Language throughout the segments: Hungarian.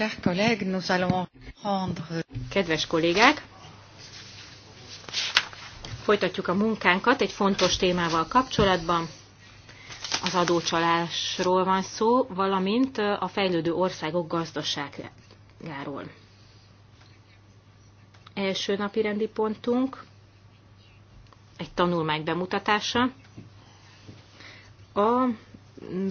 Chers collègues, nous allons rendre... Kedves kollégák, folytatjuk a munkánkat egy fontos témával kapcsolatban. Az adócsalásról van szó, valamint a fejlődő országok gazdaságáról. Első napi rendi pontunk egy tanulmány bemutatása. A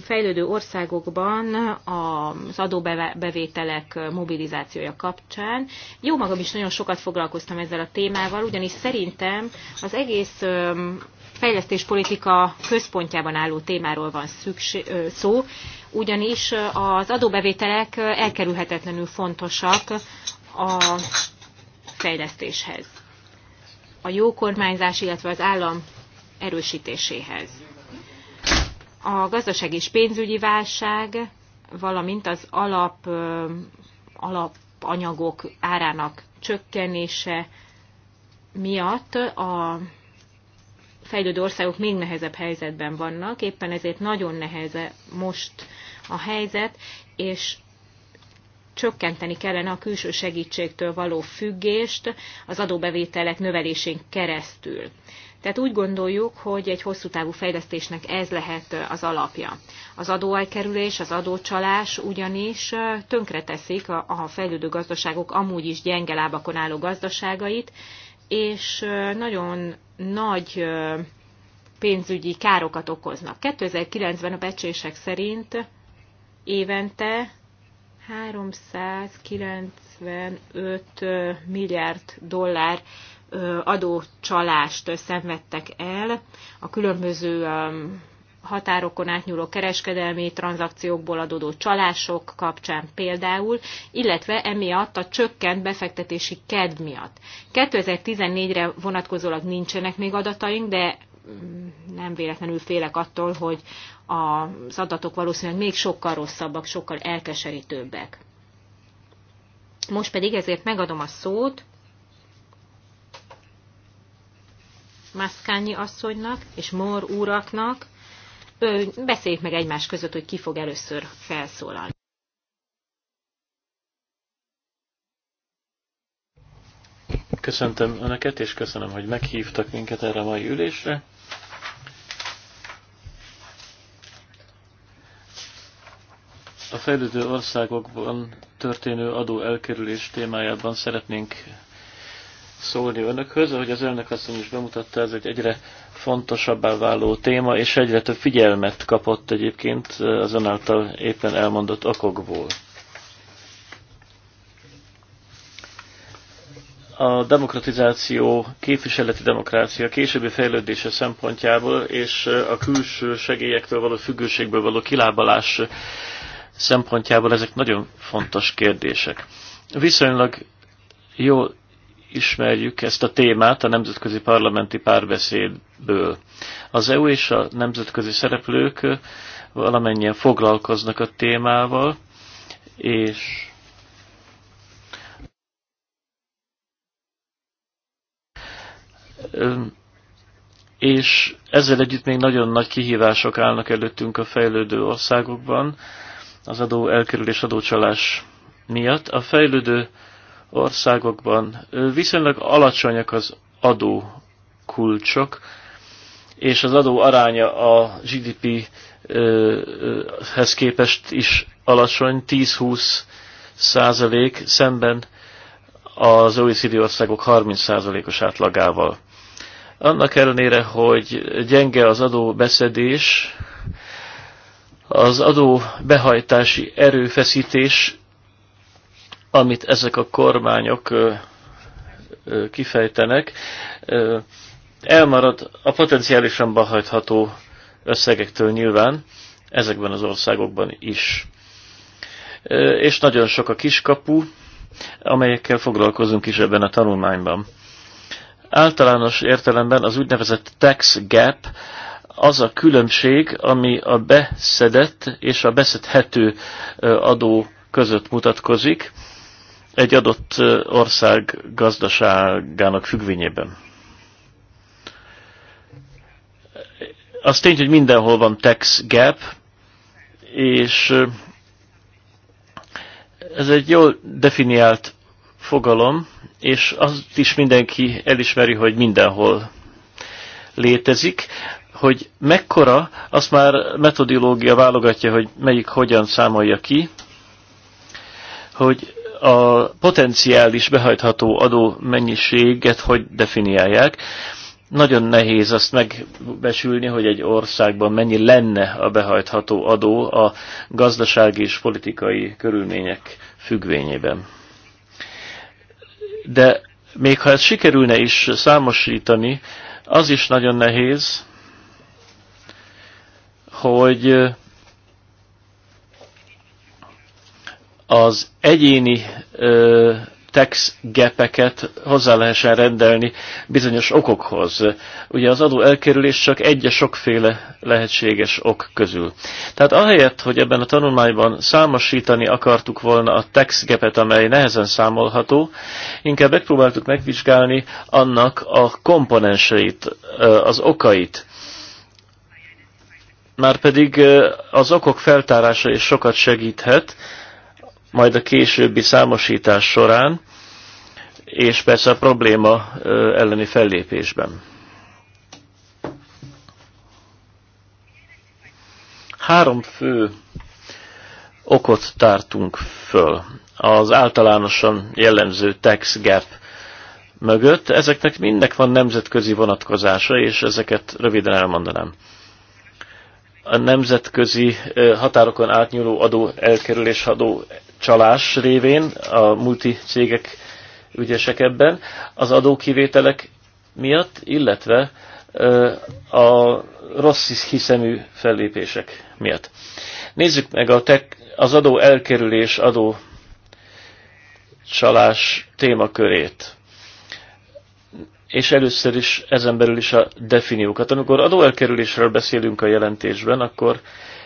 fejlődő országokban az adóbevételek mobilizációja kapcsán. Jó magam is nagyon sokat foglalkoztam ezzel a témával, ugyanis szerintem az egész fejlesztéspolitika központjában álló témáról van szükség, szó, ugyanis az adóbevételek elkerülhetetlenül fontosak a fejlesztéshez, a jó kormányzás, illetve az állam erősítéséhez. A gazdaság és pénzügyi válság, valamint az alap, alapanyagok árának csökkenése miatt a fejlődő országok még nehezebb helyzetben vannak, éppen ezért nagyon neheze most a helyzet, és csökkenteni kellene a külső segítségtől való függést az adóbevételek növelésén keresztül. Tehát úgy gondoljuk, hogy egy hosszú távú fejlesztésnek ez lehet az alapja. Az adóelkerülés, az adócsalás ugyanis tönkreteszik a fejlődő gazdaságok amúgy is gyenge lábakon álló gazdaságait, és nagyon nagy pénzügyi károkat okoznak. 2009-ben a becsések szerint évente 395 milliárd dollár adócsalást szenvedtek el a különböző határokon átnyúló kereskedelmi tranzakciókból adódó csalások kapcsán például, illetve emiatt a csökkent befektetési kedv miatt. 2014-re vonatkozólag nincsenek még adataink, de mm, nem véletlenül félek attól, hogy az adatok valószínűleg még sokkal rosszabbak, sokkal elkeserítőbbek. Most pedig ezért megadom a szót Maszkányi asszonynak és Mor úraknak. beszéljük meg egymás között, hogy ki fog először felszólalni. Köszöntöm Önöket, és köszönöm, hogy meghívtak minket erre a mai ülésre. A fejlődő országokban történő adó elkerülés témájában szeretnénk szólni önökhöz. Ahogy az önök azt is bemutatta, ez egy egyre fontosabbá váló téma, és egyre több figyelmet kapott egyébként az által éppen elmondott okokból. A demokratizáció, képviseleti demokrácia későbbi fejlődése szempontjából és a külső segélyektől való függőségből való kilábalás szempontjából ezek nagyon fontos kérdések. Viszonylag jó ismerjük ezt a témát a nemzetközi parlamenti párbeszédből. Az EU és a nemzetközi szereplők valamennyien foglalkoznak a témával, és és ezzel együtt még nagyon nagy kihívások állnak előttünk a fejlődő országokban az adó elkerülés adócsalás miatt. A fejlődő országokban viszonylag alacsonyak az adó kulcsok, és az adó aránya a GDP-hez képest is alacsony, 10-20 százalék szemben az OECD országok 30 százalékos átlagával. Annak ellenére, hogy gyenge az adó beszedés, az adó behajtási erőfeszítés amit ezek a kormányok kifejtenek, elmarad a potenciálisan behajtható összegektől nyilván, ezekben az országokban is. És nagyon sok a kiskapu, amelyekkel foglalkozunk is ebben a tanulmányban. Általános értelemben az úgynevezett tax gap az a különbség, ami a beszedett és a beszedhető adó között mutatkozik egy adott ország gazdaságának függvényében. Az tény, hogy mindenhol van tax gap, és ez egy jól definiált fogalom, és azt is mindenki elismeri, hogy mindenhol létezik. Hogy mekkora, azt már metodológia válogatja, hogy melyik hogyan számolja ki, hogy a potenciális behajtható adó mennyiséget hogy definiálják. Nagyon nehéz azt megbesülni, hogy egy országban mennyi lenne a behajtható adó a gazdasági és politikai körülmények függvényében. De még ha ezt sikerülne is számosítani, az is nagyon nehéz, hogy az egyéni ö, tax gepeket hozzá lehessen rendelni bizonyos okokhoz. Ugye az adó elkerülés csak egy a sokféle lehetséges ok közül. Tehát ahelyett, hogy ebben a tanulmányban számosítani akartuk volna a tax gepet, amely nehezen számolható, inkább megpróbáltuk megvizsgálni annak a komponenseit, az okait. Márpedig az okok feltárása is sokat segíthet, majd a későbbi számosítás során, és persze a probléma elleni fellépésben. Három fő okot tártunk föl az általánosan jellemző tax gap mögött. Ezeknek mindnek van nemzetközi vonatkozása, és ezeket röviden elmondanám. A nemzetközi határokon átnyúló adó elkerülés, adó csalás révén, a multi cégek ügyesek ebben, az adókivételek miatt, illetve a rossz hiszemű fellépések miatt. Nézzük meg a tek, az adó elkerülés, adó csalás témakörét. És először is ezen belül is a definiókat. Amikor adóelkerülésről beszélünk a jelentésben, akkor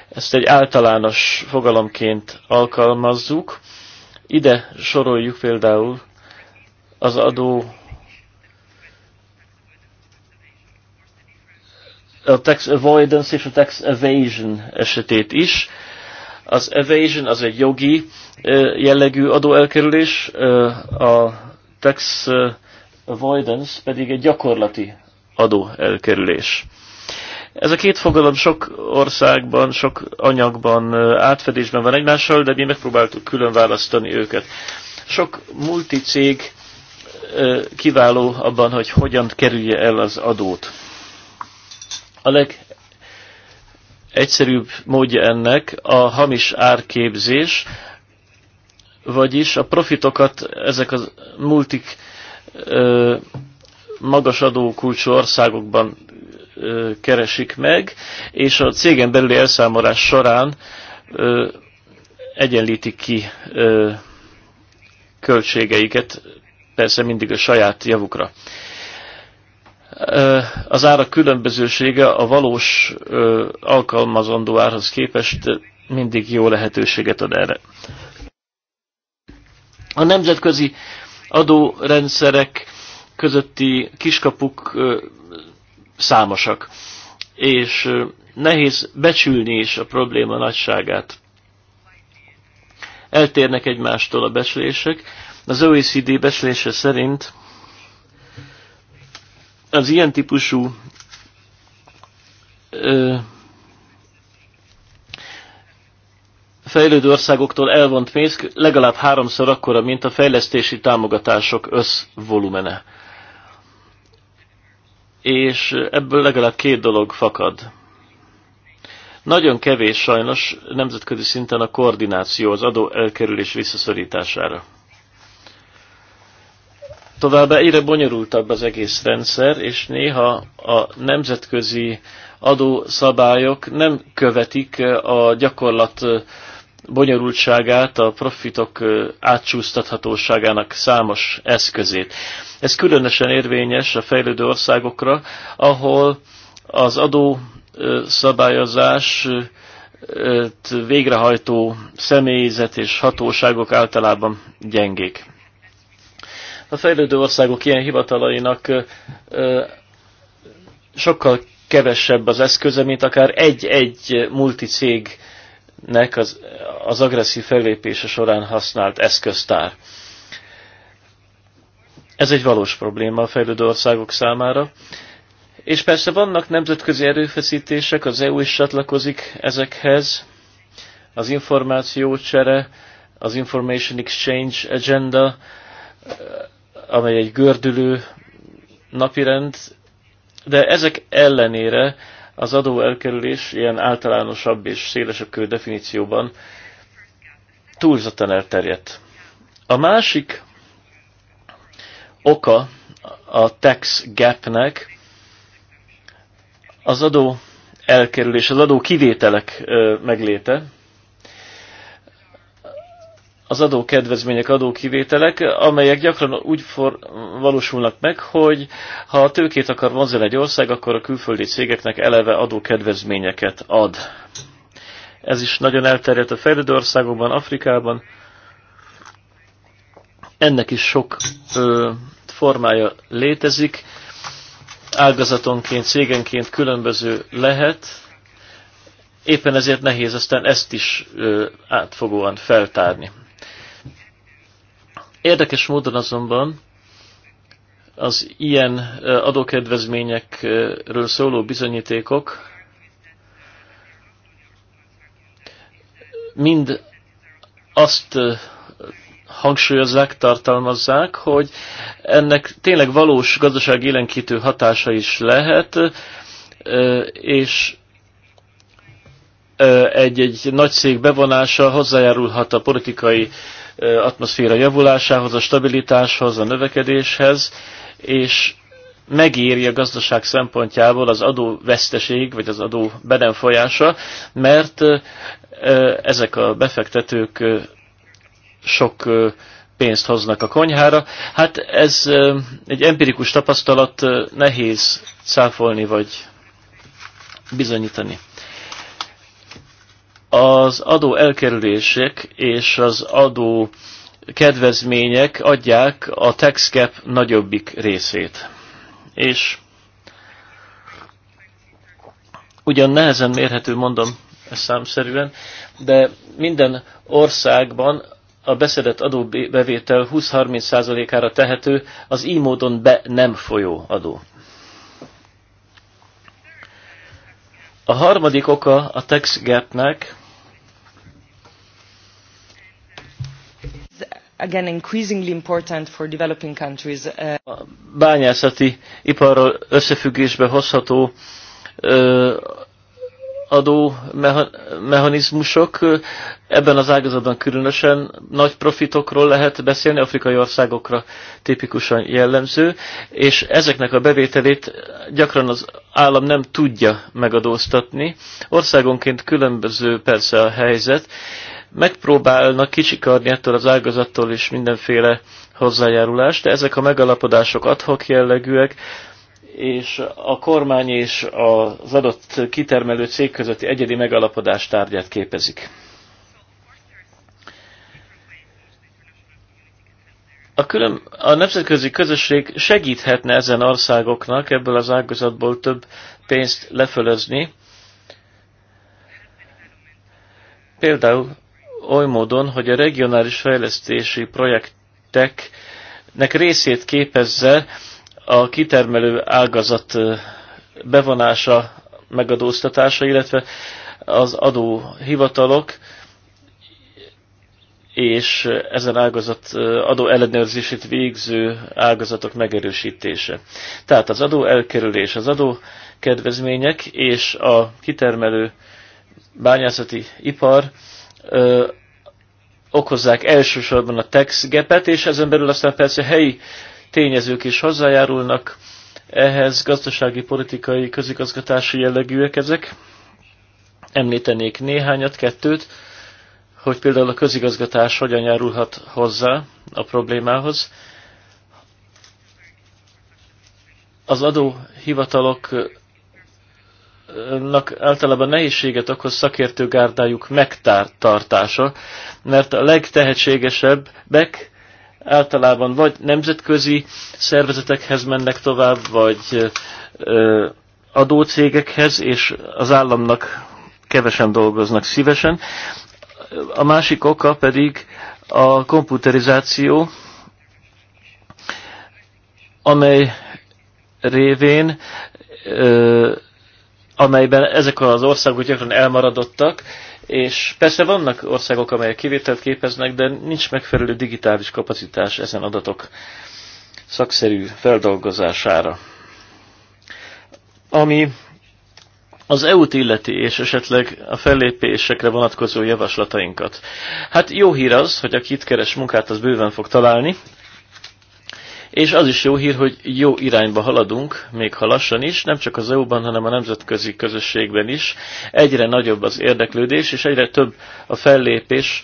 ezt egy általános fogalomként alkalmazzuk. Ide soroljuk például az adó a tax avoidance és a tax evasion esetét is. Az evasion az egy jogi jellegű adóelkerülés, a tax avoidance pedig egy gyakorlati adóelkerülés. Ez a két fogalom sok országban, sok anyagban átfedésben van egymással, de mi megpróbáltuk külön választani őket. Sok multicég kiváló abban, hogy hogyan kerülje el az adót. A legegyszerűbb módja ennek a hamis árképzés, vagyis a profitokat ezek a multik magas adókulcsú országokban keresik meg, és a cégen belüli elszámolás során egyenlítik ki költségeiket, persze mindig a saját javukra. Az árak különbözősége a valós alkalmazandó árhoz képest mindig jó lehetőséget ad erre. A nemzetközi adórendszerek közötti kiskapuk számosak, és nehéz becsülni is a probléma nagyságát. Eltérnek egymástól a becslések. Az OECD becslése szerint az ilyen típusú ö, fejlődő országoktól elvont pénz legalább háromszor akkora, mint a fejlesztési támogatások összvolumene és ebből legalább két dolog fakad. Nagyon kevés sajnos nemzetközi szinten a koordináció az adó elkerülés visszaszorítására. Továbbá egyre bonyolultabb az egész rendszer, és néha a nemzetközi adószabályok nem követik a gyakorlat bonyolultságát, a profitok átsúsztathatóságának számos eszközét. Ez különösen érvényes a fejlődő országokra, ahol az adó szabályozás végrehajtó személyzet és hatóságok általában gyengék. A fejlődő országok ilyen hivatalainak sokkal kevesebb az eszköze, mint akár egy-egy multicég nek az, az agresszív fellépése során használt eszköztár. Ez egy valós probléma a fejlődő országok számára. És persze vannak nemzetközi erőfeszítések, az EU is csatlakozik ezekhez, az információcsere, az Information Exchange Agenda, amely egy gördülő napirend, de ezek ellenére az adó elkerülés ilyen általánosabb és szélesebb körű definícióban túlzottan elterjedt. A másik oka a tax gapnek az adó elkerülés, az adó kivételek megléte, az adókedvezmények, adókivételek, amelyek gyakran úgy for, valósulnak meg, hogy ha a tőkét akar vonzani egy ország, akkor a külföldi cégeknek eleve adókedvezményeket ad. Ez is nagyon elterjedt a fejlődő országokban, Afrikában. Ennek is sok ö, formája létezik. Ágazatonként, cégenként különböző lehet. Éppen ezért nehéz aztán ezt is ö, átfogóan feltárni Érdekes módon azonban az ilyen adókedvezményekről szóló bizonyítékok mind azt hangsúlyozzák, tartalmazzák, hogy ennek tényleg valós gazdaság élenkítő hatása is lehet, és egy-egy nagy cég bevonása hozzájárulhat a politikai atmoszféra javulásához, a stabilitáshoz, a növekedéshez, és megéri a gazdaság szempontjából az adóveszteség, vagy az adó benemfolyása, mert ezek a befektetők sok pénzt hoznak a konyhára. Hát ez egy empirikus tapasztalat nehéz cáfolni vagy bizonyítani az adó elkerülések és az adó kedvezmények adják a tax cap nagyobbik részét. És ugyan nehezen mérhető, mondom ezt számszerűen, de minden országban a beszedett adóbevétel 20-30%-ára tehető az így módon be nem folyó adó. A harmadik oka a tax gapnek again increasingly important for developing countries. A uh, bányászati iparral összefüggésbe hozható adó mechanizmusok ebben az ágazatban különösen nagy profitokról lehet beszélni, afrikai országokra tipikusan jellemző, és ezeknek a bevételét gyakran az állam nem tudja megadóztatni. Országonként különböző persze a helyzet, megpróbálnak kicsikarni ettől az ágazattól is mindenféle hozzájárulást, de ezek a megalapodások adhok jellegűek, és a kormány és az adott kitermelő cég közötti egyedi megalapodás tárgyát képezik. A, külön, a nemzetközi közösség segíthetne ezen országoknak ebből az ágazatból több pénzt lefölözni, például oly módon, hogy a regionális fejlesztési projekteknek részét képezze a kitermelő ágazat bevonása, megadóztatása, illetve az adóhivatalok és ezen ágazat adó ellenőrzését végző ágazatok megerősítése. Tehát az adó elkerülés, az adó kedvezmények és a kitermelő bányászati ipar ö, okozzák elsősorban a tax gapet, és ezen belül aztán persze helyi tényezők is hozzájárulnak ehhez, gazdasági, politikai, közigazgatási jellegűek ezek. Említenék néhányat, kettőt, hogy például a közigazgatás hogyan járulhat hozzá a problémához. Az adóhivatalok általában nehézséget okoz szakértőgárdájuk megtartása, mert a legtehetségesebbek általában vagy nemzetközi szervezetekhez mennek tovább, vagy adócégekhez, és az államnak kevesen dolgoznak szívesen. A másik oka pedig a komputerizáció, amely révén ö, amelyben ezek az országok gyakran elmaradottak, és persze vannak országok, amelyek kivételt képeznek, de nincs megfelelő digitális kapacitás ezen adatok szakszerű feldolgozására. Ami az EU-t illeti, és esetleg a fellépésekre vonatkozó javaslatainkat. Hát jó hír az, hogy aki itt keres munkát, az bőven fog találni, és az is jó hír, hogy jó irányba haladunk, még ha lassan is, nem csak az EU-ban, hanem a nemzetközi közösségben is. Egyre nagyobb az érdeklődés, és egyre több a fellépés,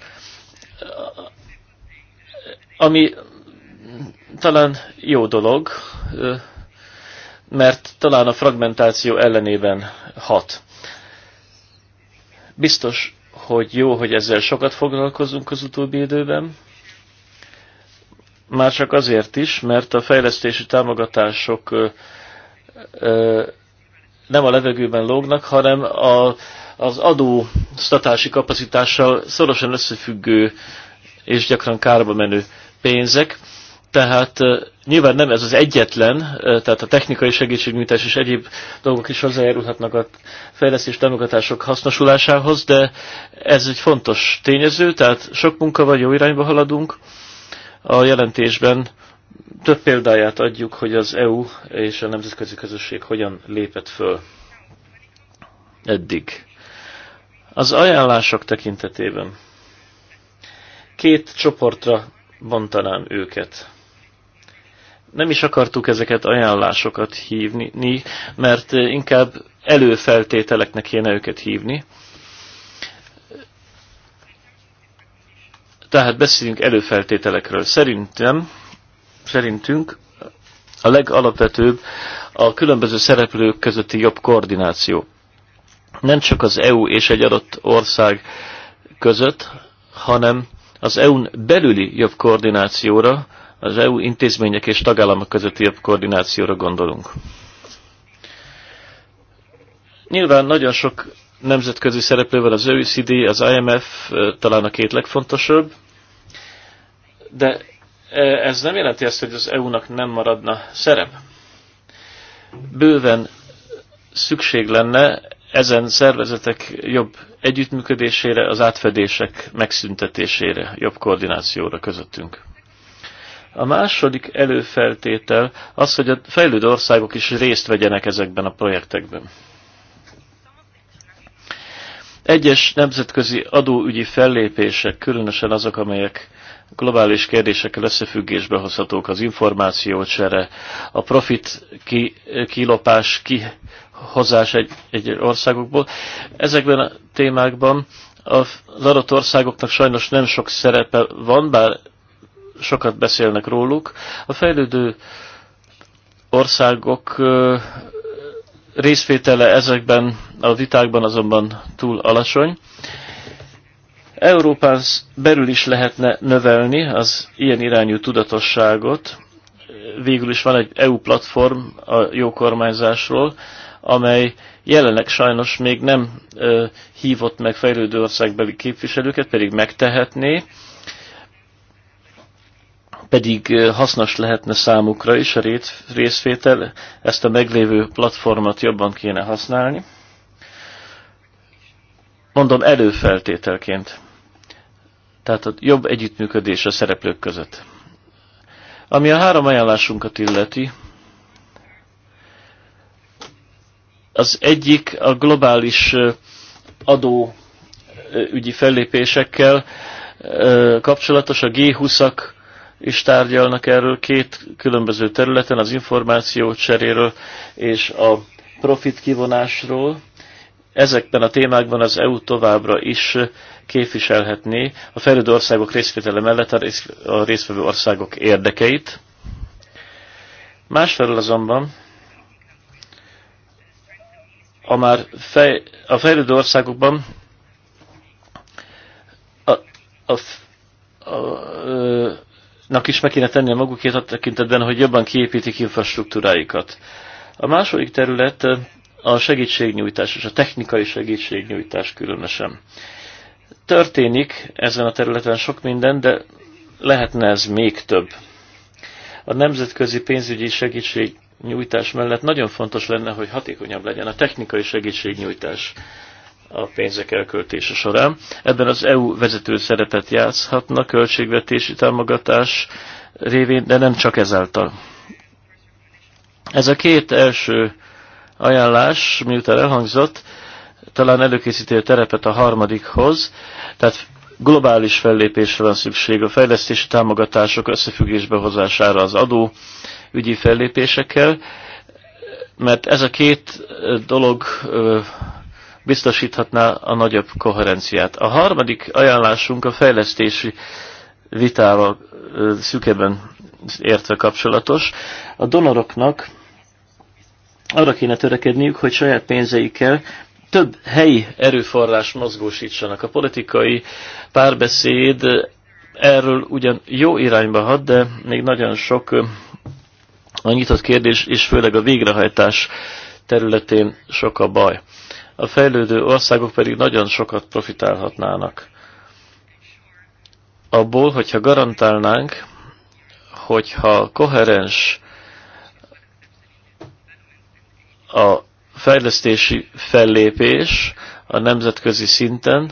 ami talán jó dolog, mert talán a fragmentáció ellenében hat. Biztos, hogy jó, hogy ezzel sokat foglalkozunk az utóbbi időben, már csak azért is, mert a fejlesztési támogatások ö, ö, nem a levegőben lógnak, hanem a, az adóztatási kapacitással szorosan összefüggő és gyakran kárba menő pénzek. Tehát nyilván nem ez az egyetlen, tehát a technikai segítségnyújtás és egyéb dolgok is hozzájárulhatnak a fejlesztés támogatások hasznosulásához, de ez egy fontos tényező, tehát sok munka van, jó irányba haladunk, a jelentésben több példáját adjuk, hogy az EU és a nemzetközi közösség hogyan lépett föl eddig. Az ajánlások tekintetében két csoportra bontanám őket. Nem is akartuk ezeket ajánlásokat hívni, mert inkább előfeltételeknek kéne őket hívni. Tehát beszéljünk előfeltételekről. Szerintem, szerintünk a legalapvetőbb a különböző szereplők közötti jobb koordináció. Nem csak az EU és egy adott ország között, hanem az EU-n belüli jobb koordinációra, az EU intézmények és tagállamok közötti jobb koordinációra gondolunk. Nyilván nagyon sok nemzetközi szereplővel, az OECD, az IMF talán a két legfontosabb, de ez nem jelenti azt, hogy az EU-nak nem maradna szerep. Bőven szükség lenne ezen szervezetek jobb együttműködésére, az átfedések megszüntetésére, jobb koordinációra közöttünk. A második előfeltétel az, hogy a fejlődő országok is részt vegyenek ezekben a projektekben. Egyes nemzetközi adóügyi fellépések, különösen azok, amelyek globális kérdésekkel összefüggésbe hozhatók, az információcsere, a profit ki, kilopás, kihozás egy, egy országokból. Ezekben a témákban az adott országoknak sajnos nem sok szerepe van, bár sokat beszélnek róluk. A fejlődő országok részvétele ezekben a vitákban azonban túl alacsony. Európán belül is lehetne növelni az ilyen irányú tudatosságot. Végül is van egy EU platform a jó kormányzásról, amely jelenleg sajnos még nem hívott meg fejlődő országbeli képviselőket, pedig megtehetné pedig eh, hasznos lehetne számukra is a részvétel, ezt a meglévő platformot jobban kéne használni. Mondom előfeltételként. Tehát a jobb együttműködés a szereplők között. Ami a három ajánlásunkat illeti, az egyik a globális eh, adó eh, ügyi fellépésekkel kapcsolatos, a G20-ak is tárgyalnak erről két különböző területen, az információ cseréről és a profit kivonásról. Ezekben a témákban az EU továbbra is képviselhetné a fejlődő országok részvétele mellett a részvevő országok érdekeit. Másfelől azonban a már fej, a fejlődő országokban a, a, a, a, Nak is meg kéne tenni a magukét a tekintetben, hogy jobban kiépítik infrastruktúráikat. A második terület a segítségnyújtás és a technikai segítségnyújtás különösen. Történik ezen a területen sok minden, de lehetne ez még több. A nemzetközi pénzügyi segítségnyújtás mellett nagyon fontos lenne, hogy hatékonyabb legyen a technikai segítségnyújtás a pénzek elköltése során. Ebben az EU vezető szerepet játszhatna költségvetési támogatás révén, de nem csak ezáltal. Ez a két első ajánlás, miután elhangzott, talán előkészíti a terepet a harmadikhoz, tehát globális fellépésre van szükség a fejlesztési támogatások összefüggésbe hozására az adó ügyi fellépésekkel, mert ez a két dolog biztosíthatná a nagyobb koherenciát. A harmadik ajánlásunk a fejlesztési vitával szükeben értve kapcsolatos. A donoroknak arra kéne törekedniük, hogy saját pénzeikkel több helyi erőforrás mozgósítsanak. A politikai párbeszéd erről ugyan jó irányba hat, de még nagyon sok a nyitott kérdés, és főleg a végrehajtás területén sok a baj a fejlődő országok pedig nagyon sokat profitálhatnának abból, hogyha garantálnánk, hogyha koherens a fejlesztési fellépés a nemzetközi szinten,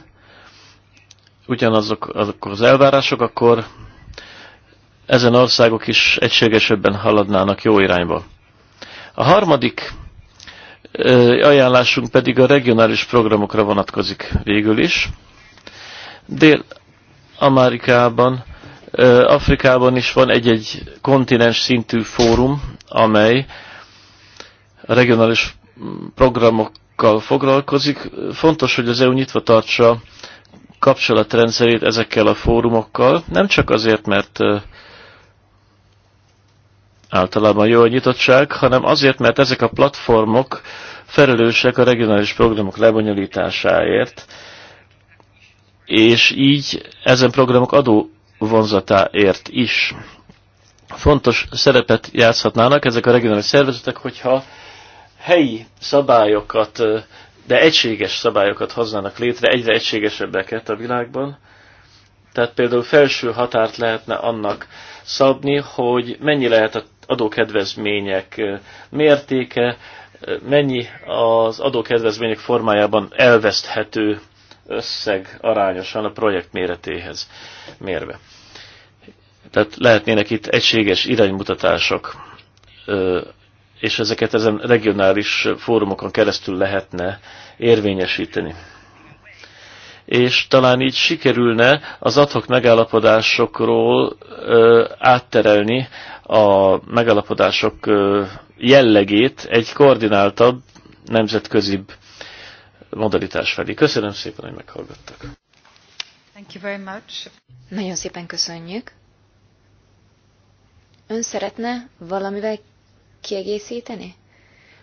ugyanazok azok az elvárások, akkor ezen országok is egységesebben haladnának jó irányba. A harmadik ajánlásunk pedig a regionális programokra vonatkozik végül is. Dél-Amerikában, Afrikában is van egy-egy kontinens szintű fórum, amely a regionális programokkal foglalkozik. Fontos, hogy az EU nyitva tartsa kapcsolatrendszerét ezekkel a fórumokkal, nem csak azért, mert általában jó a nyitottság, hanem azért, mert ezek a platformok felelősek a regionális programok lebonyolításáért, és így ezen programok adó vonzatáért is fontos szerepet játszhatnának ezek a regionális szervezetek, hogyha helyi szabályokat, de egységes szabályokat hoznának létre, egyre egységesebbeket a világban. Tehát például felső határt lehetne annak szabni, hogy mennyi lehet a adókedvezmények mértéke, mennyi az adókedvezmények formájában elveszthető összeg arányosan a projekt méretéhez mérve. Tehát lehetnének itt egységes iránymutatások, és ezeket ezen regionális fórumokon keresztül lehetne érvényesíteni és talán így sikerülne az adhok megállapodásokról ö, átterelni a megállapodások ö, jellegét egy koordináltabb, nemzetközibb modalitás felé. Köszönöm szépen, hogy meghallgattak. Thank you very much. Nagyon szépen köszönjük. Ön szeretne valamivel kiegészíteni?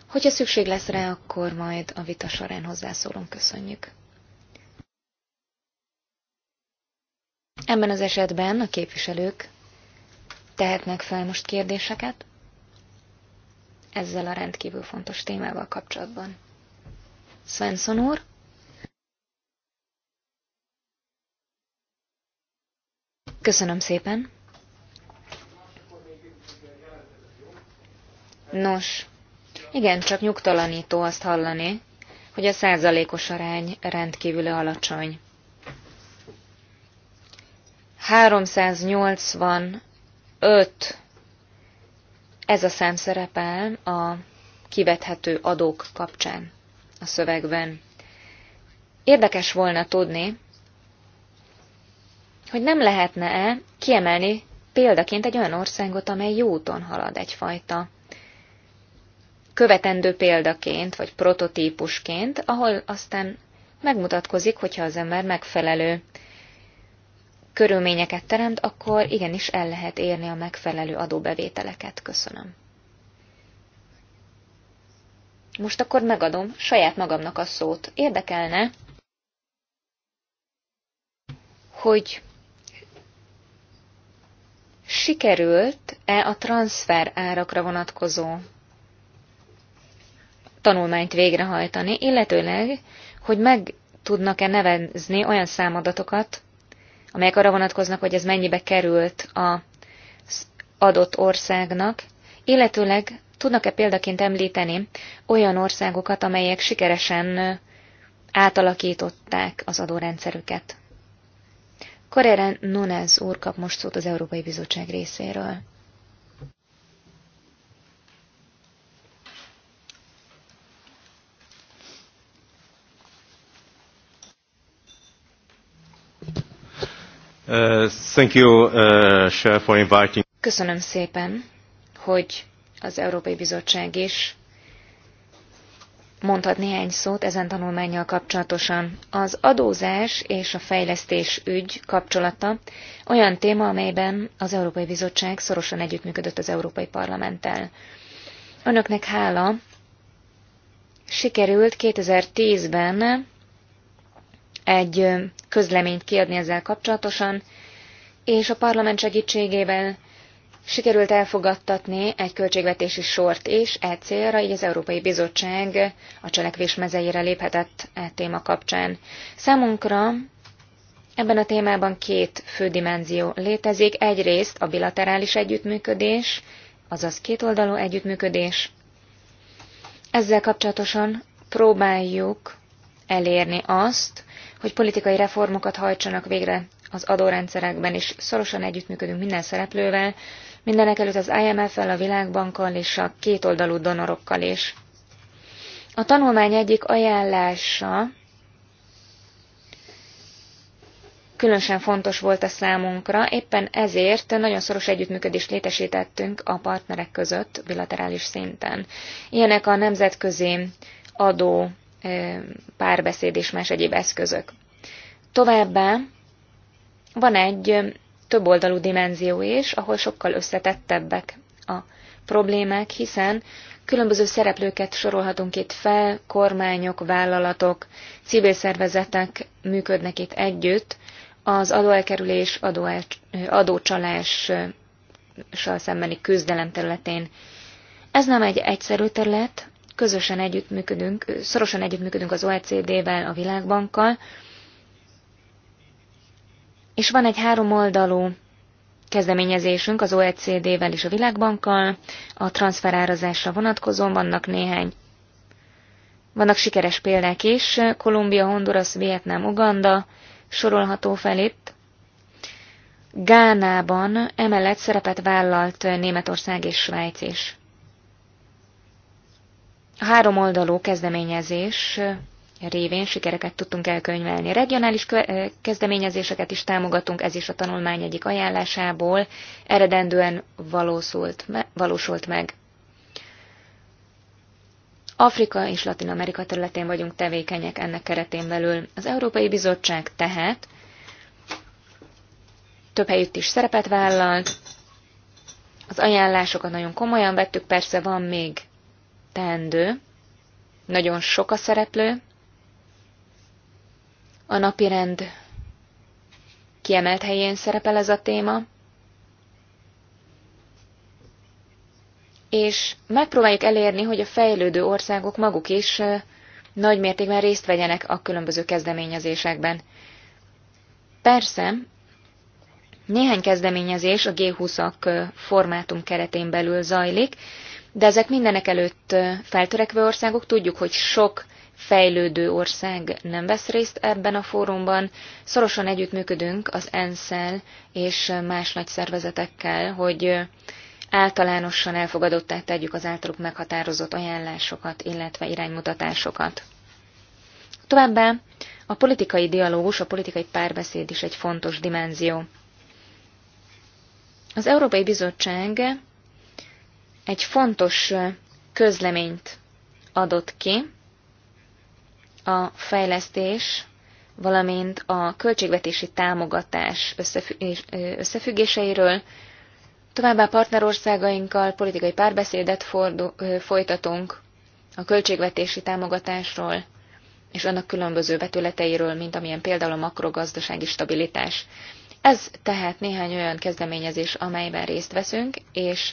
Hogyha szükség lesz rá, akkor majd a vita során hozzászólunk. Köszönjük. Ebben az esetben a képviselők tehetnek fel most kérdéseket ezzel a rendkívül fontos témával kapcsolatban. Svensson úr? Köszönöm szépen. Nos, igen, csak nyugtalanító azt hallani, hogy a százalékos arány rendkívül alacsony. 385 ez a szám szerepel a kivethető adók kapcsán a szövegben. Érdekes volna tudni, hogy nem lehetne-e kiemelni példaként egy olyan országot, amely jó úton halad egyfajta követendő példaként, vagy prototípusként, ahol aztán megmutatkozik, hogyha az ember megfelelő körülményeket teremt, akkor igenis el lehet érni a megfelelő adóbevételeket. Köszönöm. Most akkor megadom saját magamnak a szót. Érdekelne, hogy sikerült-e a transfer árakra vonatkozó tanulmányt végrehajtani, illetőleg, hogy meg tudnak-e nevezni olyan számadatokat, amelyek arra vonatkoznak, hogy ez mennyibe került az adott országnak, illetőleg tudnak-e példaként említeni olyan országokat, amelyek sikeresen átalakították az adórendszerüket. Correra Nunez úr kap most szót az Európai Bizottság részéről. Uh, thank you, uh, Chair, for inviting. Köszönöm szépen, hogy az Európai Bizottság is mondhat néhány szót ezen tanulmányjal kapcsolatosan. Az adózás és a fejlesztés ügy kapcsolata olyan téma, amelyben az Európai Bizottság szorosan együttműködött az Európai Parlamenttel. Önöknek hála sikerült 2010-ben egy közleményt kiadni ezzel kapcsolatosan, és a parlament segítségével sikerült elfogadtatni egy költségvetési sort is e célra, így az Európai Bizottság a cselekvés mezeire léphetett e téma kapcsán. Számunkra ebben a témában két fő dimenzió létezik. Egyrészt a bilaterális együttműködés, azaz kétoldalú együttműködés. Ezzel kapcsolatosan próbáljuk elérni azt, hogy politikai reformokat hajtsanak végre az adórendszerekben, és szorosan együttműködünk minden szereplővel, mindenek előtt az IMF-el, a Világbankkal és a kétoldalú donorokkal is. A tanulmány egyik ajánlása különösen fontos volt a számunkra, éppen ezért nagyon szoros együttműködést létesítettünk a partnerek között bilaterális szinten. Ilyenek a nemzetközi adó párbeszéd és más egyéb eszközök. Továbbá van egy többoldalú dimenzió is, ahol sokkal összetettebbek a problémák, hiszen különböző szereplőket sorolhatunk itt fel, kormányok, vállalatok, civil szervezetek működnek itt együtt, az adóelkerülés, adó, adócsalással szembeni küzdelem területén. Ez nem egy egyszerű terület, közösen együttműködünk, szorosan együttműködünk az OECD-vel, a Világbankkal, és van egy háromoldalú kezdeményezésünk az OECD-vel és a Világbankkal, a transferárazásra vonatkozóan vannak néhány. Vannak sikeres példák is, Kolumbia, Honduras, Vietnám, Uganda, sorolható fel itt. Gánában emellett szerepet vállalt Németország és Svájc is három oldalú kezdeményezés révén sikereket tudtunk elkönyvelni. Regionális kezdeményezéseket is támogatunk, ez is a tanulmány egyik ajánlásából eredendően valósult, valósult meg. Afrika és Latin Amerika területén vagyunk tevékenyek ennek keretén belül. Az Európai Bizottság tehát több helyütt is szerepet vállalt, az ajánlásokat nagyon komolyan vettük, persze van még teendő, nagyon sok a szereplő, a napirend kiemelt helyén szerepel ez a téma, és megpróbáljuk elérni, hogy a fejlődő országok maguk is nagy mértékben részt vegyenek a különböző kezdeményezésekben. Persze, néhány kezdeményezés a G20-ak formátum keretén belül zajlik, de ezek mindenek előtt feltörekvő országok. Tudjuk, hogy sok fejlődő ország nem vesz részt ebben a fórumban. Szorosan együttműködünk az ensz és más nagy szervezetekkel, hogy általánosan elfogadottá tegyük az általuk meghatározott ajánlásokat, illetve iránymutatásokat. Továbbá a politikai dialógus, a politikai párbeszéd is egy fontos dimenzió. Az Európai Bizottság egy fontos közleményt adott ki a fejlesztés, valamint a költségvetési támogatás összefüggéseiről. Továbbá partnerországainkkal politikai párbeszédet folytatunk a költségvetési támogatásról és annak különböző vetületeiről, mint amilyen például a makrogazdasági stabilitás. Ez tehát néhány olyan kezdeményezés, amelyben részt veszünk, és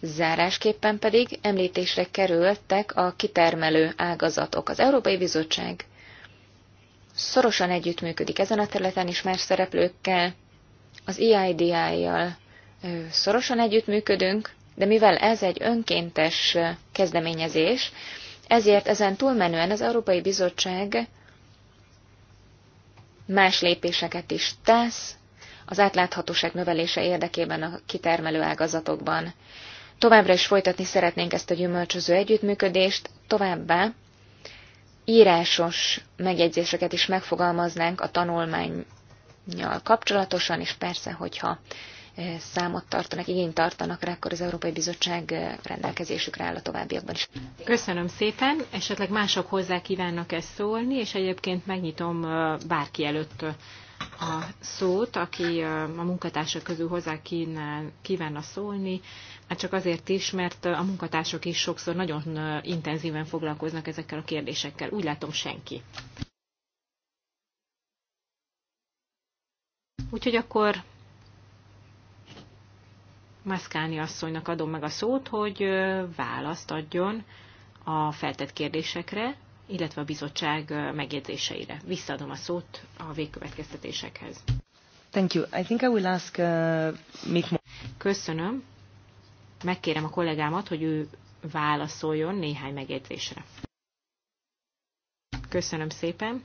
Zárásképpen pedig említésre kerültek a kitermelő ágazatok. Az Európai Bizottság szorosan együttműködik ezen a területen is más szereplőkkel, az EIDI-jal szorosan együttműködünk, de mivel ez egy önkéntes kezdeményezés, ezért ezen túlmenően az Európai Bizottság más lépéseket is tesz az átláthatóság növelése érdekében a kitermelő ágazatokban. Továbbra is folytatni szeretnénk ezt a gyümölcsöző együttműködést, továbbá írásos megjegyzéseket is megfogalmaznánk a tanulmányjal kapcsolatosan, és persze, hogyha e, számot tartanak, igényt tartanak rá, akkor az Európai Bizottság e, rendelkezésükre áll a továbbiakban is. Köszönöm szépen, esetleg mások hozzá kívánnak ezt szólni, és egyébként megnyitom e, bárki előtt a szót, aki a munkatársak közül hozzá kínál, kívánna szólni, Hát csak azért is, mert a munkatársok is sokszor nagyon intenzíven foglalkoznak ezekkel a kérdésekkel. Úgy látom senki. Úgyhogy akkor Maszkáni asszonynak adom meg a szót, hogy választ adjon a feltett kérdésekre, illetve a bizottság megjegyzéseire. Visszaadom a szót a végkövetkeztetésekhez. Thank you. I think I will ask, uh, Köszönöm megkérem a kollégámat, hogy ő válaszoljon néhány megjegyzésre. Köszönöm szépen.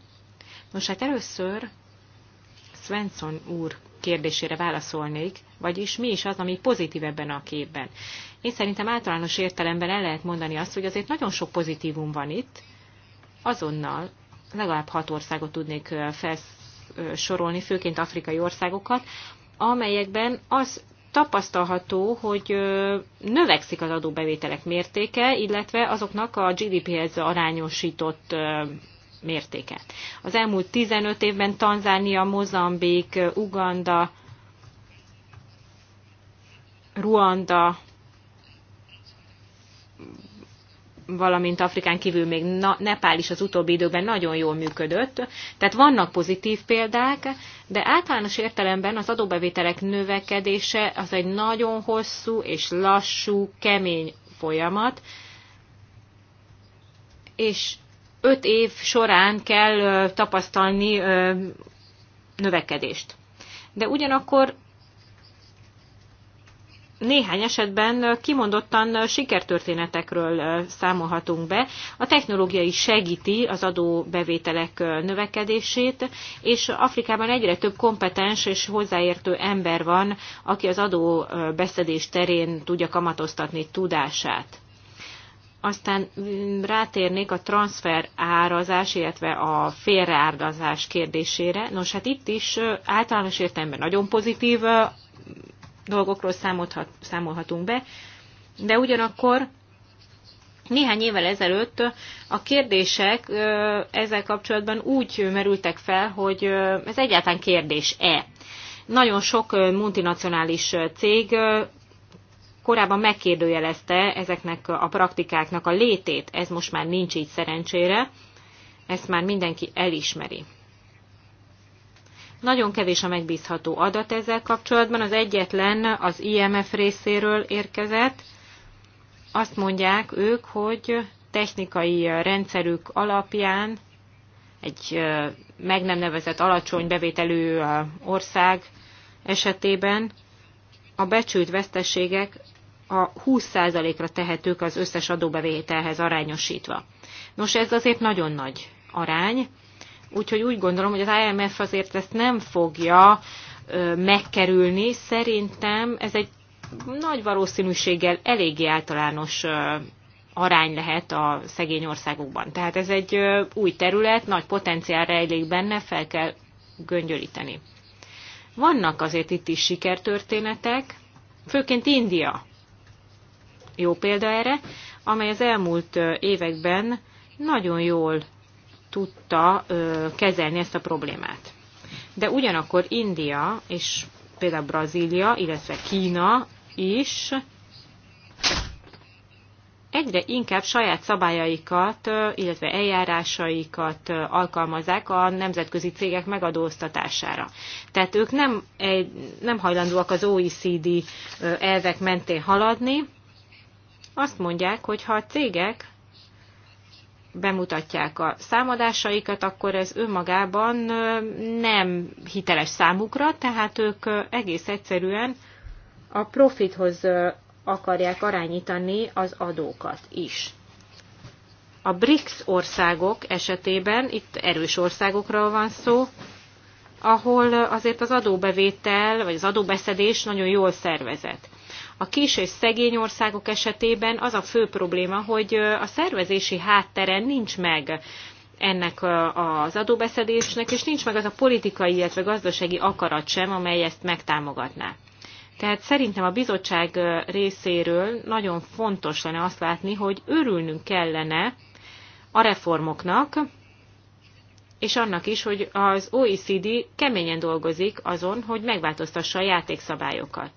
Nos, hát először Svensson úr kérdésére válaszolnék, vagyis mi is az, ami pozitív ebben a képben. Én szerintem általános értelemben el lehet mondani azt, hogy azért nagyon sok pozitívum van itt, azonnal legalább hat országot tudnék felsorolni, főként afrikai országokat, amelyekben az tapasztalható, hogy növekszik az adóbevételek mértéke, illetve azoknak a GDP-hez arányosított mértéke. Az elmúlt 15 évben Tanzánia, Mozambik, Uganda, Ruanda valamint Afrikán kívül még Nepál is az utóbbi időben nagyon jól működött. Tehát vannak pozitív példák, de általános értelemben az adóbevételek növekedése az egy nagyon hosszú és lassú, kemény folyamat, és öt év során kell tapasztalni növekedést. De ugyanakkor néhány esetben kimondottan sikertörténetekről számolhatunk be. A technológia is segíti az adóbevételek növekedését, és Afrikában egyre több kompetens és hozzáértő ember van, aki az adóbeszedés terén tudja kamatoztatni tudását. Aztán mm, rátérnék a transfer árazás, illetve a félreárazás kérdésére. Nos, hát itt is általános értelemben nagyon pozitív dolgokról számolhat, számolhatunk be, de ugyanakkor néhány évvel ezelőtt a kérdések ezzel kapcsolatban úgy merültek fel, hogy ez egyáltalán kérdés-e. Nagyon sok multinacionális cég korábban megkérdőjelezte ezeknek a praktikáknak a létét, ez most már nincs így szerencsére, ezt már mindenki elismeri. Nagyon kevés a megbízható adat ezzel kapcsolatban. Az egyetlen az IMF részéről érkezett. Azt mondják ők, hogy technikai rendszerük alapján egy meg nem nevezett alacsony bevételű ország esetében a becsült veszteségek a 20%-ra tehetők az összes adóbevételhez arányosítva. Nos, ez azért nagyon nagy arány, Úgyhogy úgy gondolom, hogy az IMF azért ezt nem fogja megkerülni. Szerintem ez egy nagy valószínűséggel eléggé általános arány lehet a szegény országokban. Tehát ez egy új terület, nagy potenciál rejlik benne, fel kell göngyölíteni. Vannak azért itt is sikertörténetek, főként India jó példa erre, amely az elmúlt években nagyon jól tudta kezelni ezt a problémát. De ugyanakkor India és például Brazília, illetve Kína is egyre inkább saját szabályaikat, illetve eljárásaikat alkalmazzák a nemzetközi cégek megadóztatására. Tehát ők nem, egy, nem hajlandóak az OECD elvek mentén haladni. Azt mondják, hogy ha a cégek bemutatják a számadásaikat, akkor ez önmagában nem hiteles számukra, tehát ők egész egyszerűen a profithoz akarják arányítani az adókat is. A BRICS országok esetében, itt erős országokról van szó, ahol azért az adóbevétel, vagy az adóbeszedés nagyon jól szervezett. A kis és szegény országok esetében az a fő probléma, hogy a szervezési hátteren nincs meg ennek az adóbeszedésnek, és nincs meg az a politikai, illetve gazdasági akarat sem, amely ezt megtámogatná. Tehát szerintem a bizottság részéről nagyon fontos lenne azt látni, hogy örülnünk kellene a reformoknak, és annak is, hogy az OECD keményen dolgozik azon, hogy megváltoztassa a játékszabályokat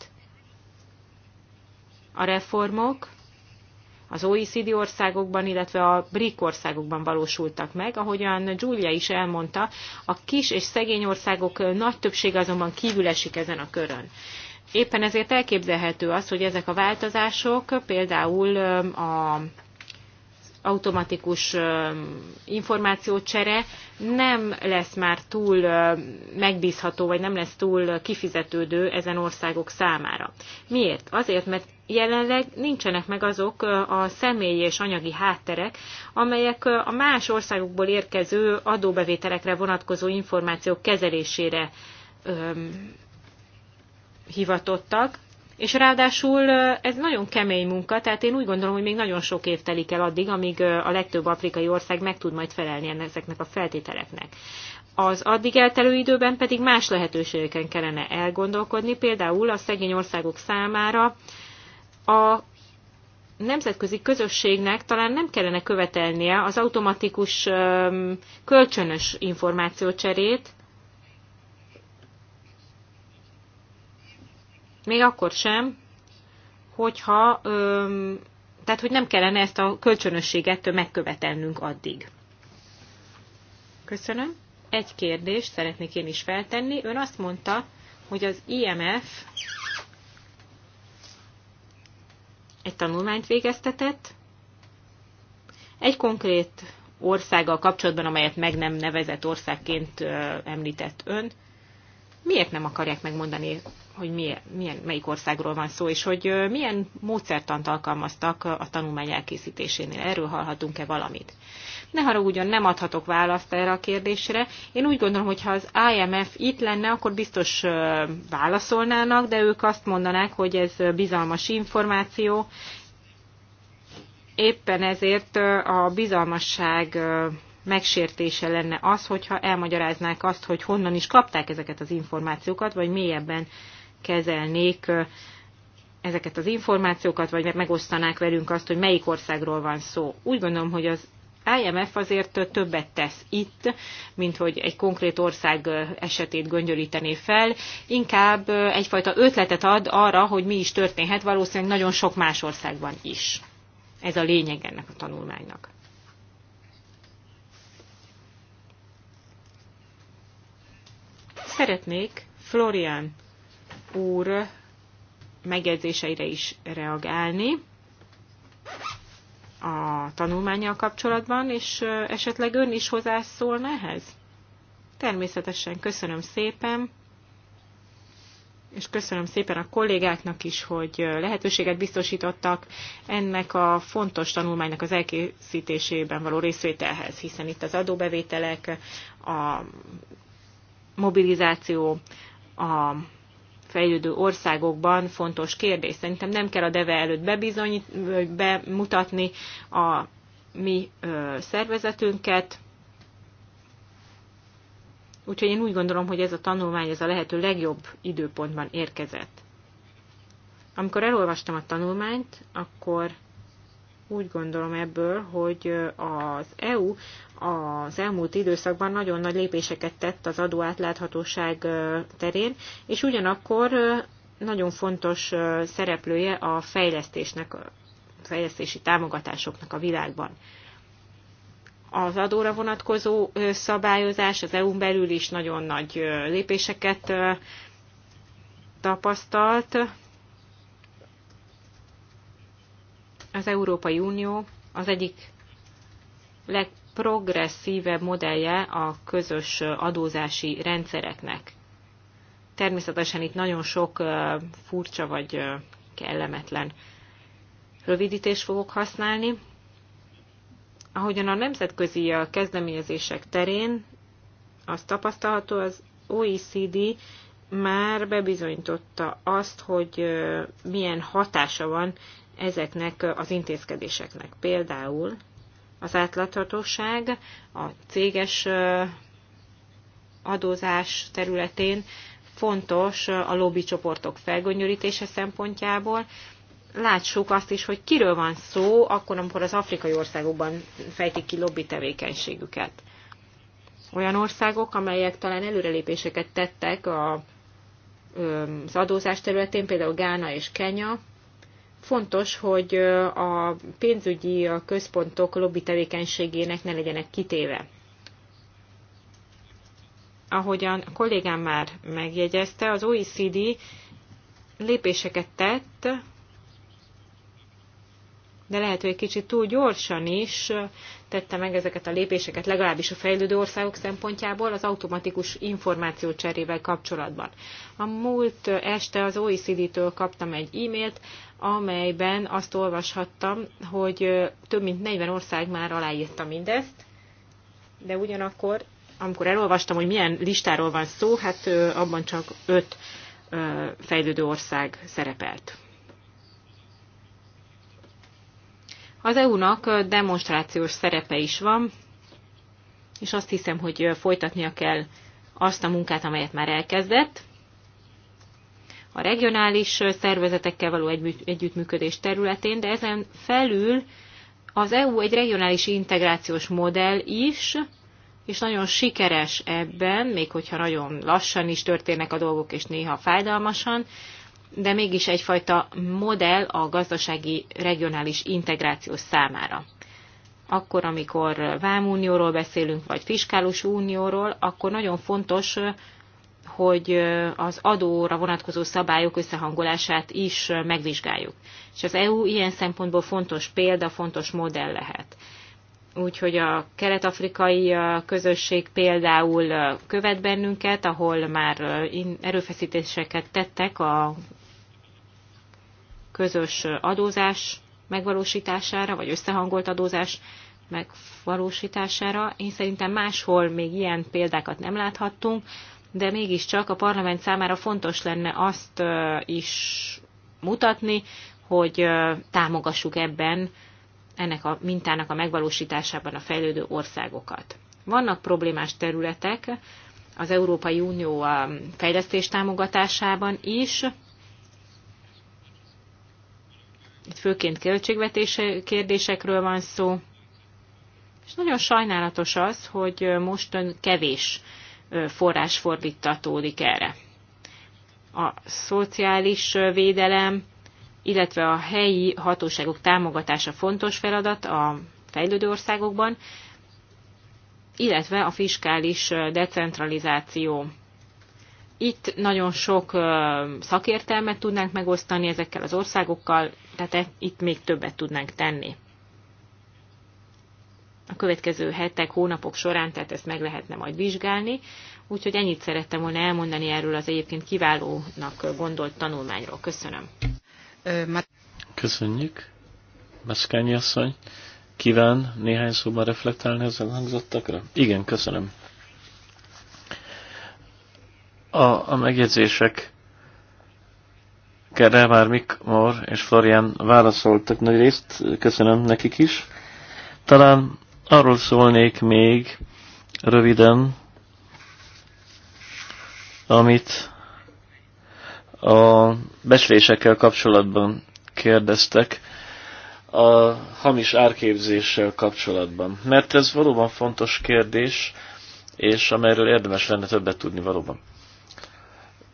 a reformok az OECD országokban, illetve a BRIC országokban valósultak meg. Ahogyan Giulia is elmondta, a kis és szegény országok nagy többsége azonban kívül esik ezen a körön. Éppen ezért elképzelhető az, hogy ezek a változások például a automatikus információcsere nem lesz már túl megbízható, vagy nem lesz túl kifizetődő ezen országok számára. Miért? Azért, mert jelenleg nincsenek meg azok a személyi és anyagi hátterek, amelyek a más országokból érkező adóbevételekre vonatkozó információk kezelésére hivatottak, és ráadásul ez nagyon kemény munka, tehát én úgy gondolom, hogy még nagyon sok év telik el addig, amíg a legtöbb afrikai ország meg tud majd felelni ezeknek a feltételeknek. Az addig eltelő időben pedig más lehetőségeken kellene elgondolkodni, például a szegény országok számára a nemzetközi közösségnek talán nem kellene követelnie az automatikus kölcsönös információcserét, Még akkor sem, hogyha, tehát hogy nem kellene ezt a kölcsönösséget megkövetelnünk addig. Köszönöm. Egy kérdést szeretnék én is feltenni. Ön azt mondta, hogy az IMF egy tanulmányt végeztetett, egy konkrét országgal kapcsolatban, amelyet meg nem nevezett országként említett ön, miért nem akarják megmondani hogy milyen, milyen, melyik országról van szó, és hogy milyen módszertant alkalmaztak a tanulmány elkészítésénél. Erről hallhatunk-e valamit? Ne haragudjon, nem adhatok választ erre a kérdésre. Én úgy gondolom, hogy ha az IMF itt lenne, akkor biztos válaszolnának, de ők azt mondanák, hogy ez bizalmas információ. Éppen ezért a bizalmasság megsértése lenne az, hogyha elmagyaráznák azt, hogy honnan is kapták ezeket az információkat, vagy mélyebben kezelnék ezeket az információkat, vagy megosztanák velünk azt, hogy melyik országról van szó. Úgy gondolom, hogy az IMF azért többet tesz itt, mint hogy egy konkrét ország esetét göngyölítené fel, inkább egyfajta ötletet ad arra, hogy mi is történhet valószínűleg nagyon sok más országban is. Ez a lényeg ennek a tanulmánynak. Szeretnék Florian úr megjegyzéseire is reagálni a tanulmánya kapcsolatban, és esetleg ön is hozzászólna ehhez? Természetesen köszönöm szépen, és köszönöm szépen a kollégáknak is, hogy lehetőséget biztosítottak ennek a fontos tanulmánynak az elkészítésében való részvételhez, hiszen itt az adóbevételek, a mobilizáció, a fejlődő országokban fontos kérdés. Szerintem nem kell a DEVE előtt bebizonyít, bemutatni a mi szervezetünket, Úgyhogy én úgy gondolom, hogy ez a tanulmány ez a lehető legjobb időpontban érkezett. Amikor elolvastam a tanulmányt, akkor úgy gondolom ebből, hogy az EU az elmúlt időszakban nagyon nagy lépéseket tett az adóátláthatóság terén, és ugyanakkor nagyon fontos szereplője a fejlesztésnek, a fejlesztési támogatásoknak a világban. Az adóra vonatkozó szabályozás az EU-n belül is nagyon nagy lépéseket tapasztalt. Az Európai Unió az egyik leg progresszívebb modellje a közös adózási rendszereknek. Természetesen itt nagyon sok furcsa vagy kellemetlen rövidítést fogok használni. Ahogyan a nemzetközi kezdeményezések terén az tapasztalható, az OECD már bebizonyította azt, hogy milyen hatása van ezeknek az intézkedéseknek. Például az átláthatóság a céges adózás területén fontos a lobby csoportok felgöngyörítése szempontjából. Látsuk azt is, hogy kiről van szó, akkor, amikor az afrikai országokban fejtik ki lobby tevékenységüket. Olyan országok, amelyek talán előrelépéseket tettek a, az adózás területén, például Gána és Kenya, Fontos, hogy a pénzügyi központok lobby tevékenységének ne legyenek kitéve. Ahogyan a kollégám már megjegyezte, az OECD lépéseket tett, de lehet, hogy egy kicsit túl gyorsan is tette meg ezeket a lépéseket, legalábbis a fejlődő országok szempontjából, az automatikus információcserével kapcsolatban. A múlt este az OECD-től kaptam egy e-mailt, amelyben azt olvashattam, hogy több mint 40 ország már aláírta mindezt, de ugyanakkor, amikor elolvastam, hogy milyen listáról van szó, hát abban csak öt fejlődő ország szerepelt. Az EU-nak demonstrációs szerepe is van, és azt hiszem, hogy folytatnia kell azt a munkát, amelyet már elkezdett. A regionális szervezetekkel való együttműködés területén, de ezen felül az EU egy regionális integrációs modell is, és nagyon sikeres ebben, még hogyha nagyon lassan is történnek a dolgok, és néha fájdalmasan, de mégis egyfajta modell a gazdasági regionális integráció számára. Akkor, amikor vámunióról beszélünk, vagy fiskálus unióról, akkor nagyon fontos, hogy az adóra vonatkozó szabályok összehangolását is megvizsgáljuk. És az EU ilyen szempontból fontos példa, fontos modell lehet. Úgyhogy a kelet-afrikai közösség például követ bennünket, ahol már erőfeszítéseket tettek a közös adózás megvalósítására, vagy összehangolt adózás megvalósítására. Én szerintem máshol még ilyen példákat nem láthattunk, de mégiscsak a parlament számára fontos lenne azt is mutatni, hogy támogassuk ebben ennek a mintának a megvalósításában a fejlődő országokat. Vannak problémás területek az Európai Unió fejlesztés támogatásában is, itt főként költségvetési kérdésekről van szó. És nagyon sajnálatos az, hogy most kevés forrás fordítatódik erre. A szociális védelem, illetve a helyi hatóságok támogatása fontos feladat a fejlődő országokban, illetve a fiskális decentralizáció itt nagyon sok szakértelmet tudnánk megosztani ezekkel az országokkal, tehát e- itt még többet tudnánk tenni. A következő hetek, hónapok során, tehát ezt meg lehetne majd vizsgálni. Úgyhogy ennyit szerettem volna elmondani erről az egyébként kiválónak gondolt tanulmányról. Köszönöm. Köszönjük. Meszkányi asszony, kíván néhány szóban reflektálni ezzel hangzottakra? Igen, köszönöm a, a megjegyzések erre már Mik és Florian válaszoltak nagy részt, köszönöm nekik is. Talán arról szólnék még röviden, amit a beslésekkel kapcsolatban kérdeztek, a hamis árképzéssel kapcsolatban. Mert ez valóban fontos kérdés, és amelyről érdemes lenne többet tudni valóban.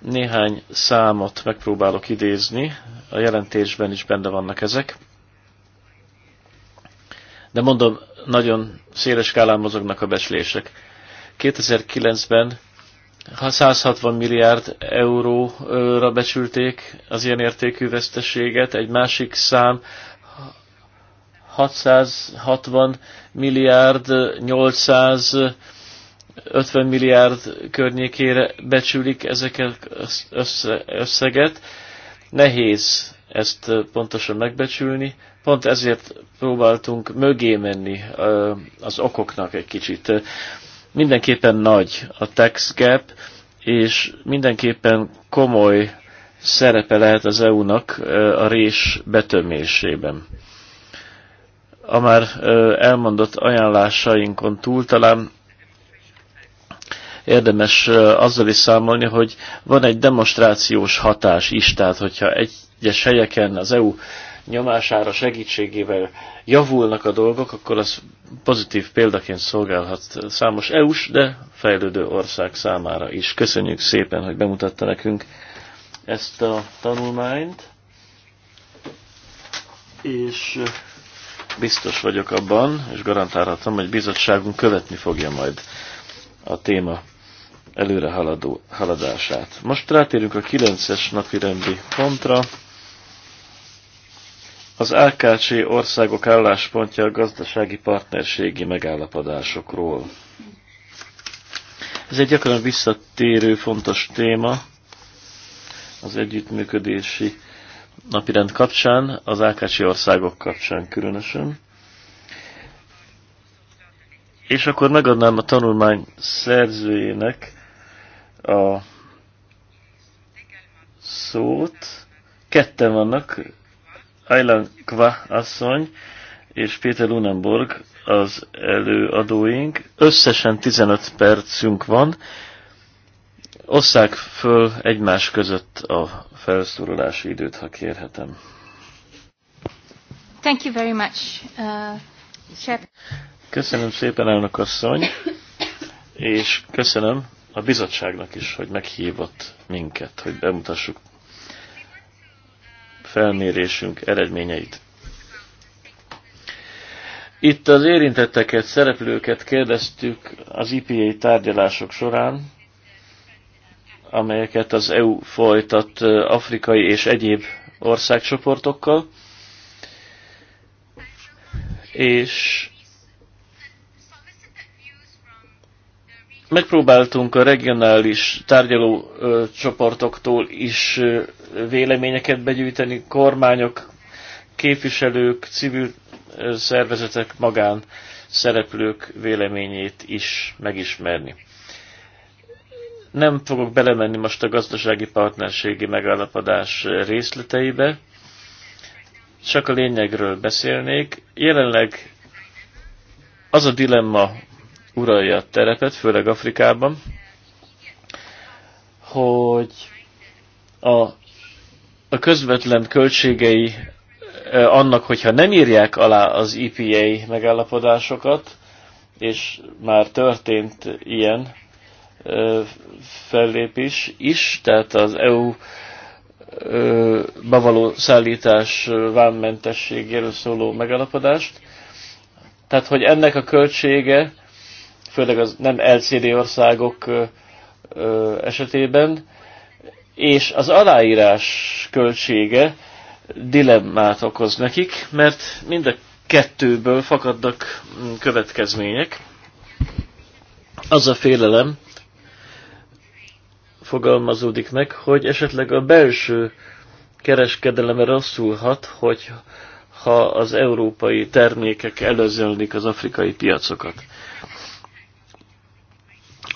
Néhány számot megpróbálok idézni, a jelentésben is benne vannak ezek. De mondom, nagyon széles skálán mozognak a beslések. 2009-ben 160 milliárd euróra becsülték az ilyen értékű veszteséget, egy másik szám 660 milliárd 800 50 milliárd környékére becsülik ezeket összeget. Nehéz ezt pontosan megbecsülni. Pont ezért próbáltunk mögé menni az okoknak egy kicsit. Mindenképpen nagy a tax gap, és mindenképpen komoly szerepe lehet az EU-nak a rés betömésében. A már elmondott ajánlásainkon túl talán érdemes azzal is számolni, hogy van egy demonstrációs hatás is, tehát hogyha egyes helyeken az EU nyomására, segítségével javulnak a dolgok, akkor az pozitív példaként szolgálhat számos EU-s, de fejlődő ország számára is. Köszönjük szépen, hogy bemutatta nekünk ezt a tanulmányt, és biztos vagyok abban, és garantálhatom, hogy bizottságunk követni fogja majd a téma előre haladó, haladását. Most rátérünk a 9-es napi rendi pontra. Az AKC országok álláspontja a gazdasági partnerségi megállapodásokról. Ez egy gyakran visszatérő fontos téma az együttműködési napirend kapcsán, az AKC országok kapcsán különösen. És akkor megadnám a tanulmány szerzőjének, a szót. Ketten vannak, Aylan Kva asszony és Péter Lunenborg az előadóink. Összesen 15 percünk van. Osszák föl egymás között a felszólalási időt, ha kérhetem. Thank you very much, uh, Köszönöm szépen, elnök asszony, és köszönöm a bizottságnak is, hogy meghívott minket, hogy bemutassuk felmérésünk eredményeit. Itt az érintetteket, szereplőket kérdeztük az IPA tárgyalások során, amelyeket az EU folytat afrikai és egyéb országcsoportokkal, és megpróbáltunk a regionális tárgyaló csoportoktól is véleményeket begyűjteni, kormányok, képviselők, civil szervezetek, magán szereplők véleményét is megismerni. Nem fogok belemenni most a gazdasági partnerségi megállapodás részleteibe, csak a lényegről beszélnék. Jelenleg az a dilemma uralja a terepet, főleg Afrikában, hogy a, a közvetlen költségei e, annak, hogyha nem írják alá az EPA megállapodásokat, és már történt ilyen e, fellépés is, tehát az EU e, bavaló szállítás vámmentességéről szóló megállapodást. Tehát, hogy ennek a költsége főleg az nem LCD országok esetében, és az aláírás költsége dilemmát okoz nekik, mert mind a kettőből fakadnak mm, következmények. Az a félelem fogalmazódik meg, hogy esetleg a belső kereskedelemre rosszul hat, hogy ha az európai termékek előzölnik az afrikai piacokat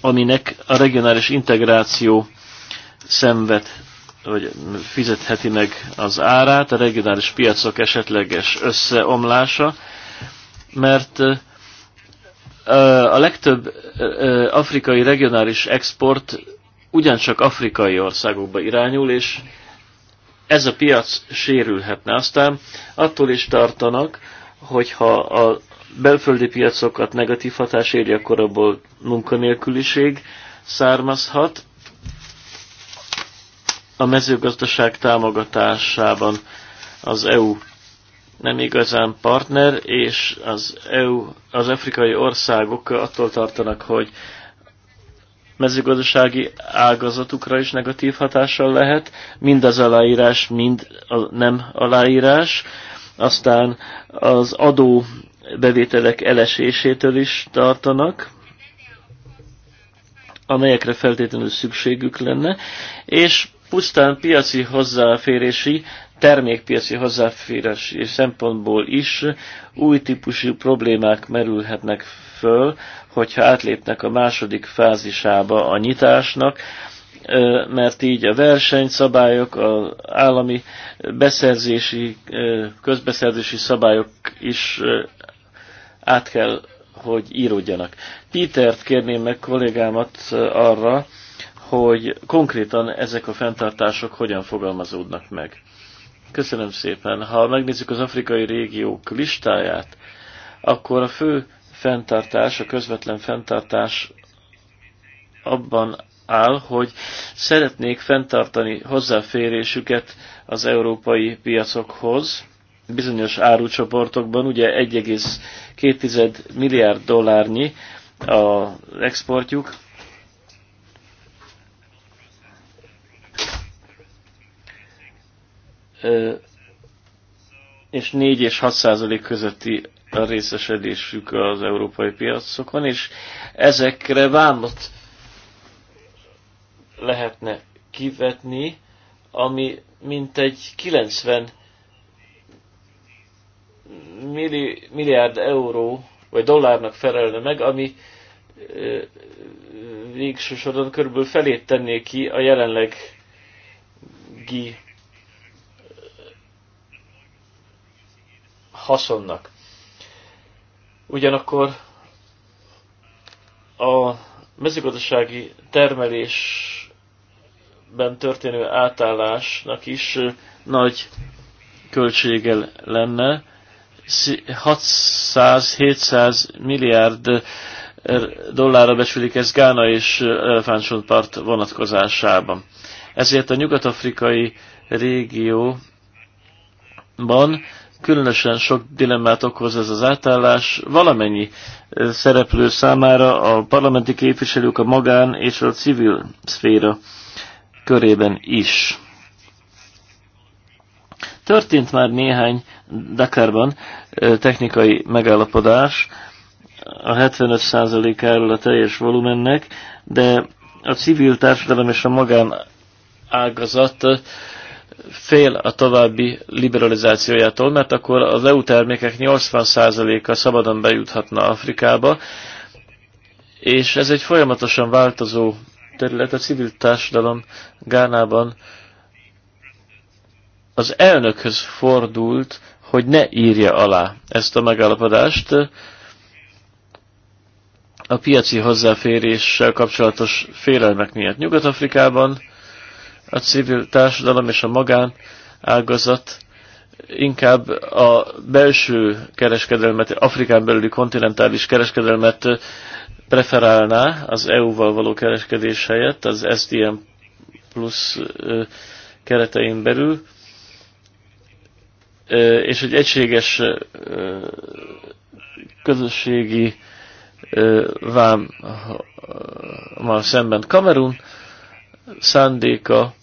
aminek a regionális integráció szenved, vagy fizetheti meg az árát, a regionális piacok esetleges összeomlása, mert a legtöbb afrikai regionális export ugyancsak afrikai országokba irányul, és ez a piac sérülhetne. Aztán attól is tartanak, hogyha a belföldi piacokat negatív hatás éri, akkor abból munkanélküliség származhat. A mezőgazdaság támogatásában az EU nem igazán partner, és az EU, az afrikai országok attól tartanak, hogy mezőgazdasági ágazatukra is negatív hatással lehet, mind az aláírás, mind a nem aláírás. Aztán az adó bevételek elesésétől is tartanak, amelyekre feltétlenül szükségük lenne, és pusztán piaci hozzáférési, termékpiaci hozzáférési szempontból is új típusú problémák merülhetnek föl, hogyha átlépnek a második fázisába a nyitásnak, mert így a versenyszabályok, az állami beszerzési, közbeszerzési szabályok is át kell, hogy íródjanak. Pétert kérném meg kollégámat arra, hogy konkrétan ezek a fenntartások hogyan fogalmazódnak meg. Köszönöm szépen. Ha megnézzük az afrikai régiók listáját, akkor a fő fenntartás, a közvetlen fenntartás abban áll, hogy szeretnék fenntartani hozzáférésüket az európai piacokhoz, bizonyos árucsoportokban, ugye 1,2 milliárd dollárnyi az exportjuk, és 4 és 6 százalék közötti a részesedésük az európai piacokon, és ezekre vámot lehetne kivetni, ami mintegy 90 milli, milliárd euró vagy dollárnak felelne meg, ami végső soron körülbelül felét tenné ki a jelenlegi haszonnak. Ugyanakkor a mezőgazdasági termelésben történő átállásnak is nagy költsége lenne, 600-700 milliárd eh, dollárra becsülik ez Gána és eh, part vonatkozásában. Ezért a nyugat-afrikai régióban különösen sok dilemmát okoz ez az átállás valamennyi eh, szereplő számára, a parlamenti képviselők, a magán és a civil szféra körében is. Történt már néhány Dakarban technikai megállapodás a 75%-áról a teljes volumennek, de a civil társadalom és a magán ágazat fél a további liberalizációjától, mert akkor az EU termékek 80%-a szabadon bejuthatna Afrikába, és ez egy folyamatosan változó terület. A civil társadalom Gánában az elnökhöz fordult, hogy ne írja alá ezt a megállapodást. A piaci hozzáféréssel kapcsolatos félelmek miatt Nyugat-Afrikában a civil társadalom és a magán ágazat inkább a belső kereskedelmet, Afrikán belüli kontinentális kereskedelmet preferálná az EU-val való kereskedés helyett, az SDM plusz keretein belül és egy egységes közösségi vámmal szemben. Kamerun szándéka,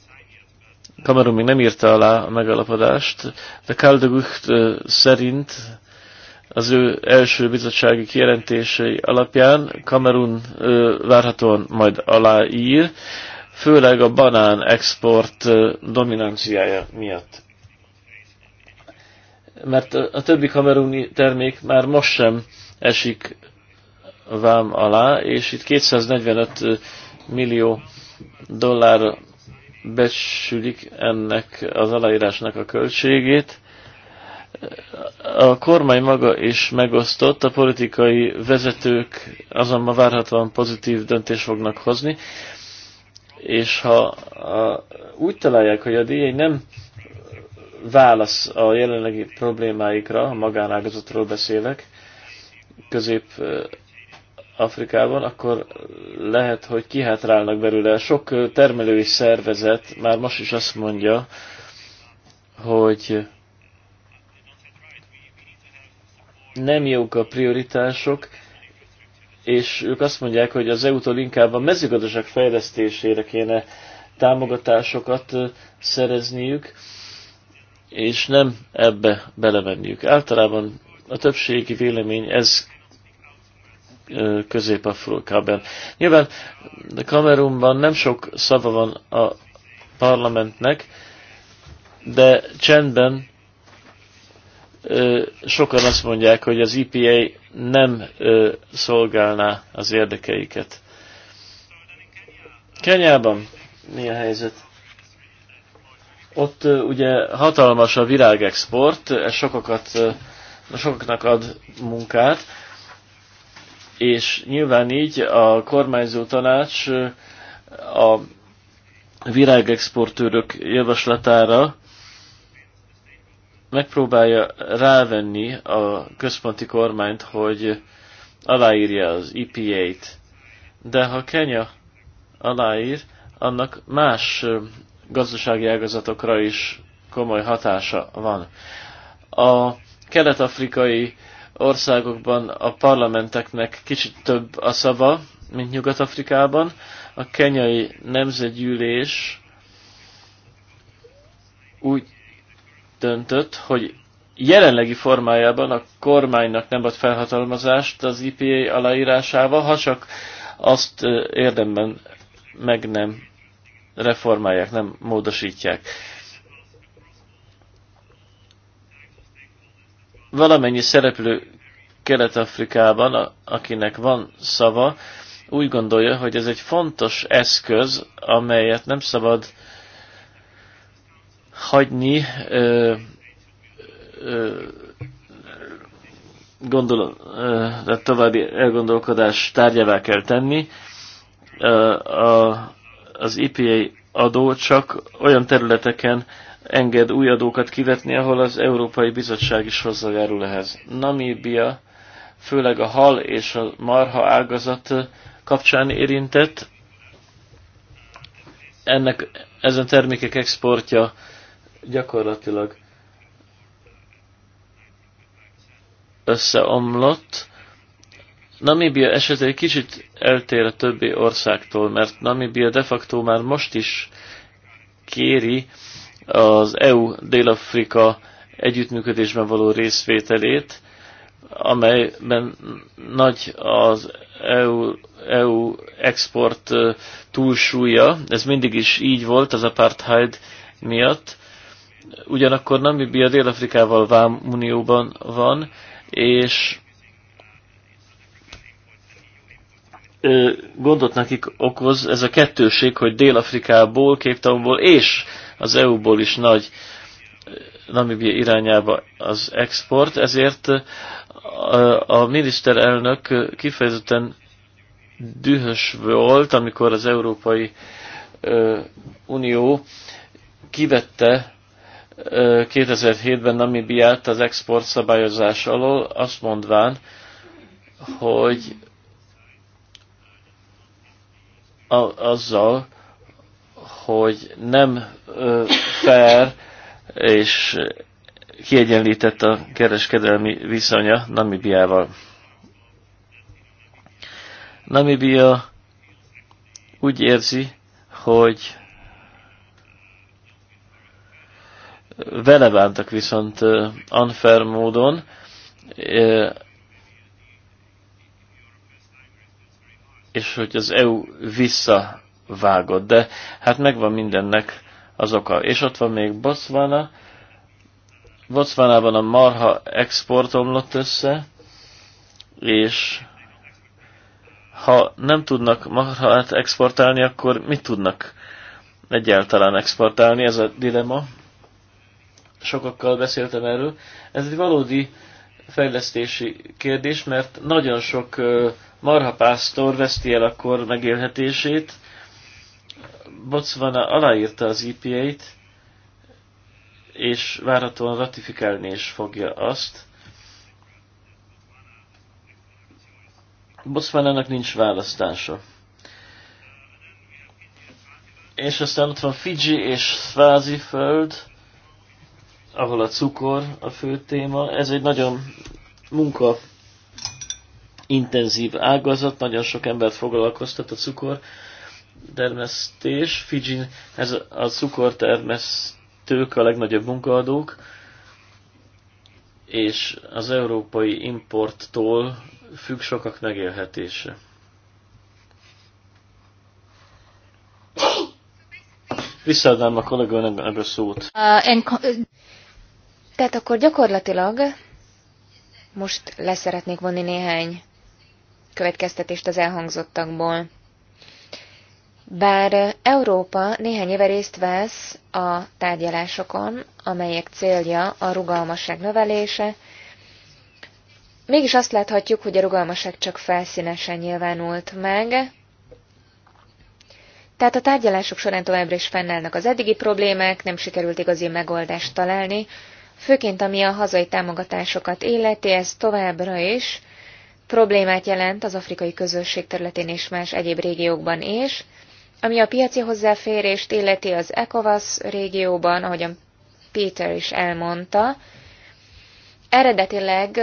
Kamerun még nem írta alá a megalapodást, de Kaldegucht szerint az ő első bizottsági kijelentései alapján Kamerun várhatóan majd aláír, főleg a banán export dominanciája miatt mert a többi kameruni termék már most sem esik vám alá, és itt 245 millió dollár becsülik ennek az aláírásnak a költségét. A kormány maga is megosztott, a politikai vezetők azonban várhatóan pozitív döntés fognak hozni, és ha a, úgy találják, hogy a díj nem válasz a jelenlegi problémáikra, a magánágazatról beszélek, Közép-Afrikában, akkor lehet, hogy kihátrálnak belőle. Sok termelői szervezet már most is azt mondja, hogy nem jók a prioritások, és ők azt mondják, hogy az EU-tól inkább a mezőgazdaság fejlesztésére kéne támogatásokat szerezniük, és nem ebbe belemenniük. Általában a többségi vélemény ez Közép-Afrikában. Nyilván Kamerunban nem sok szava van a parlamentnek, de csendben sokan azt mondják, hogy az EPA nem szolgálná az érdekeiket. Kenyában mi a helyzet? Ott ugye hatalmas a virágexport, ez sokakat, sokaknak ad munkát, és nyilván így a kormányzó tanács a virágexportőrök javaslatára megpróbálja rávenni a központi kormányt, hogy aláírja az EPA-t. De ha Kenya aláír, annak más gazdasági ágazatokra is komoly hatása van. A kelet-afrikai országokban a parlamenteknek kicsit több a szava, mint Nyugat-Afrikában. A kenyai nemzetgyűlés úgy döntött, hogy jelenlegi formájában a kormánynak nem ad felhatalmazást az IPA aláírásával, ha csak azt érdemben meg nem reformálják, nem módosítják. Valamennyi szereplő Kelet-Afrikában, akinek van szava, úgy gondolja, hogy ez egy fontos eszköz, amelyet nem szabad hagyni ö, ö, gondolom, de további elgondolkodás tárgyává kell tenni. A az IPA adó csak olyan területeken enged új adókat kivetni, ahol az Európai Bizottság is hozzájárul ehhez. Namíbia főleg a hal és a marha ágazat kapcsán érintett. Ennek ezen termékek exportja gyakorlatilag összeomlott, Namíbia esete egy kicsit eltér a többi országtól, mert Namíbia de facto már most is kéri az EU Dél-Afrika együttműködésben való részvételét, amelyben nagy az EU, EU export túlsúlya. Ez mindig is így volt az apartheid miatt. Ugyanakkor Namibia Dél-Afrikával vámunióban van, és gondot nekik okoz ez a kettőség, hogy Dél-Afrikából, Képtaumból és az EU-ból is nagy Namibia irányába az export, ezért a miniszterelnök kifejezetten dühös volt, amikor az Európai Unió kivette 2007-ben Namibiát az export szabályozás alól, azt mondván, hogy a, azzal, hogy nem ö, fair és kiegyenlített a kereskedelmi viszonya Namibiával. Namibia úgy érzi, hogy vele bántak viszont unfair módon, és hogy az EU visszavágott, de hát megvan mindennek az oka. És ott van még Botswana, Botswanában a marha export omlott össze, és ha nem tudnak marhát exportálni, akkor mit tudnak egyáltalán exportálni? Ez a dilema. Sokakkal beszéltem erről. Ez egy valódi fejlesztési kérdés, mert nagyon sok marha pásztor veszti el akkor megélhetését. Botswana aláírta az IPA-t, e és várhatóan ratifikálni is fogja azt. Botswana Botswana-nak nincs választása. És aztán ott van Fiji és Svázi föld, ahol a cukor a fő téma. Ez egy nagyon munka intenzív ágazat, nagyon sok embert foglalkoztat a cukor termesztés. Fidzsin ez a cukortermesztők a legnagyobb munkaadók, és az európai importtól függ sokak megélhetése. Visszaadnám a kolléganőnek a szót. Uh, Tehát akkor gyakorlatilag most leszeretnék vonni néhány következtetést az elhangzottakból. Bár Európa néhány éve részt vesz a tárgyalásokon, amelyek célja a rugalmasság növelése, mégis azt láthatjuk, hogy a rugalmasság csak felszínesen nyilvánult meg, tehát a tárgyalások során továbbra is fennállnak az eddigi problémák, nem sikerült igazi megoldást találni, főként ami a hazai támogatásokat illeti, ez továbbra is problémát jelent az afrikai közösség területén és más egyéb régiókban is, ami a piaci hozzáférést illeti az ECOWAS régióban, ahogyan Peter is elmondta, eredetileg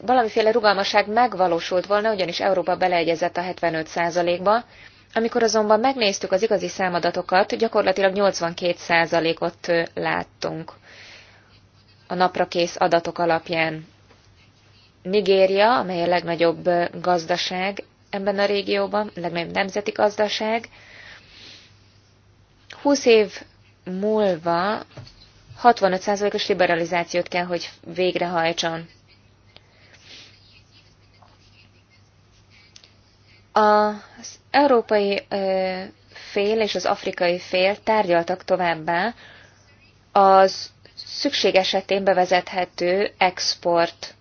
valamiféle rugalmasság megvalósult volna, ugyanis Európa beleegyezett a 75%-ba, amikor azonban megnéztük az igazi számadatokat, gyakorlatilag 82%-ot láttunk a napra kész adatok alapján. Nigéria, amely a legnagyobb gazdaság ebben a régióban, a legnagyobb nemzeti gazdaság, 20 év múlva 65%-os liberalizációt kell, hogy végrehajtson. Az európai fél és az afrikai fél tárgyaltak továbbá az szükség esetén bevezethető export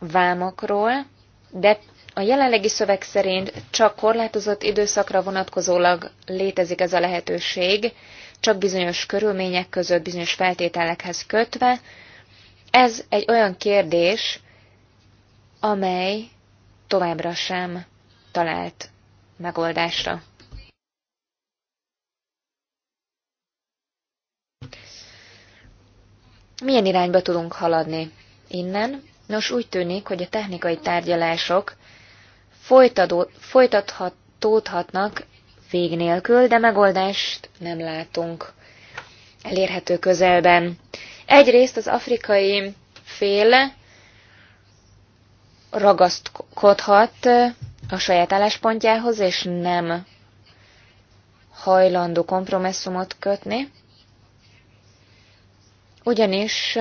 vámokról, de a jelenlegi szöveg szerint csak korlátozott időszakra vonatkozólag létezik ez a lehetőség, csak bizonyos körülmények között, bizonyos feltételekhez kötve. Ez egy olyan kérdés, amely továbbra sem talált megoldásra. Milyen irányba tudunk haladni innen? Nos, úgy tűnik, hogy a technikai tárgyalások folytató, folytathatódhatnak vég nélkül, de megoldást nem látunk elérhető közelben. Egyrészt az afrikai fél ragaszkodhat a saját álláspontjához, és nem hajlandó kompromisszumot kötni, ugyanis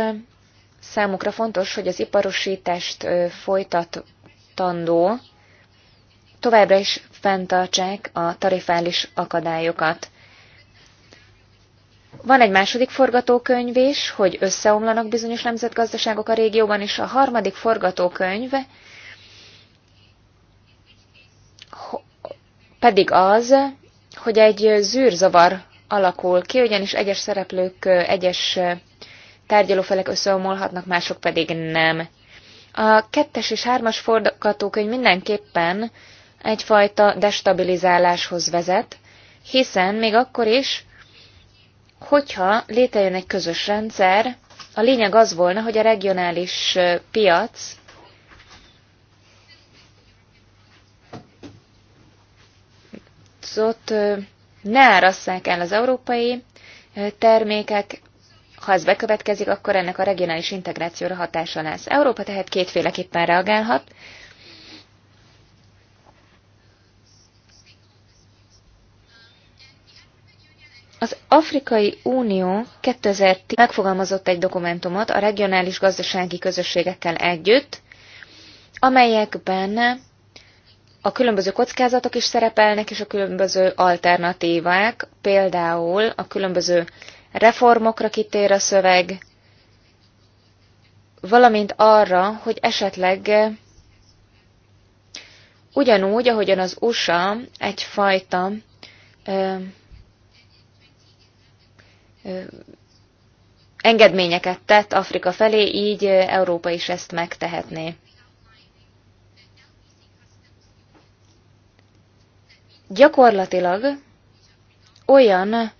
Számukra fontos, hogy az iparosítást folytatandó továbbra is fenntartsák a tarifális akadályokat. Van egy második forgatókönyv is, hogy összeomlanak bizonyos nemzetgazdaságok a régióban, és a harmadik forgatókönyv pedig az, hogy egy zűrzavar alakul ki, ugyanis egyes szereplők egyes tárgyalófelek összeomolhatnak, mások pedig nem. A kettes és hármas forgatókönyv mindenképpen egyfajta destabilizáláshoz vezet, hiszen még akkor is, hogyha létrejön egy közös rendszer, a lényeg az volna, hogy a regionális piac ott ne árasszák el az európai termékek, ha ez bekövetkezik, akkor ennek a regionális integrációra hatása lesz. Európa tehát kétféleképpen reagálhat. Az Afrikai Unió 2010 megfogalmazott egy dokumentumot a regionális gazdasági közösségekkel együtt, amelyekben a különböző kockázatok is szerepelnek, és a különböző alternatívák, például a különböző reformokra kitér a szöveg, valamint arra, hogy esetleg ugyanúgy, ahogyan az USA egyfajta ö, ö, engedményeket tett Afrika felé, így Európa is ezt megtehetné. Gyakorlatilag olyan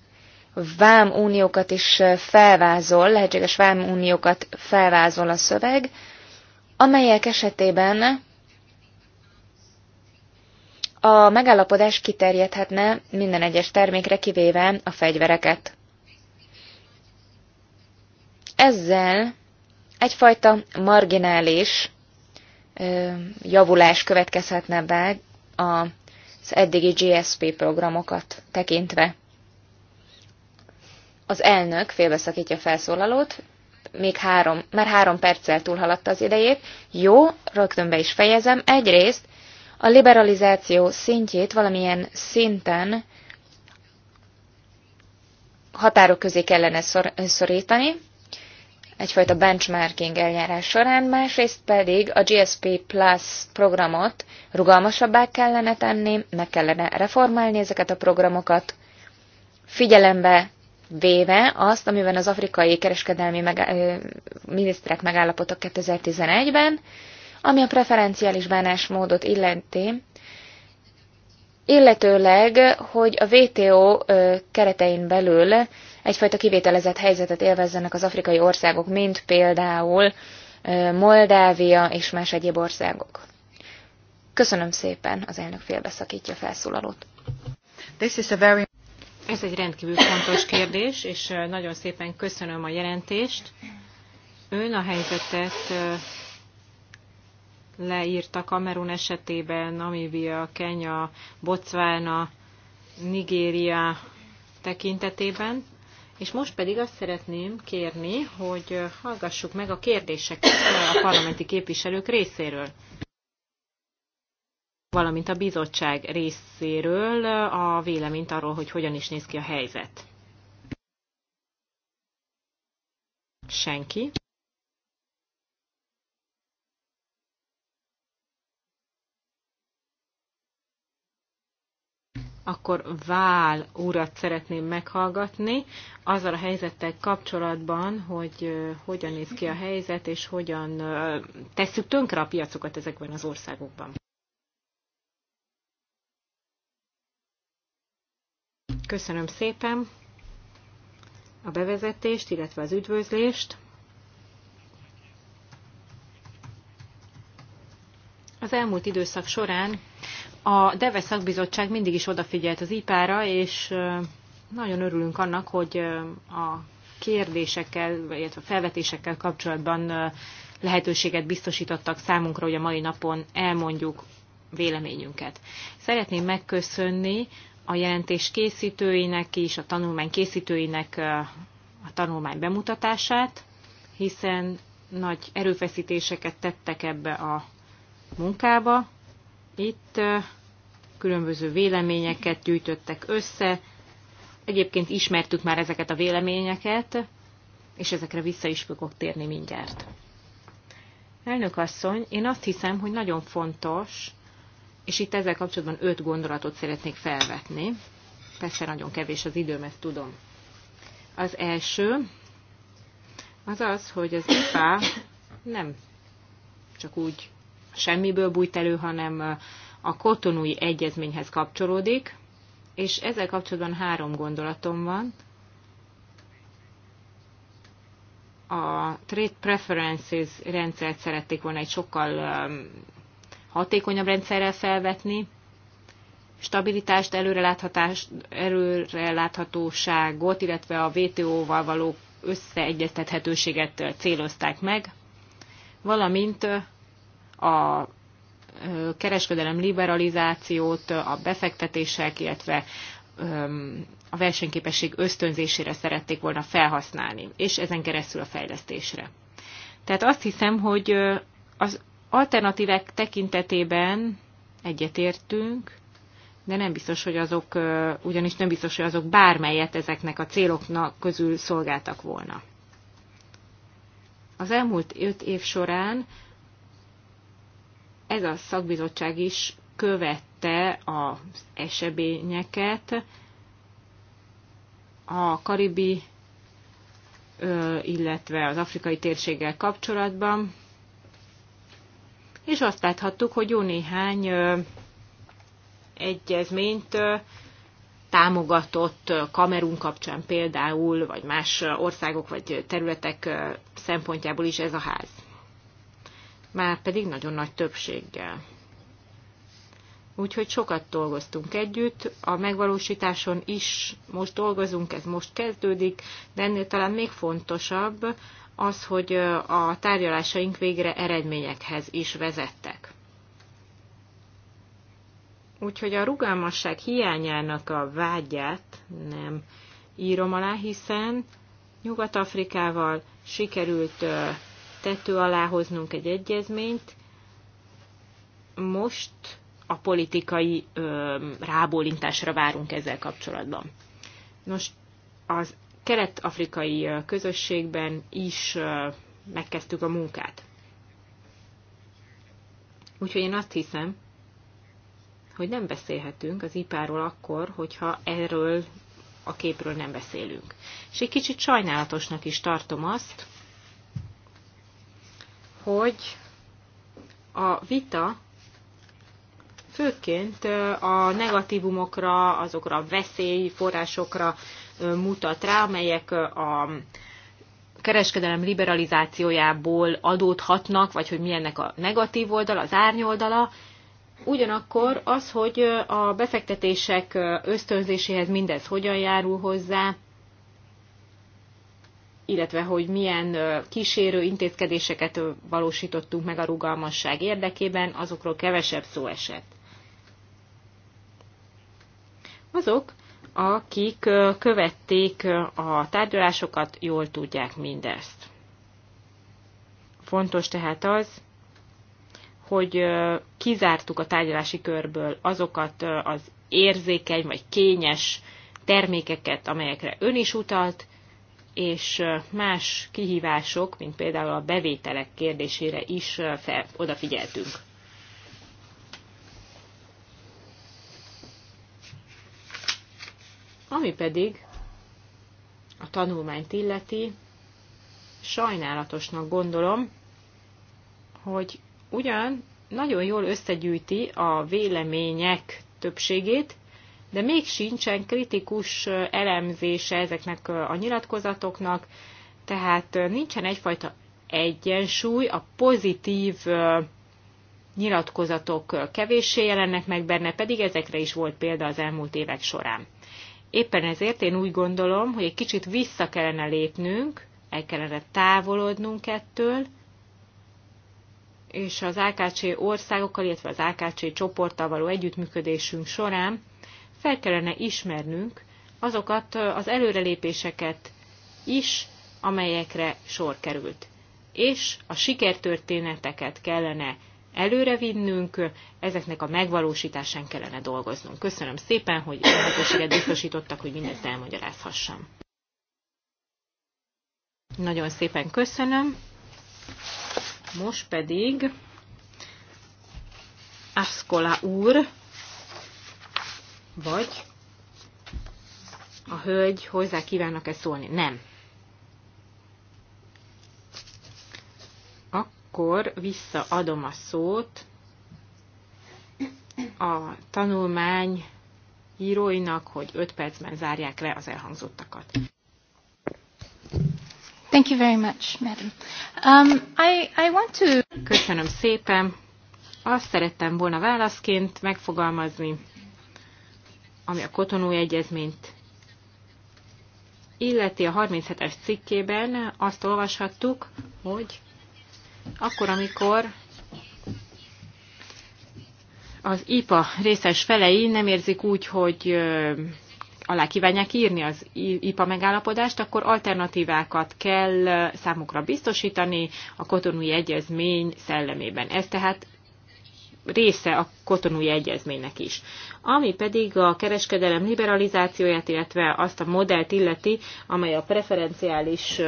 vámuniókat is felvázol, lehetséges vámuniókat felvázol a szöveg, amelyek esetében a megállapodás kiterjedhetne minden egyes termékre, kivéve a fegyvereket. Ezzel egyfajta marginális javulás következhetne be az eddigi GSP programokat tekintve. Az elnök félbeszakítja a felszólalót, még három, már három perccel túlhaladta az idejét. Jó, rögtön be is fejezem. Egyrészt a liberalizáció szintjét valamilyen szinten határok közé kellene szor, szorítani, egyfajta benchmarking eljárás során, másrészt pedig a GSP Plus programot rugalmasabbá kellene tenni, meg kellene reformálni ezeket a programokat, figyelembe véve azt, amiben az afrikai kereskedelmi meg, miniszterek megállapodtak 2011-ben, ami a preferenciális bánásmódot illeti, illetőleg, hogy a WTO keretein belül egyfajta kivételezett helyzetet élvezzenek az afrikai országok, mint például Moldávia és más egyéb országok. Köszönöm szépen, az elnök félbeszakítja a felszólalót. This is a very... Ez egy rendkívül fontos kérdés, és nagyon szépen köszönöm a jelentést. Ön a helyzetet leírta Kamerun esetében, Namíbia, Kenya, Botswana, Nigéria tekintetében. És most pedig azt szeretném kérni, hogy hallgassuk meg a kérdéseket a parlamenti képviselők részéről valamint a bizottság részéről a véleményt arról, hogy hogyan is néz ki a helyzet. Senki. akkor Vál urat szeretném meghallgatni, azzal a helyzettel kapcsolatban, hogy hogyan néz ki a helyzet, és hogyan tesszük tönkre a piacokat ezekben az országokban. Köszönöm szépen a bevezetést, illetve az üdvözlést. Az elmúlt időszak során a DEVE szakbizottság mindig is odafigyelt az IPÁ-ra, és nagyon örülünk annak, hogy a kérdésekkel, illetve a felvetésekkel kapcsolatban lehetőséget biztosítottak számunkra, hogy a mai napon elmondjuk véleményünket. Szeretném megköszönni a jelentés készítőinek is, a tanulmány készítőinek a tanulmány bemutatását, hiszen nagy erőfeszítéseket tettek ebbe a munkába. Itt különböző véleményeket gyűjtöttek össze. Egyébként ismertük már ezeket a véleményeket, és ezekre vissza is fogok térni mindjárt. Elnök asszony, én azt hiszem, hogy nagyon fontos, és itt ezzel kapcsolatban öt gondolatot szeretnék felvetni. Persze nagyon kevés az időm, ezt tudom. Az első az az, hogy az IPA nem csak úgy semmiből bújt elő, hanem a kotonúi egyezményhez kapcsolódik, és ezzel kapcsolatban három gondolatom van. A trade preferences rendszert szerették volna egy sokkal hatékonyabb rendszerrel felvetni, stabilitást, előreláthatóságot, illetve a WTO-val való összeegyeztethetőséget célozták meg, valamint a kereskedelem liberalizációt, a befektetések, illetve a versenyképesség ösztönzésére szerették volna felhasználni, és ezen keresztül a fejlesztésre. Tehát azt hiszem, hogy az alternatívek tekintetében egyetértünk, de nem biztos, hogy azok, ugyanis nem biztos, hogy azok bármelyet ezeknek a céloknak közül szolgáltak volna. Az elmúlt öt év során ez a szakbizottság is követte az eseményeket, a karibi, illetve az afrikai térséggel kapcsolatban, és azt láthattuk, hogy jó néhány egyezményt támogatott Kamerun kapcsán például, vagy más országok vagy területek szempontjából is ez a ház. Már pedig nagyon nagy többséggel. Úgyhogy sokat dolgoztunk együtt, a megvalósításon is most dolgozunk, ez most kezdődik, de ennél talán még fontosabb az, hogy a tárgyalásaink végre eredményekhez is vezettek. Úgyhogy a rugalmasság hiányának a vágyát nem írom alá, hiszen Nyugat-Afrikával sikerült tető alá hoznunk egy egyezményt. Most a politikai rábólintásra várunk ezzel kapcsolatban. Nos, az kelet-afrikai közösségben is megkezdtük a munkát. Úgyhogy én azt hiszem, hogy nem beszélhetünk az ipáról akkor, hogyha erről a képről nem beszélünk. És egy kicsit sajnálatosnak is tartom azt, hogy a vita főként a negatívumokra, azokra a veszélyforrásokra mutat rá, amelyek a kereskedelem liberalizációjából adódhatnak, vagy hogy milyennek a negatív oldala, az árnyoldala. Ugyanakkor az, hogy a befektetések ösztönzéséhez mindez hogyan járul hozzá, illetve hogy milyen kísérő intézkedéseket valósítottunk meg a rugalmasság érdekében, azokról kevesebb szó esett. Azok, akik követték a tárgyalásokat, jól tudják mindezt. Fontos tehát az, hogy kizártuk a tárgyalási körből azokat az érzékeny vagy kényes termékeket, amelyekre ön is utalt, és más kihívások, mint például a bevételek kérdésére is fel, odafigyeltünk. Ami pedig a tanulmányt illeti, sajnálatosnak gondolom, hogy ugyan nagyon jól összegyűjti a vélemények többségét, de még sincsen kritikus elemzése ezeknek a nyilatkozatoknak, tehát nincsen egyfajta egyensúly, a pozitív nyilatkozatok kevéssé jelennek meg benne, pedig ezekre is volt példa az elmúlt évek során. Éppen ezért én úgy gondolom, hogy egy kicsit vissza kellene lépnünk, el kellene távolodnunk ettől, és az AKC országokkal, illetve az AKC csoporttal való együttműködésünk során fel kellene ismernünk azokat az előrelépéseket is, amelyekre sor került. És a sikertörténeteket kellene előrevinnünk, ezeknek a megvalósításán kellene dolgoznunk. Köszönöm szépen, hogy lehetőséget biztosítottak, hogy mindezt elmagyarázhassam. Nagyon szépen köszönöm. Most pedig Aszkola úr, vagy a hölgy hozzá kívánnak-e szólni? Nem. akkor visszaadom a szót a tanulmány íróinak, hogy 5 percben zárják le az elhangzottakat. Thank you very much, madam. Um, I, I want to... Köszönöm szépen. Azt szerettem volna válaszként megfogalmazni, ami a kotonói egyezményt illeti a 37-es cikkében azt olvashattuk, hogy akkor, amikor az IPA részes felei nem érzik úgy, hogy alá kívánják írni az IPA megállapodást, akkor alternatívákat kell számukra biztosítani a kotonúi egyezmény szellemében. Ez tehát része a kotonúi egyezménynek is. Ami pedig a kereskedelem liberalizációját, illetve azt a modellt illeti, amely a preferenciális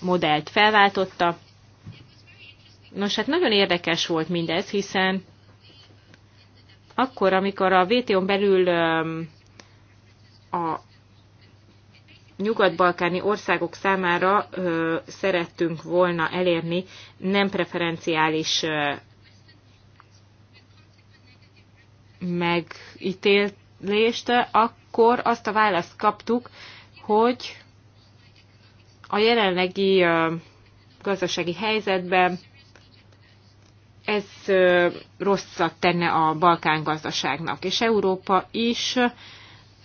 modellt felváltotta, Nos, hát nagyon érdekes volt mindez, hiszen akkor, amikor a WTO-n belül a nyugat-balkáni országok számára szerettünk volna elérni nem preferenciális megítélést, akkor azt a választ kaptuk, hogy a jelenlegi gazdasági helyzetben ez rosszat tenne a Balkán gazdaságnak, és Európa is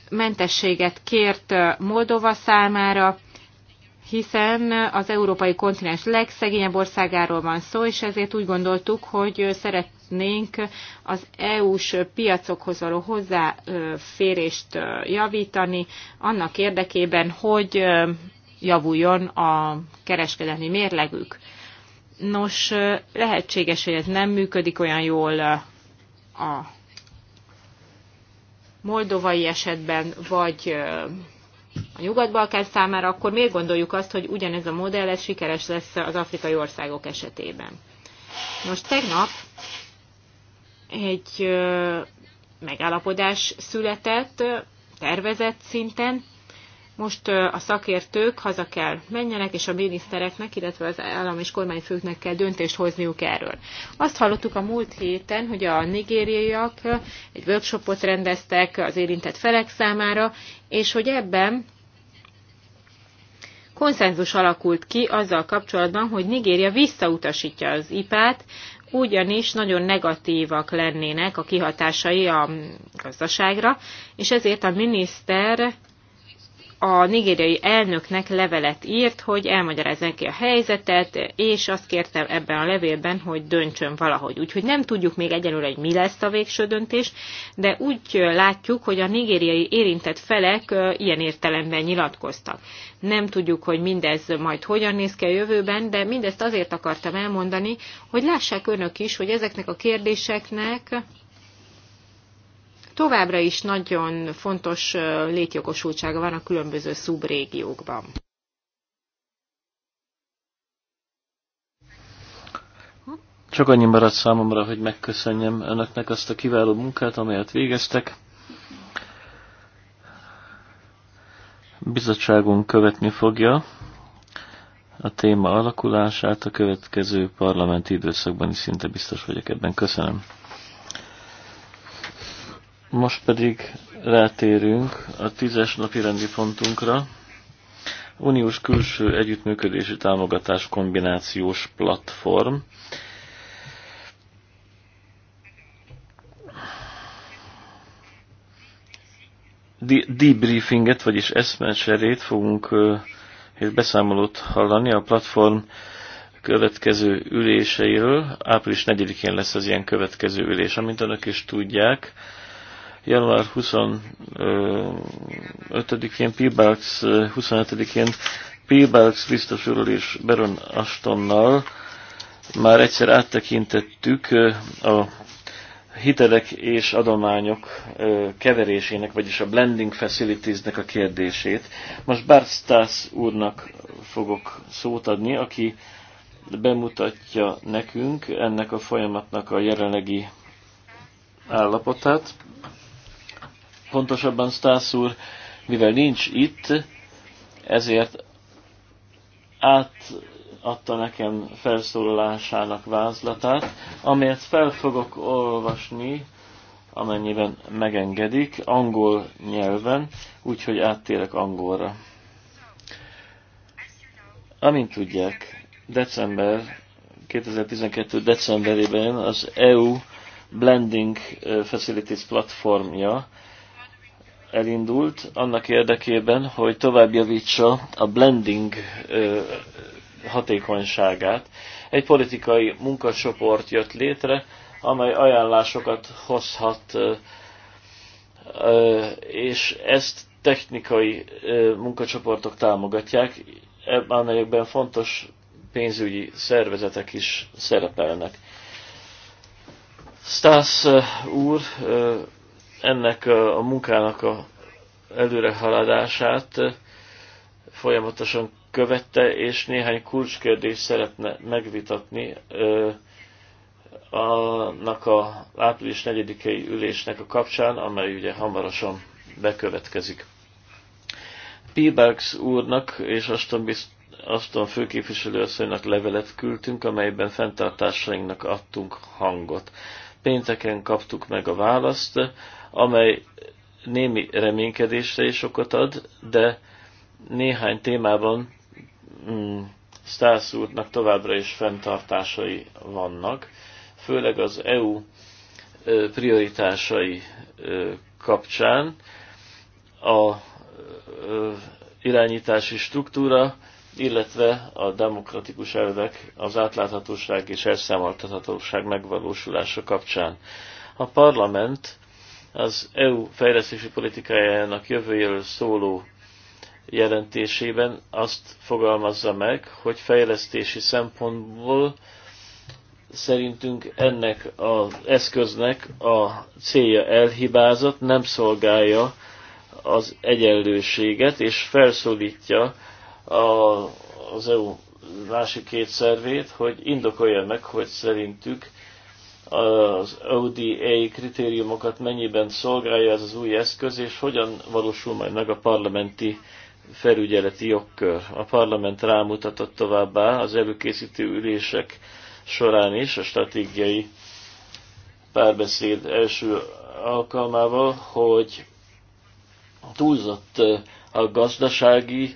mentességet kért Moldova számára, hiszen az európai kontinens legszegényebb országáról van szó, és ezért úgy gondoltuk, hogy szeretnénk az EU-s piacokhoz való hozzáférést javítani, annak érdekében, hogy javuljon a kereskedelmi mérlegük. Nos, lehetséges, hogy ez nem működik olyan jól a moldovai esetben, vagy a Nyugat-Balkán számára, akkor miért gondoljuk azt, hogy ugyanez a modell ez sikeres lesz az afrikai országok esetében? Most tegnap egy megállapodás született tervezett szinten, most a szakértők haza kell menjenek, és a minisztereknek, illetve az állam és kormányfőknek kell döntést hozniuk erről. Azt hallottuk a múlt héten, hogy a nigériaiak egy workshopot rendeztek az érintett felek számára, és hogy ebben konszenzus alakult ki azzal kapcsolatban, hogy Nigéria visszautasítja az IPát, ugyanis nagyon negatívak lennének a kihatásai a gazdaságra, és ezért a miniszter a nigériai elnöknek levelet írt, hogy elmagyarázza neki a helyzetet, és azt kérte ebben a levélben, hogy döntsön valahogy. Úgyhogy nem tudjuk még egyelőre, hogy mi lesz a végső döntés, de úgy látjuk, hogy a nigériai érintett felek ilyen értelemben nyilatkoztak. Nem tudjuk, hogy mindez majd hogyan néz ki a jövőben, de mindezt azért akartam elmondani, hogy lássák önök is, hogy ezeknek a kérdéseknek továbbra is nagyon fontos létjogosultsága van a különböző szubrégiókban. Csak annyi maradt számomra, hogy megköszönjem önöknek azt a kiváló munkát, amelyet végeztek. Bizottságunk követni fogja a téma alakulását a következő parlamenti időszakban is szinte biztos vagyok ebben. Köszönöm. Most pedig rátérünk a tízes napi rendi pontunkra. Uniós külső együttműködési támogatás kombinációs platform. debriefinget, vagyis eszmecserét fogunk egy beszámolót hallani a platform következő üléseiről. Április 4-én lesz az ilyen következő ülés, amint önök is tudják január 25-én, Pilbax 25-én Pilbax biztos úrral és Beron Astonnal már egyszer áttekintettük a hitelek és adományok keverésének, vagyis a blending facilitiesnek a kérdését. Most Bart Stas úrnak fogok szót adni, aki bemutatja nekünk ennek a folyamatnak a jelenlegi állapotát pontosabban Stász úr, mivel nincs itt, ezért átadta nekem felszólalásának vázlatát, amelyet fel fogok olvasni, amennyiben megengedik, angol nyelven, úgyhogy áttérek angolra. Amint tudják, december 2012. decemberében az EU Blending Facilities platformja elindult annak érdekében, hogy továbbjavítsa a blending hatékonyságát. Egy politikai munkacsoport jött létre, amely ajánlásokat hozhat, és ezt technikai munkacsoportok támogatják, amelyekben fontos pénzügyi szervezetek is szerepelnek. Stász úr ennek a, a munkának a előrehaladását folyamatosan követte, és néhány kulcskérdést szeretne megvitatni ö, annak a április 4-i ülésnek a kapcsán, amely ugye hamarosan bekövetkezik. Pibergs úrnak és Aston, bizt, Aston főképviselőasszonynak levelet küldtünk, amelyben fenntartásainknak adtunk hangot. Pénteken kaptuk meg a választ, amely némi reménykedésre is okot ad, de néhány témában mm, Stász úrnak továbbra is fenntartásai vannak, főleg az EU prioritásai kapcsán a irányítási struktúra, illetve a demokratikus elvek, az átláthatóság és elszámoltathatóság megvalósulása kapcsán. A parlament az EU fejlesztési politikájának jövőjéről szóló jelentésében azt fogalmazza meg, hogy fejlesztési szempontból szerintünk ennek az eszköznek a célja elhibázott, nem szolgálja az egyenlőséget, és felszólítja a, az EU másik két szervét, hogy indokolja meg, hogy szerintük az ODA kritériumokat mennyiben szolgálja ez az új eszköz, és hogyan valósul majd meg a parlamenti felügyeleti jogkör. A parlament rámutatott továbbá az előkészítő ülések során is a stratégiai párbeszéd első alkalmával, hogy túlzott a gazdasági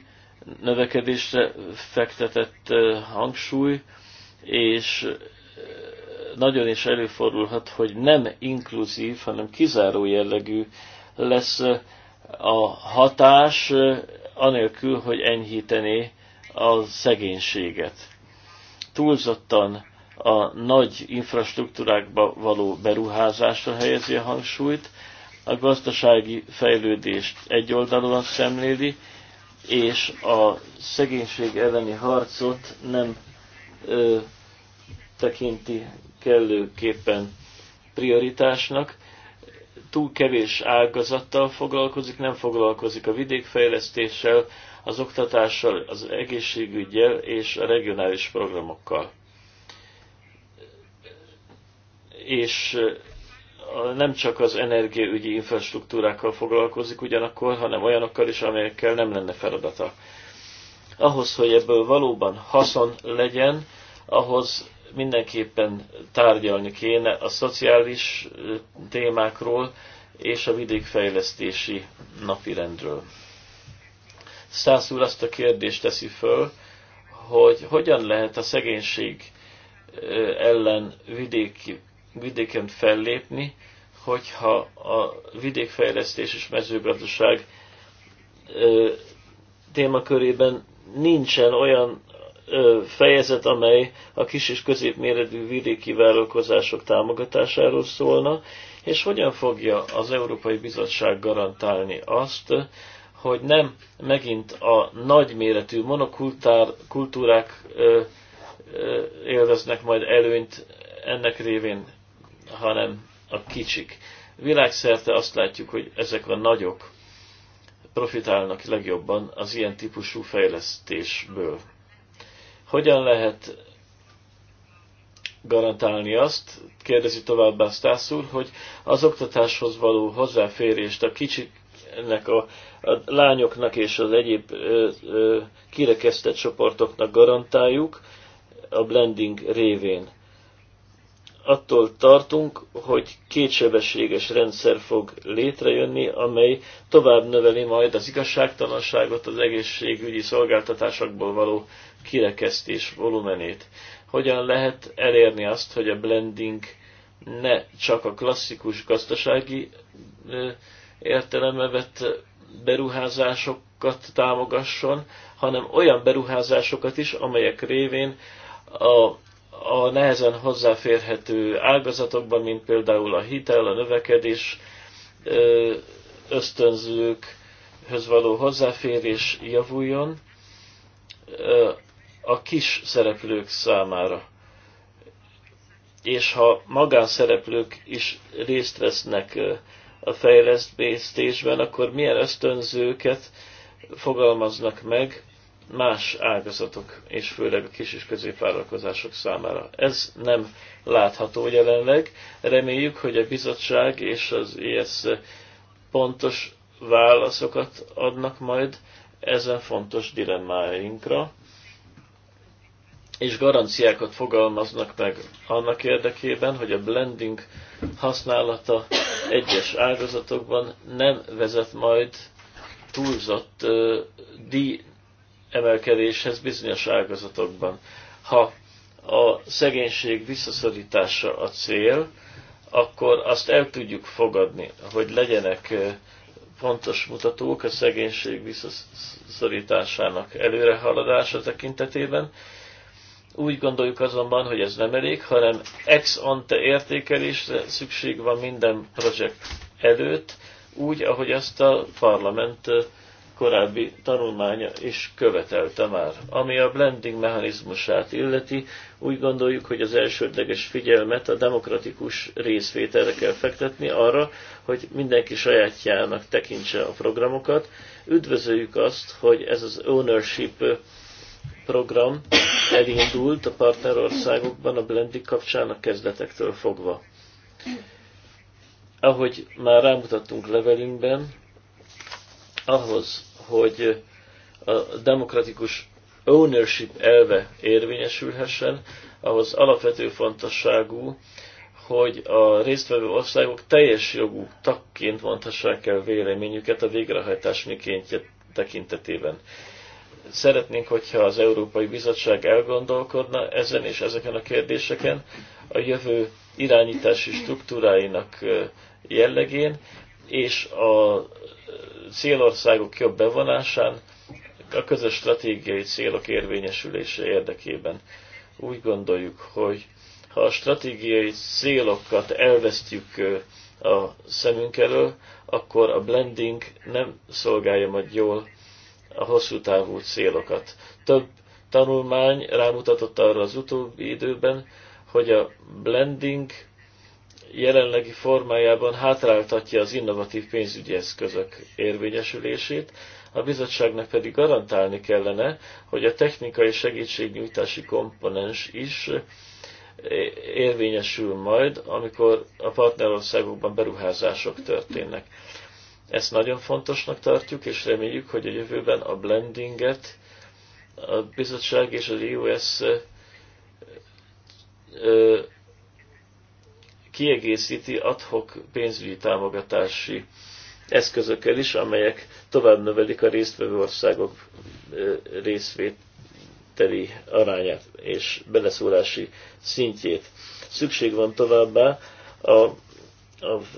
növekedésre fektetett hangsúly, és nagyon is előfordulhat, hogy nem inkluzív, hanem kizáró jellegű lesz a hatás, anélkül, hogy enyhítené a szegénységet. Túlzottan a nagy infrastruktúrákba való beruházásra helyezi a hangsúlyt, a gazdasági fejlődést egyoldalúan szemléli, és a szegénység elleni harcot nem ö, tekinti kellőképpen prioritásnak, túl kevés ágazattal foglalkozik, nem foglalkozik a vidékfejlesztéssel, az oktatással, az egészségügyel és a regionális programokkal. És nem csak az energiaügyi infrastruktúrákkal foglalkozik ugyanakkor, hanem olyanokkal is, amelyekkel nem lenne feladata. Ahhoz, hogy ebből valóban haszon legyen, ahhoz mindenképpen tárgyalni kéne a szociális témákról és a vidékfejlesztési napirendről. Szász úr azt a kérdést teszi föl, hogy hogyan lehet a szegénység ellen vidéki, vidéken fellépni, hogyha a vidékfejlesztés és mezőgazdaság témakörében nincsen olyan fejezet, amely a kis és középméretű vidéki vállalkozások támogatásáról szólna, és hogyan fogja az Európai Bizottság garantálni azt, hogy nem megint a nagyméretű monokultúrák élveznek majd előnyt ennek révén, hanem a kicsik. Világszerte azt látjuk, hogy ezek a nagyok profitálnak legjobban az ilyen típusú fejlesztésből. Hogyan lehet garantálni azt, kérdezi továbbá Stász úr, hogy az oktatáshoz való hozzáférést a kicsiknek, a, a lányoknak és az egyéb ö, ö, kirekesztett csoportoknak garantáljuk a blending révén. Attól tartunk, hogy kétsebességes rendszer fog létrejönni, amely tovább növeli majd az igazságtalanságot az egészségügyi szolgáltatásokból való kirekesztés volumenét. Hogyan lehet elérni azt, hogy a blending ne csak a klasszikus gazdasági értelembe vett beruházásokat támogasson, hanem olyan beruházásokat is, amelyek révén a, a nehezen hozzáférhető ágazatokban, mint például a hitel, a növekedés, ösztönzőkhöz való hozzáférés javuljon, a kis szereplők számára. És ha magánszereplők is részt vesznek a fejlesztésben, akkor milyen ösztönzőket fogalmaznak meg más ágazatok, és főleg a kis és középvállalkozások számára. Ez nem látható jelenleg. Reméljük, hogy a bizottság és az ISZ pontos válaszokat adnak majd ezen fontos dilemmáinkra és garanciákat fogalmaznak meg annak érdekében, hogy a blending használata egyes ágazatokban nem vezet majd túlzott uh, díj emelkedéshez bizonyos ágazatokban. Ha a szegénység visszaszorítása a cél, akkor azt el tudjuk fogadni, hogy legyenek pontos mutatók a szegénység visszaszorításának előrehaladása tekintetében, úgy gondoljuk azonban, hogy ez nem elég, hanem ex ante értékelésre szükség van minden projekt előtt, úgy, ahogy azt a parlament korábbi tanulmánya is követelte már. Ami a blending mechanizmusát illeti, úgy gondoljuk, hogy az elsődleges figyelmet a demokratikus részvételre kell fektetni arra, hogy mindenki sajátjának tekintse a programokat. Üdvözöljük azt, hogy ez az ownership program elindult a partnerországokban a blending kapcsán a kezdetektől fogva. Ahogy már rámutattunk levelünkben, ahhoz, hogy a demokratikus ownership elve érvényesülhessen, ahhoz alapvető fontosságú, hogy a résztvevő országok teljes jogú tagként mondhassák el véleményüket a végrehajtás mikéntje tekintetében szeretnénk, hogyha az Európai Bizottság elgondolkodna ezen és ezeken a kérdéseken, a jövő irányítási struktúráinak jellegén, és a célországok jobb bevonásán, a közös stratégiai célok érvényesülése érdekében. Úgy gondoljuk, hogy ha a stratégiai célokat elvesztjük a szemünk elől, akkor a blending nem szolgálja majd jól a hosszú távú célokat. Több tanulmány rámutatott arra az utóbbi időben, hogy a blending jelenlegi formájában hátráltatja az innovatív pénzügyi eszközök érvényesülését, a bizottságnak pedig garantálni kellene, hogy a technikai segítségnyújtási komponens is eh, érvényesül majd, amikor a partnerországokban beruházások történnek. Ezt nagyon fontosnak tartjuk, és reméljük, hogy a jövőben a blendinget a bizottság és az EOS kiegészíti adhok pénzügyi támogatási eszközökkel is, amelyek tovább növelik a résztvevő országok részvételi arányát és beleszólási szintjét. Szükség van továbbá a az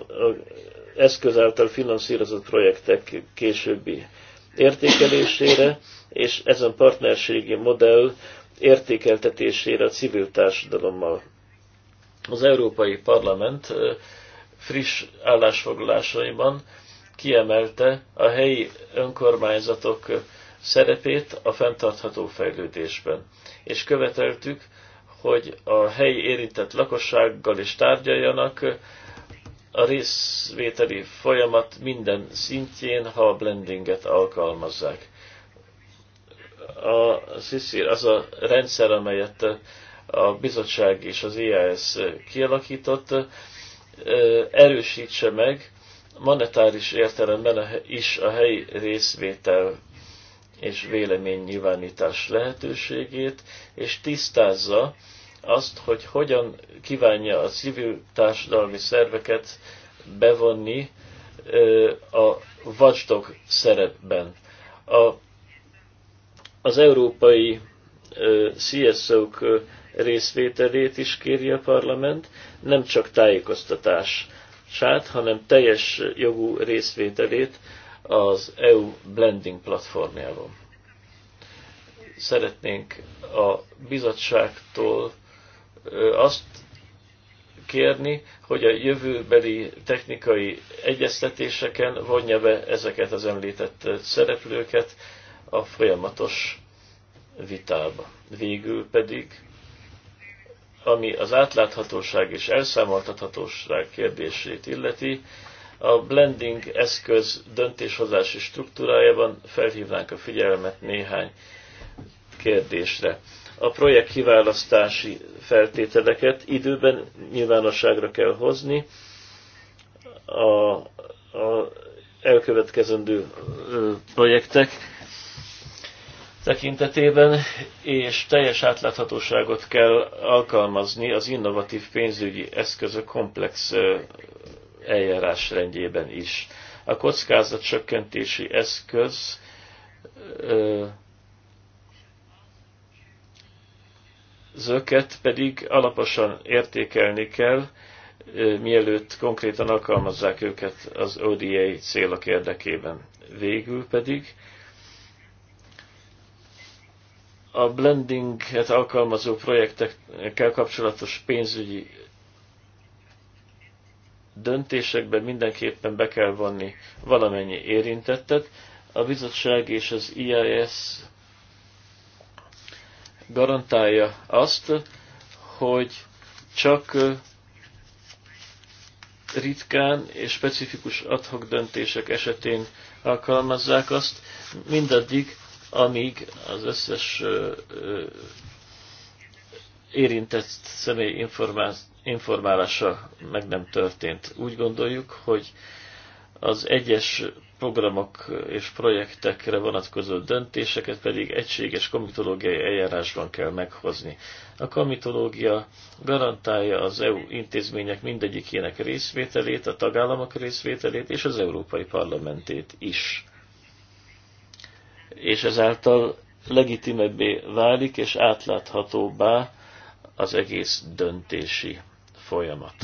eszköz által finanszírozott projektek későbbi értékelésére, és ezen partnerségi modell értékeltetésére a civil társadalommal. Az Európai Parlament friss állásfoglalásaiban kiemelte a helyi önkormányzatok szerepét a fenntartható fejlődésben, és követeltük, hogy a helyi érintett lakossággal is tárgyaljanak, a részvételi folyamat minden szintjén, ha a blendinget alkalmazzák. A CICIR az a rendszer, amelyet a bizottság és az e IAS kialakított, erősítse meg monetáris értelemben is a helyi részvétel és vélemény nyilvánítás lehetőségét, és tisztázza azt, hogy hogyan kívánja a civil társadalmi szerveket bevonni a watchdog szerepben. A, az európai CSO-k részvételét is kéri a parlament, nem csak tájékoztatását, hanem teljes jogú részvételét az EU blending platformjában. Szeretnénk a bizottságtól azt kérni, hogy a jövőbeli technikai egyeztetéseken vonja be ezeket az említett szereplőket a folyamatos vitába. Végül pedig, ami az átláthatóság és elszámoltathatóság kérdését illeti, a blending eszköz döntéshozási struktúrájában felhívnánk a figyelmet néhány kérdésre a projekt kiválasztási feltételeket időben nyilvánosságra kell hozni, a, a elkövetkezendő projektek tekintetében, és teljes átláthatóságot kell alkalmazni az innovatív pénzügyi eszközök komplex eljárásrendjében is. A kockázatcsökkentési eszköz ezeket pedig alaposan értékelni kell, mielőtt konkrétan alkalmazzák őket az ODA célok érdekében. Végül pedig a blendinget alkalmazó projektekkel kapcsolatos pénzügyi döntésekben mindenképpen be kell vonni valamennyi érintettet. A bizottság és az IIS garantálja azt, hogy csak ritkán és specifikus adhok döntések esetén alkalmazzák azt, mindaddig, amíg az összes érintett személy informálása meg nem történt. Úgy gondoljuk, hogy az egyes programok és projektekre vonatkozó döntéseket pedig egységes komitológiai eljárásban kell meghozni. A komitológia garantálja az EU intézmények mindegyikének részvételét, a tagállamok részvételét és az Európai Parlamentét is. És ezáltal legitimebbé válik és átláthatóbbá az egész döntési folyamat.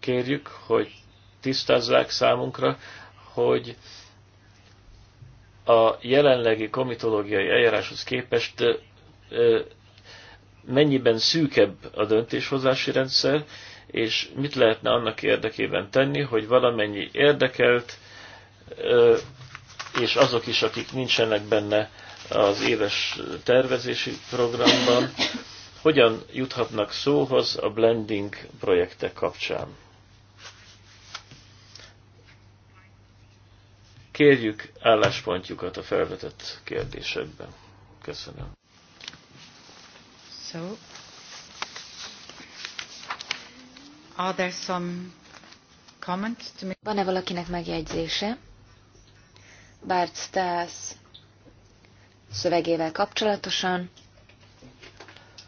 Kérjük, hogy tisztázzák számunkra, hogy a jelenlegi komitológiai eljáráshoz képest mennyiben szűkebb a döntéshozási rendszer, és mit lehetne annak érdekében tenni, hogy valamennyi érdekelt, és azok is, akik nincsenek benne az éves tervezési programban, hogyan juthatnak szóhoz a blending projektek kapcsán. Kérjük álláspontjukat a felvetett kérdésekben. Köszönöm. So, are there some comments to make? Van-e valakinek megjegyzése? Bart Stas szövegével kapcsolatosan.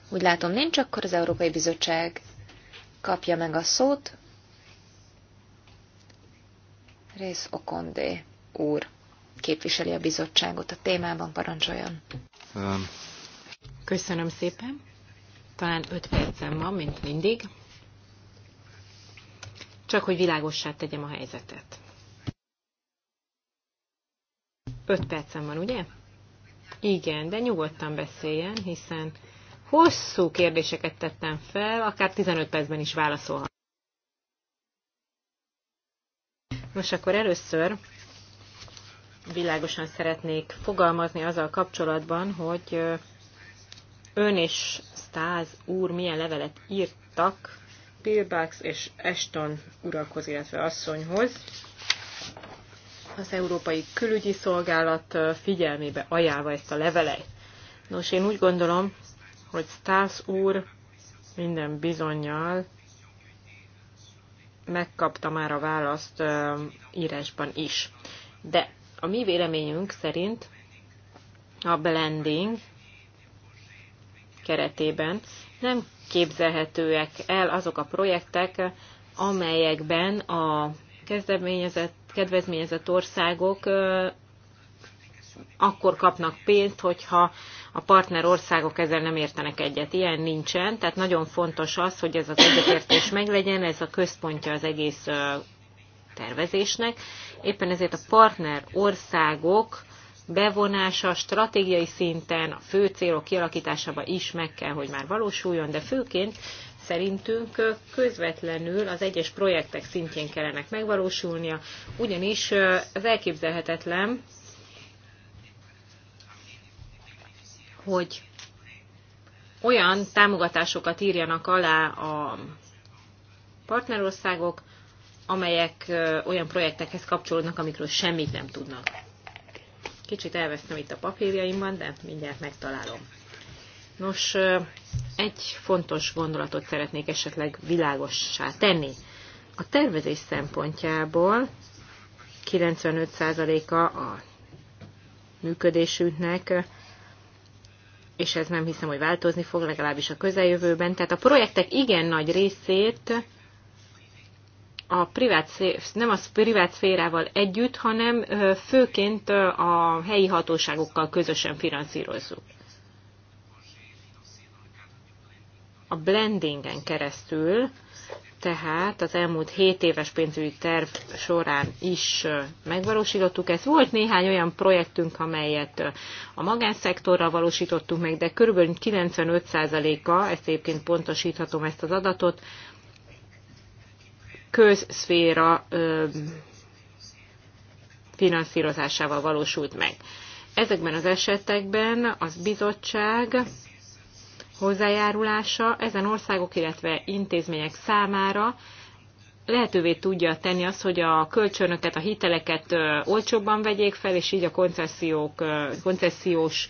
Úgy látom nincs, akkor az Európai Bizottság kapja meg a szót. Rész Okondé úr képviseli a bizottságot a témában, parancsoljon. Köszönöm szépen. Talán 5 percem van, mint mindig. Csak hogy világossá tegyem a helyzetet. 5 percem van, ugye? Igen, de nyugodtan beszéljen, hiszen hosszú kérdéseket tettem fel, akár 15 percben is válaszolhat. Most akkor először világosan szeretnék fogalmazni azzal kapcsolatban, hogy ön és Stáz úr milyen levelet írtak Pilbax és Eston urakhoz, illetve asszonyhoz. Az Európai Külügyi Szolgálat figyelmébe ajánlva ezt a levelet. Nos, én úgy gondolom, hogy Stász úr minden bizonyal megkapta már a választ írásban is. De a mi véleményünk szerint a blending keretében nem képzelhetőek el azok a projektek, amelyekben a kezdeményezett, kedvezményezett országok akkor kapnak pénzt, hogyha a partner országok ezzel nem értenek egyet. Ilyen nincsen, tehát nagyon fontos az, hogy ez az egyetértés meglegyen, ez a központja az egész tervezésnek, Éppen ezért a partner országok bevonása stratégiai szinten a fő célok kialakításába is meg kell, hogy már valósuljon, de főként szerintünk közvetlenül az egyes projektek szintjén kellene megvalósulnia, ugyanis az elképzelhetetlen, hogy olyan támogatásokat írjanak alá a partnerországok, amelyek olyan projektekhez kapcsolódnak, amikről semmit nem tudnak. Kicsit elvesztem itt a papírjaimban, de mindjárt megtalálom. Nos, egy fontos gondolatot szeretnék esetleg világossá tenni. A tervezés szempontjából 95%-a a működésünknek, és ez nem hiszem, hogy változni fog, legalábbis a közeljövőben. Tehát a projektek igen nagy részét a privát, nem a privát szférával együtt, hanem főként a helyi hatóságokkal közösen finanszírozzuk. A blendingen keresztül, tehát az elmúlt 7 éves pénzügyi terv során is megvalósítottuk ezt. Volt néhány olyan projektünk, amelyet a magánszektorral valósítottunk meg, de kb. 95%-a, ezt egyébként pontosíthatom ezt az adatot, közszféra finanszírozásával valósult meg. Ezekben az esetekben az bizottság hozzájárulása ezen országok, illetve intézmények számára lehetővé tudja tenni azt, hogy a kölcsönöket, a hiteleket olcsóbban vegyék fel, és így a koncesziók, koncesziós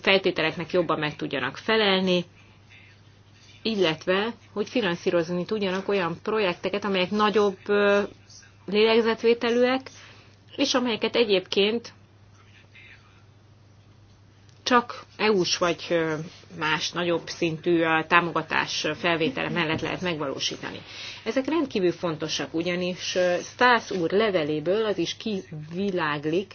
feltételeknek jobban meg tudjanak felelni, illetve hogy finanszírozni tudjanak olyan projekteket, amelyek nagyobb lélegzetvételűek, és amelyeket egyébként csak EU-s vagy más nagyobb szintű támogatás felvétele mellett lehet megvalósítani. Ezek rendkívül fontosak, ugyanis Stász úr leveléből az is kiviláglik,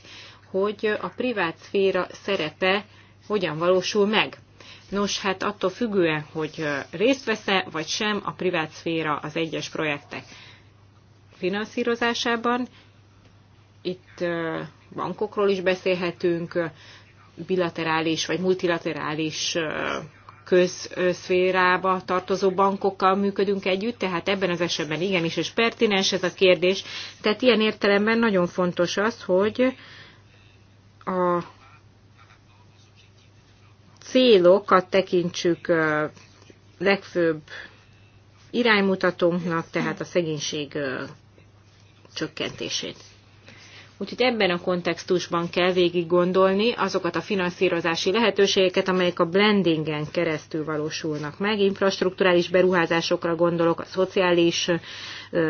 hogy a privát szféra szerepe hogyan valósul meg. Nos, hát attól függően, hogy részt vesz-e vagy sem a privát szféra az egyes projektek finanszírozásában, itt bankokról is beszélhetünk, bilaterális vagy multilaterális közszférába tartozó bankokkal működünk együtt, tehát ebben az esetben igenis, és pertinens ez a kérdés. Tehát ilyen értelemben nagyon fontos az, hogy a célokat tekintsük legfőbb iránymutatónknak, tehát a szegénység csökkentését. Úgyhogy ebben a kontextusban kell végig gondolni azokat a finanszírozási lehetőségeket, amelyek a blendingen keresztül valósulnak meg. Infrastruktúrális beruházásokra gondolok, a szociális,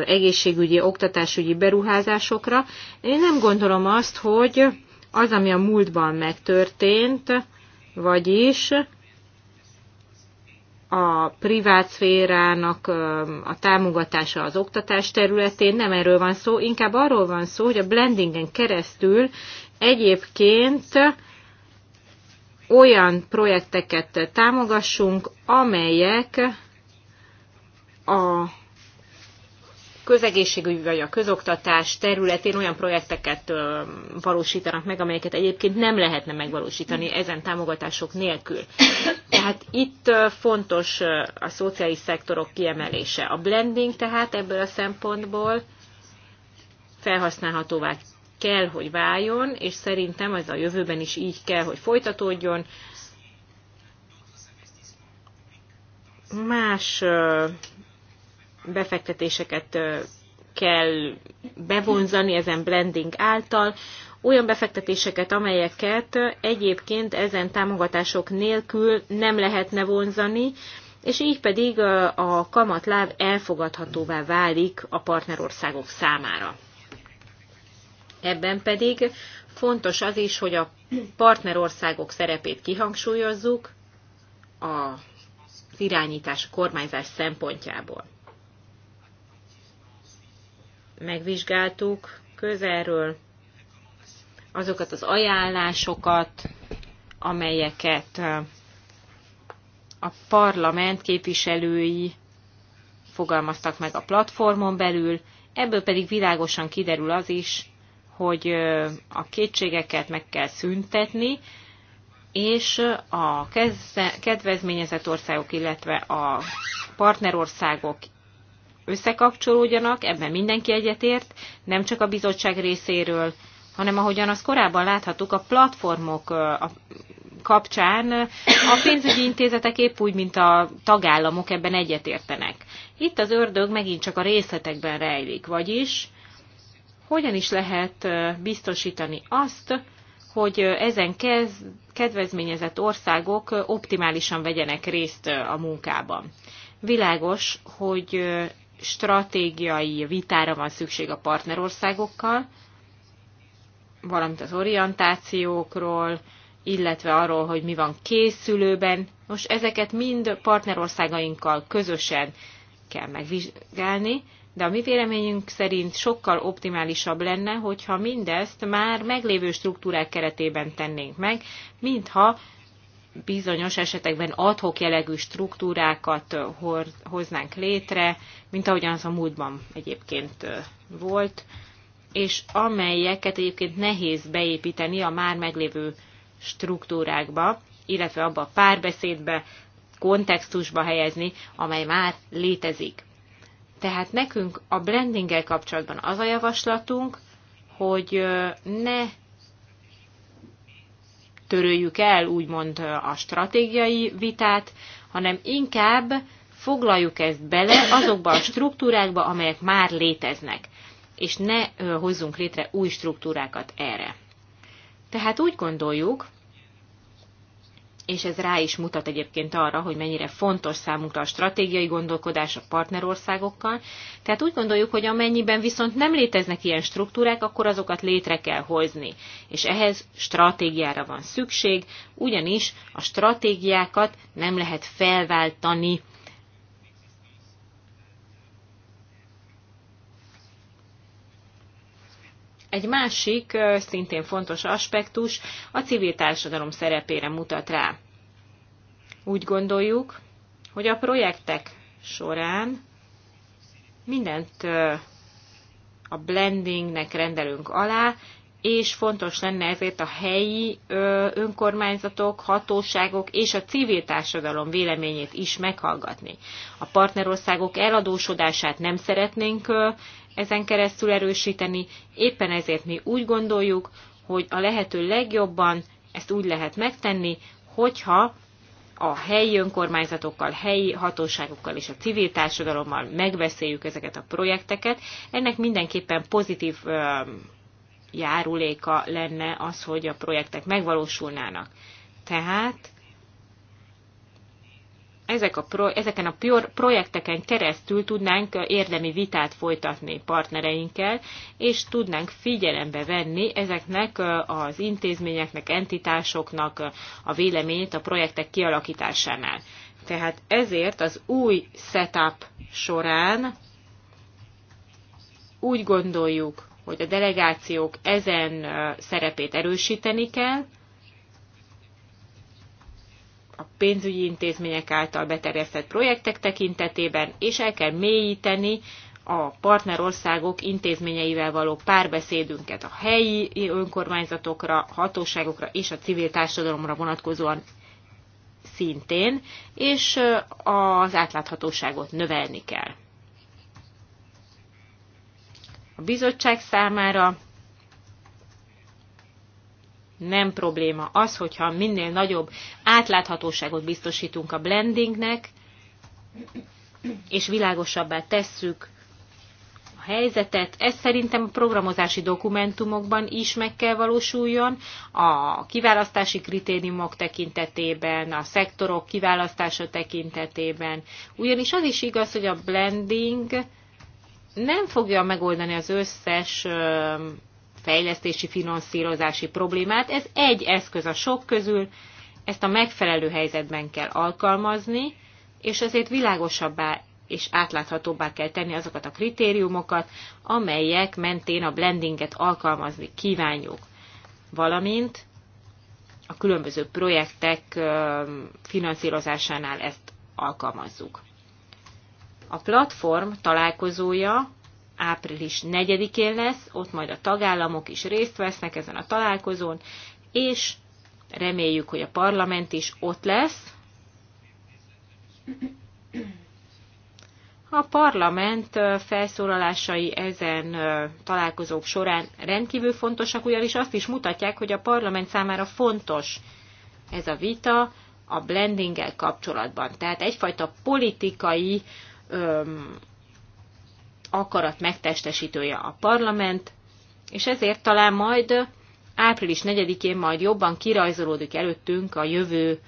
egészségügyi, oktatásügyi beruházásokra. Én nem gondolom azt, hogy az, ami a múltban megtörtént, vagyis a privát szférának a támogatása az oktatás területén, nem erről van szó, inkább arról van szó, hogy a blendingen keresztül egyébként olyan projekteket támogassunk, amelyek a közegészségügy vagy a közoktatás területén olyan projekteket valósítanak meg, amelyeket egyébként nem lehetne megvalósítani ezen támogatások nélkül. Tehát itt fontos a szociális szektorok kiemelése. A blending tehát ebből a szempontból felhasználhatóvá kell, hogy váljon, és szerintem ez a jövőben is így kell, hogy folytatódjon. Más befektetéseket kell bevonzani ezen blending által, olyan befektetéseket, amelyeket egyébként ezen támogatások nélkül nem lehetne vonzani, és így pedig a kamatláv elfogadhatóvá válik a partnerországok számára. Ebben pedig fontos az is, hogy a partnerországok szerepét kihangsúlyozzuk a irányítás kormányzás szempontjából megvizsgáltuk közelről azokat az ajánlásokat, amelyeket a parlament képviselői fogalmaztak meg a platformon belül, ebből pedig világosan kiderül az is, hogy a kétségeket meg kell szüntetni, és a kedvezményezett országok, illetve a partnerországok összekapcsolódjanak, ebben mindenki egyetért, nem csak a bizottság részéről, hanem ahogyan azt korábban láthattuk, a platformok kapcsán a pénzügyi intézetek épp úgy, mint a tagállamok ebben egyetértenek. Itt az ördög megint csak a részletekben rejlik, vagyis hogyan is lehet biztosítani azt, hogy ezen kez, kedvezményezett országok optimálisan vegyenek részt a munkában. Világos, hogy stratégiai vitára van szükség a partnerországokkal, valamint az orientációkról, illetve arról, hogy mi van készülőben. Most ezeket mind partnerországainkkal közösen kell megvizsgálni, de a mi véleményünk szerint sokkal optimálisabb lenne, hogyha mindezt már meglévő struktúrák keretében tennénk meg, mintha bizonyos esetekben adhok jellegű struktúrákat hoznánk létre, mint ahogyan az a múltban egyébként volt, és amelyeket egyébként nehéz beépíteni a már meglévő struktúrákba, illetve abba a párbeszédbe, kontextusba helyezni, amely már létezik. Tehát nekünk a blendinggel kapcsolatban az a javaslatunk, hogy ne töröljük el úgymond a stratégiai vitát, hanem inkább foglaljuk ezt bele azokba a struktúrákba, amelyek már léteznek, és ne hozzunk létre új struktúrákat erre. Tehát úgy gondoljuk, és ez rá is mutat egyébként arra, hogy mennyire fontos számunkra a stratégiai gondolkodás a partnerországokkal. Tehát úgy gondoljuk, hogy amennyiben viszont nem léteznek ilyen struktúrák, akkor azokat létre kell hozni. És ehhez stratégiára van szükség, ugyanis a stratégiákat nem lehet felváltani Egy másik, szintén fontos aspektus a civil társadalom szerepére mutat rá. Úgy gondoljuk, hogy a projektek során mindent a blendingnek rendelünk alá, és fontos lenne ezért a helyi önkormányzatok, hatóságok és a civil társadalom véleményét is meghallgatni. A partnerországok eladósodását nem szeretnénk ezen keresztül erősíteni. Éppen ezért mi úgy gondoljuk, hogy a lehető legjobban ezt úgy lehet megtenni, hogyha a helyi önkormányzatokkal, helyi hatóságokkal és a civil társadalommal megbeszéljük ezeket a projekteket. Ennek mindenképpen pozitív járuléka lenne az, hogy a projektek megvalósulnának. Tehát ezek a pro, ezeken a projekteken keresztül tudnánk érdemi vitát folytatni partnereinkkel, és tudnánk figyelembe venni ezeknek az intézményeknek, entitásoknak a véleményét a projektek kialakításánál. Tehát ezért az új setup során úgy gondoljuk, hogy a delegációk ezen szerepét erősíteni kell, a pénzügyi intézmények által beterjesztett projektek tekintetében, és el kell mélyíteni a partnerországok intézményeivel való párbeszédünket a helyi önkormányzatokra, hatóságokra és a civil társadalomra vonatkozóan szintén, és az átláthatóságot növelni kell. A bizottság számára nem probléma az, hogyha minél nagyobb átláthatóságot biztosítunk a blendingnek, és világosabbá tesszük a helyzetet. Ez szerintem a programozási dokumentumokban is meg kell valósuljon, a kiválasztási kritériumok tekintetében, a szektorok kiválasztása tekintetében. Ugyanis az is igaz, hogy a blending nem fogja megoldani az összes fejlesztési, finanszírozási problémát. Ez egy eszköz a sok közül, ezt a megfelelő helyzetben kell alkalmazni, és ezért világosabbá és átláthatóbbá kell tenni azokat a kritériumokat, amelyek mentén a blendinget alkalmazni kívánjuk, valamint a különböző projektek finanszírozásánál ezt alkalmazzuk. A platform találkozója április 4-én lesz, ott majd a tagállamok is részt vesznek ezen a találkozón, és reméljük, hogy a parlament is ott lesz. A parlament felszólalásai ezen találkozók során rendkívül fontosak, ugyanis azt is mutatják, hogy a parlament számára fontos ez a vita a blendinggel kapcsolatban. Tehát egyfajta politikai öm, akarat megtestesítője a parlament, és ezért talán majd április 4-én majd jobban kirajzolódik előttünk a jövő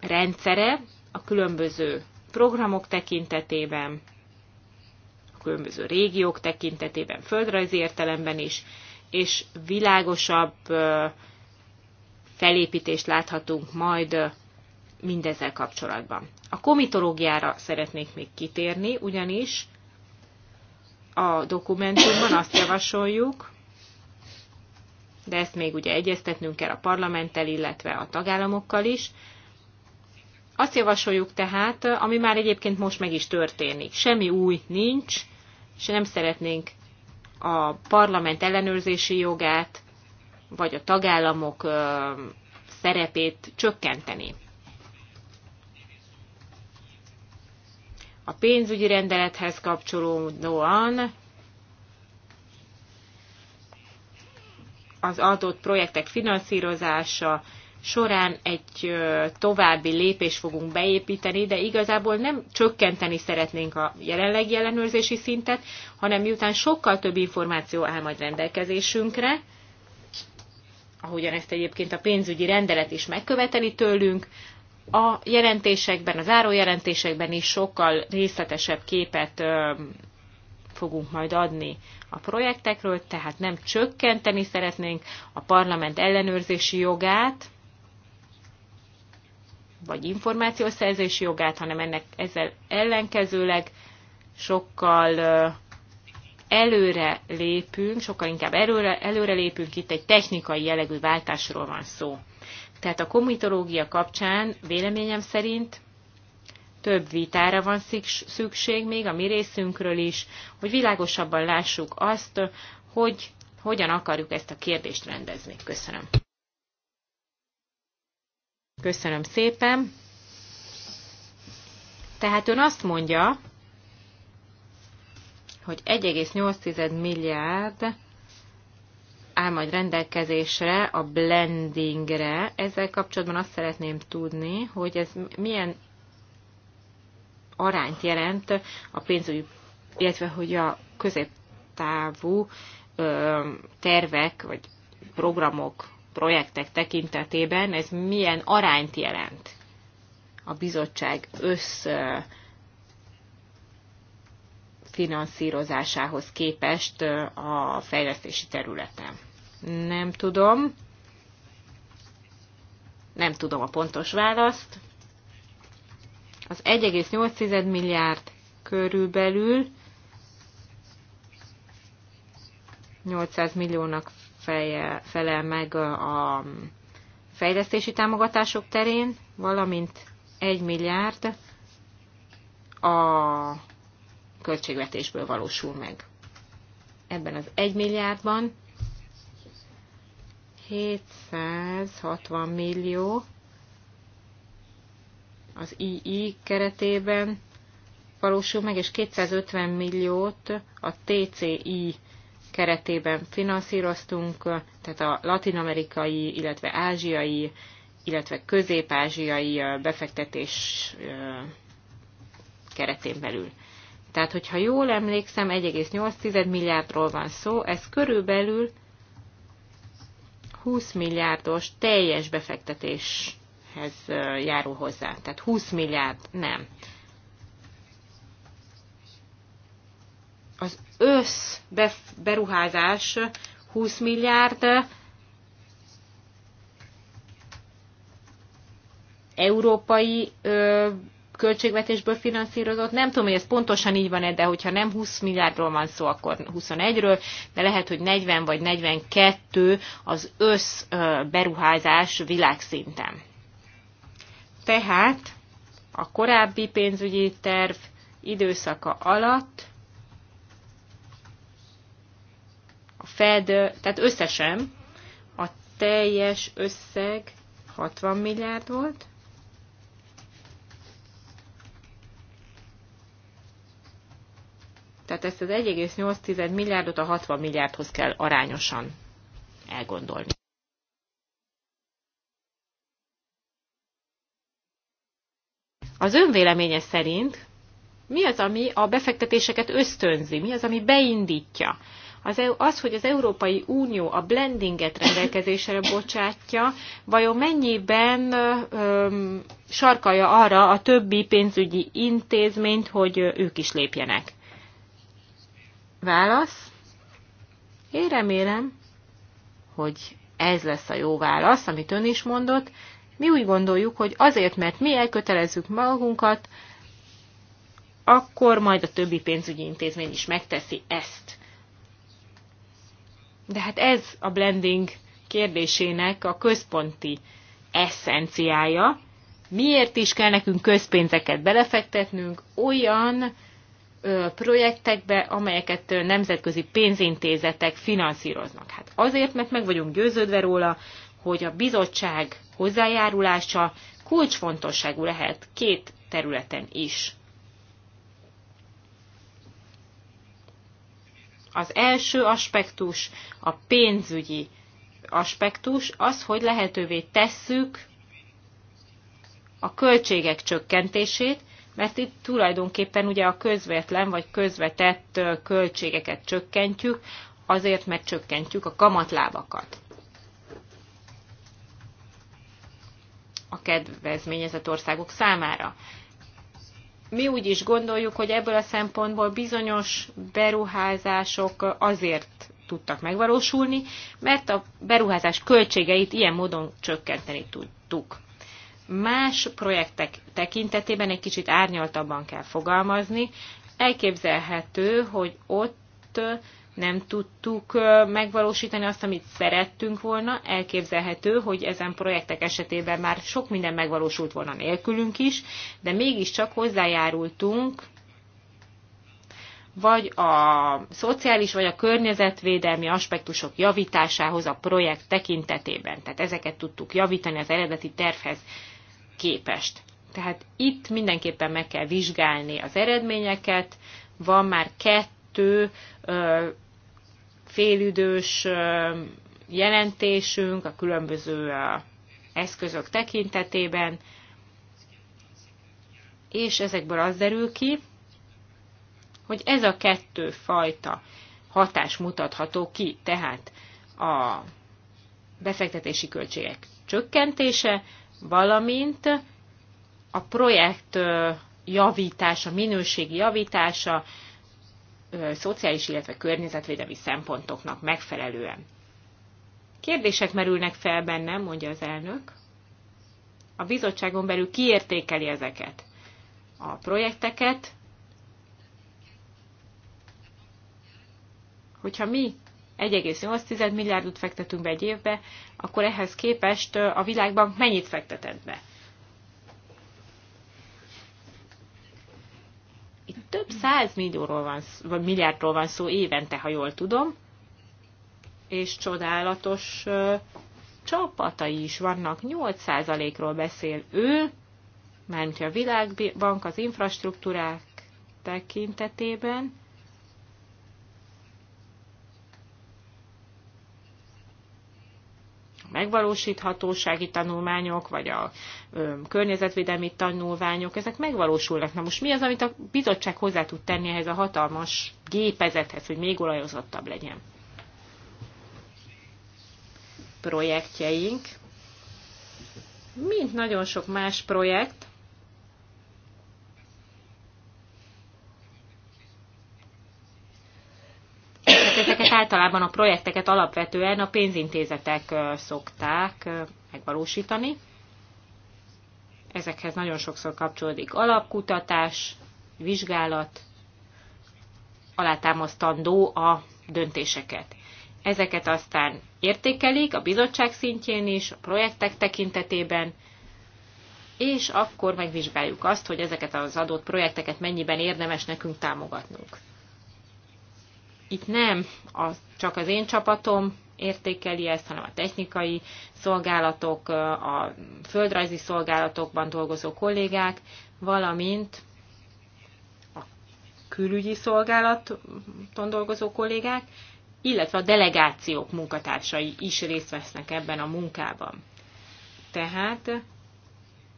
rendszere a különböző programok tekintetében, a különböző régiók tekintetében, földrajzi értelemben is, és világosabb felépítést láthatunk majd mindezzel kapcsolatban. A komitológiára szeretnék még kitérni, ugyanis a dokumentumban azt javasoljuk, de ezt még ugye egyeztetnünk kell a parlamenttel, illetve a tagállamokkal is. Azt javasoljuk tehát, ami már egyébként most meg is történik. Semmi új nincs, és nem szeretnénk a parlament ellenőrzési jogát, vagy a tagállamok szerepét csökkenteni. a pénzügyi rendelethez kapcsolódóan az adott projektek finanszírozása során egy további lépést fogunk beépíteni, de igazából nem csökkenteni szeretnénk a jelenlegi ellenőrzési szintet, hanem miután sokkal több információ áll majd rendelkezésünkre, ahogyan ezt egyébként a pénzügyi rendelet is megköveteli tőlünk, a jelentésekben, az árójelentésekben is sokkal részletesebb képet fogunk majd adni a projektekről, tehát nem csökkenteni szeretnénk a parlament ellenőrzési jogát, vagy információszerzési jogát, hanem ennek ezzel ellenkezőleg sokkal előre lépünk, sokkal inkább előre, előre lépünk, itt egy technikai jellegű váltásról van szó. Tehát a komitológia kapcsán véleményem szerint több vitára van szükség még a mi részünkről is, hogy világosabban lássuk azt, hogy hogyan akarjuk ezt a kérdést rendezni. Köszönöm. Köszönöm szépen. Tehát ön azt mondja, hogy 1,8 milliárd áll majd rendelkezésre a blendingre. Ezzel kapcsolatban azt szeretném tudni, hogy ez milyen arányt jelent a pénzügyi, illetve hogy a középtávú tervek, vagy programok, projektek tekintetében ez milyen arányt jelent a bizottság össz finanszírozásához képest a fejlesztési területen. Nem tudom. Nem tudom a pontos választ. Az 1,8 milliárd körülbelül 800 milliónak feje, felel meg a fejlesztési támogatások terén, valamint 1 milliárd a költségvetésből valósul meg. Ebben az 1 milliárdban 760 millió az II keretében valósul meg, és 250 milliót a TCI keretében finanszíroztunk, tehát a latinamerikai, illetve ázsiai, illetve közép-ázsiai befektetés keretén belül. Tehát, hogyha jól emlékszem, 1,8 milliárdról van szó, ez körülbelül 20 milliárdos teljes befektetéshez járul hozzá. Tehát 20 milliárd nem. Az össz beruházás 20 milliárd európai költségvetésből finanszírozott. Nem tudom, hogy ez pontosan így van-e, de hogyha nem 20 milliárdról van szó, akkor 21-ről, de lehet, hogy 40 vagy 42 az össz beruházás világszinten. Tehát a korábbi pénzügyi terv időszaka alatt a Fed, tehát összesen a teljes összeg 60 milliárd volt, Tehát ezt az 1,8 milliárdot a 60 milliárdhoz kell arányosan elgondolni. Az önvéleménye szerint mi az, ami a befektetéseket ösztönzi, mi az, ami beindítja? Az, az, hogy az Európai Unió a blendinget rendelkezésre bocsátja, vajon mennyiben öm, sarkalja arra a többi pénzügyi intézményt, hogy ők is lépjenek? válasz. Én remélem, hogy ez lesz a jó válasz, amit ön is mondott. Mi úgy gondoljuk, hogy azért, mert mi elkötelezzük magunkat, akkor majd a többi pénzügyi intézmény is megteszi ezt. De hát ez a blending kérdésének a központi eszenciája. Miért is kell nekünk közpénzeket belefektetnünk olyan projektekbe, amelyeket nemzetközi pénzintézetek finanszíroznak. Hát azért, mert meg vagyunk győződve róla, hogy a bizottság hozzájárulása kulcsfontosságú lehet két területen is. Az első aspektus, a pénzügyi aspektus, az, hogy lehetővé tesszük a költségek csökkentését, mert itt tulajdonképpen ugye a közvetlen vagy közvetett költségeket csökkentjük, azért, mert csökkentjük a kamatlábakat. a kedvezményezett országok számára. Mi úgy is gondoljuk, hogy ebből a szempontból bizonyos beruházások azért tudtak megvalósulni, mert a beruházás költségeit ilyen módon csökkenteni tudtuk más projektek tekintetében egy kicsit árnyaltabban kell fogalmazni. Elképzelhető, hogy ott nem tudtuk megvalósítani azt, amit szerettünk volna. Elképzelhető, hogy ezen projektek esetében már sok minden megvalósult volna nélkülünk is, de mégiscsak hozzájárultunk vagy a szociális, vagy a környezetvédelmi aspektusok javításához a projekt tekintetében. Tehát ezeket tudtuk javítani az eredeti tervhez képest. Tehát itt mindenképpen meg kell vizsgálni az eredményeket. Van már kettő ö, félidős ö, jelentésünk a különböző ö, eszközök tekintetében, és ezekből az derül ki, hogy ez a kettő fajta hatás mutatható ki, tehát a befektetési költségek csökkentése, valamint a projekt javítása, minőségi javítása szociális, illetve környezetvédelmi szempontoknak megfelelően. Kérdések merülnek fel bennem, mondja az elnök. A bizottságon belül kiértékeli ezeket a projekteket, hogyha mi 1,8 milliárdot fektetünk be egy évbe, akkor ehhez képest a világban mennyit fektetett be? Itt több száz millióról van, vagy milliárdról van szó évente, ha jól tudom, és csodálatos csapatai is vannak, 8%-ról beszél ő, mert a világbank az infrastruktúrák tekintetében, megvalósíthatósági tanulmányok, vagy a ö, környezetvédelmi tanulmányok, ezek megvalósulnak. Na most mi az, amit a bizottság hozzá tud tenni ehhez a hatalmas gépezethez, hogy még olajozottabb legyen? Projektjeink, mint nagyon sok más projekt, általában a projekteket alapvetően a pénzintézetek szokták megvalósítani. Ezekhez nagyon sokszor kapcsolódik alapkutatás, vizsgálat, alátámasztandó a döntéseket. Ezeket aztán értékelik a bizottság szintjén is, a projektek tekintetében, és akkor megvizsgáljuk azt, hogy ezeket az adott projekteket mennyiben érdemes nekünk támogatnunk itt nem a csak az én csapatom értékeli ezt, hanem a technikai szolgálatok, a földrajzi szolgálatokban dolgozó kollégák, valamint a külügyi szolgálaton dolgozó kollégák, illetve a delegációk munkatársai is részt vesznek ebben a munkában. Tehát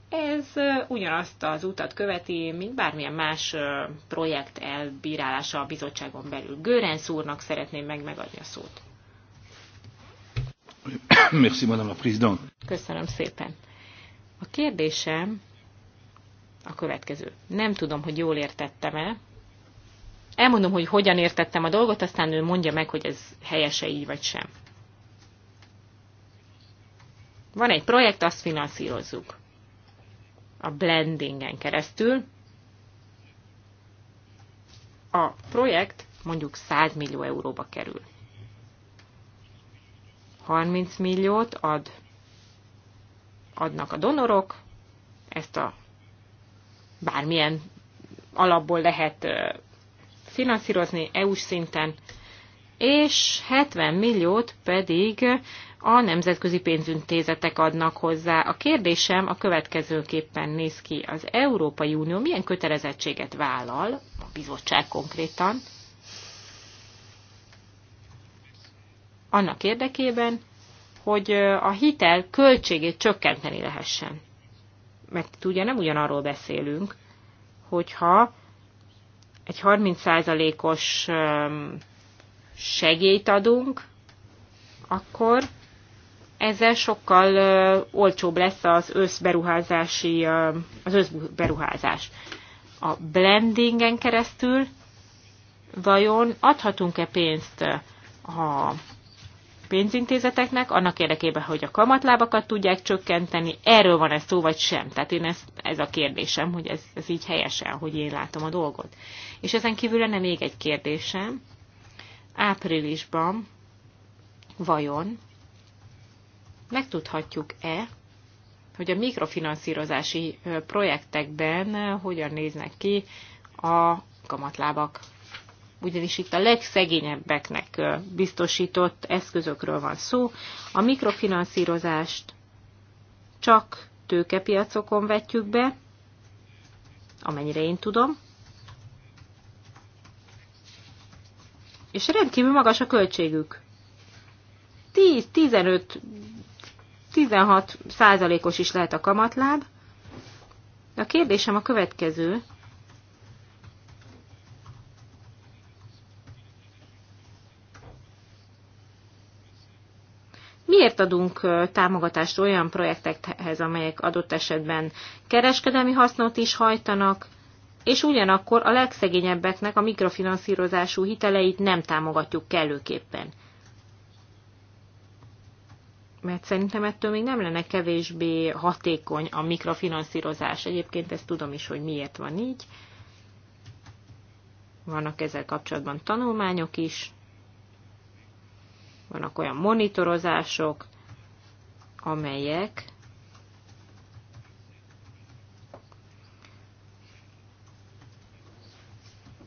ez ugyanazt az utat követi, mint bármilyen más projekt elbírálása a bizottságon belül. Görenc úrnak szeretném meg megadni a szót. Merci, madame la présidente. Köszönöm szépen. A kérdésem a következő. Nem tudom, hogy jól értettem-e. Elmondom, hogy hogyan értettem a dolgot, aztán ő mondja meg, hogy ez helyese így vagy sem. Van egy projekt, azt finanszírozzuk a blendingen keresztül. A projekt mondjuk 100 millió euróba kerül. 30 milliót ad, adnak a donorok, ezt a bármilyen alapból lehet finanszírozni EU-s szinten, és 70 milliót pedig a nemzetközi pénzintézetek adnak hozzá. A kérdésem a következőképpen néz ki. Az Európai Unió milyen kötelezettséget vállal, a bizottság konkrétan, annak érdekében, hogy a hitel költségét csökkenteni lehessen. Mert ugye nem ugyanarról beszélünk, hogyha egy 30%-os segélyt adunk, akkor ezzel sokkal uh, olcsóbb lesz az összberuházási, uh, az összberuházás. A blendingen keresztül vajon adhatunk-e pénzt a pénzintézeteknek, annak érdekében, hogy a kamatlábakat tudják csökkenteni, erről van ez szó, vagy sem. Tehát én ez, ez a kérdésem, hogy ez, ez így helyesen, hogy én látom a dolgot. És ezen kívül lenne még egy kérdésem. Áprilisban vajon megtudhatjuk-e, hogy a mikrofinanszírozási projektekben hogyan néznek ki a kamatlábak. Ugyanis itt a legszegényebbeknek biztosított eszközökről van szó. A mikrofinanszírozást csak tőkepiacokon vetjük be, amennyire én tudom, és rendkívül magas a költségük. 10-15 16 százalékos is lehet a kamatláb. De a kérdésem a következő. Miért adunk támogatást olyan projektekhez, amelyek adott esetben kereskedelmi hasznot is hajtanak, és ugyanakkor a legszegényebbeknek a mikrofinanszírozású hiteleit nem támogatjuk kellőképpen? mert szerintem ettől még nem lenne kevésbé hatékony a mikrofinanszírozás. Egyébként ezt tudom is, hogy miért van így. Vannak ezzel kapcsolatban tanulmányok is, vannak olyan monitorozások, amelyek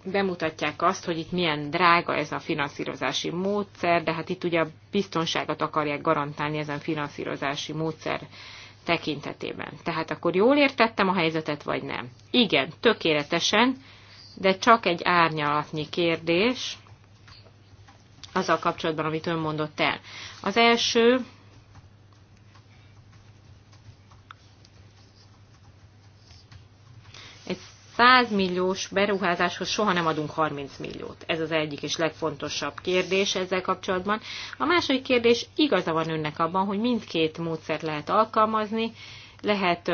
bemutatják azt, hogy itt milyen drága ez a finanszírozási módszer, de hát itt ugye a biztonságot akarják garantálni ezen finanszírozási módszer tekintetében. Tehát akkor jól értettem a helyzetet, vagy nem? Igen, tökéletesen, de csak egy árnyalatnyi kérdés azzal kapcsolatban, amit ön mondott el. Az első 100 milliós beruházáshoz soha nem adunk 30 milliót. Ez az egyik és legfontosabb kérdés ezzel kapcsolatban. A második kérdés, igaza van önnek abban, hogy mindkét módszert lehet alkalmazni, lehet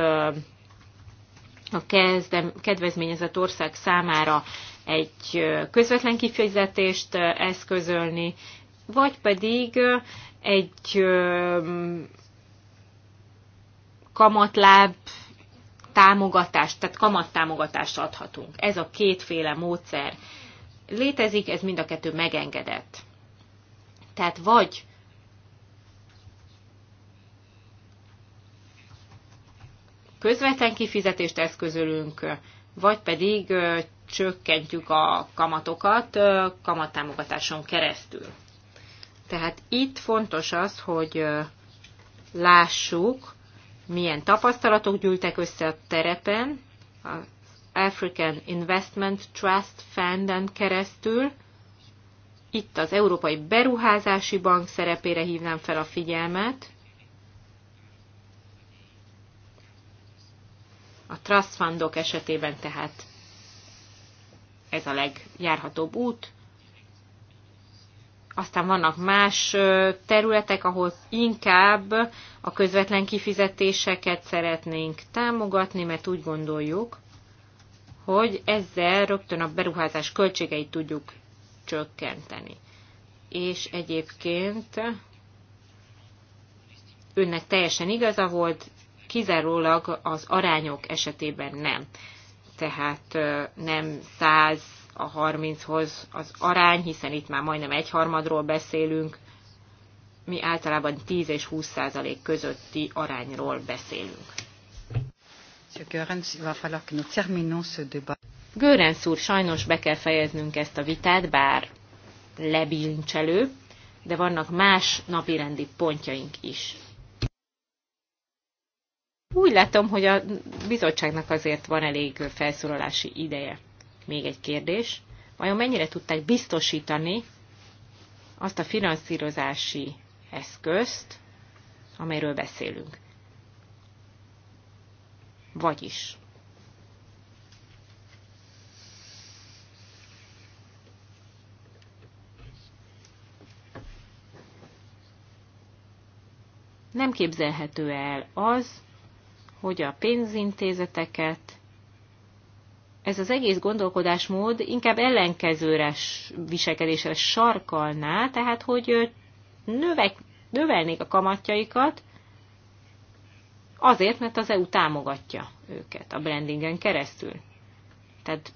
a kezdem, kedvezményezett ország számára egy közvetlen kifizetést eszközölni, vagy pedig egy kamatláb támogatást, tehát kamattámogatást adhatunk. Ez a kétféle módszer létezik, ez mind a kettő megengedett. Tehát vagy közvetlen kifizetést eszközölünk, vagy pedig csökkentjük a kamatokat kamattámogatáson keresztül. Tehát itt fontos az, hogy lássuk, milyen tapasztalatok gyűltek össze a terepen, az African Investment Trust Fund-en keresztül. Itt az Európai Beruházási Bank szerepére hívnám fel a figyelmet. A trust fundok esetében tehát ez a legjárhatóbb út, aztán vannak más területek, ahol inkább a közvetlen kifizetéseket szeretnénk támogatni, mert úgy gondoljuk, hogy ezzel rögtön a beruházás költségeit tudjuk csökkenteni. És egyébként önnek teljesen igaza volt, kizárólag az arányok esetében nem. Tehát nem száz a 30-hoz az arány, hiszen itt már majdnem egyharmadról beszélünk, mi általában 10 és 20 százalék közötti arányról beszélünk. Görenc úr, sajnos be kell fejeznünk ezt a vitát, bár lebilincselő, de vannak más napirendi pontjaink is. Úgy látom, hogy a bizottságnak azért van elég felszólalási ideje. Még egy kérdés. Vajon mennyire tudták biztosítani azt a finanszírozási eszközt, amelyről beszélünk? Vagyis nem képzelhető el az, hogy a pénzintézeteket ez az egész gondolkodásmód inkább ellenkezőre viselkedésre sarkalná, tehát hogy növek, növelnék a kamatjaikat, azért, mert az EU támogatja őket a brandingen keresztül. Tehát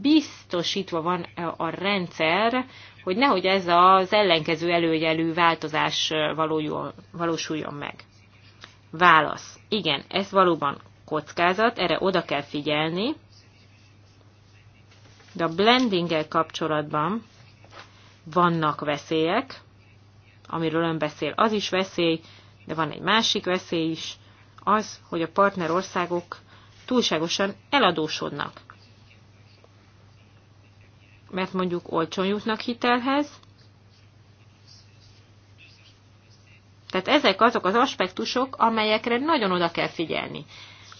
biztosítva van a rendszer, hogy nehogy ez az ellenkező előjelű változás valósuljon meg. Válasz. Igen, ez valóban kockázat, erre oda kell figyelni, de a blendinggel kapcsolatban vannak veszélyek, amiről ön beszél, az is veszély, de van egy másik veszély is, az, hogy a partnerországok túlságosan eladósodnak. Mert mondjuk olcsón jutnak hitelhez. Tehát ezek azok az aspektusok, amelyekre nagyon oda kell figyelni,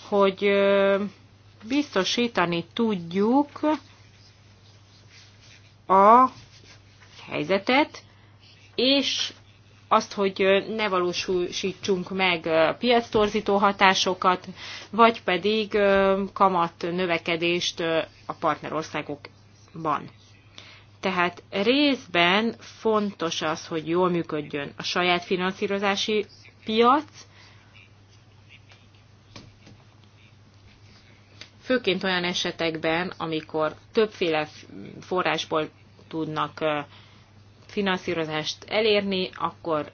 hogy biztosítani tudjuk, a helyzetet, és azt, hogy ne valósítsunk meg torzító hatásokat, vagy pedig kamat növekedést a partnerországokban. Tehát részben fontos az, hogy jól működjön a saját finanszírozási piac, főként olyan esetekben, amikor többféle forrásból tudnak finanszírozást elérni, akkor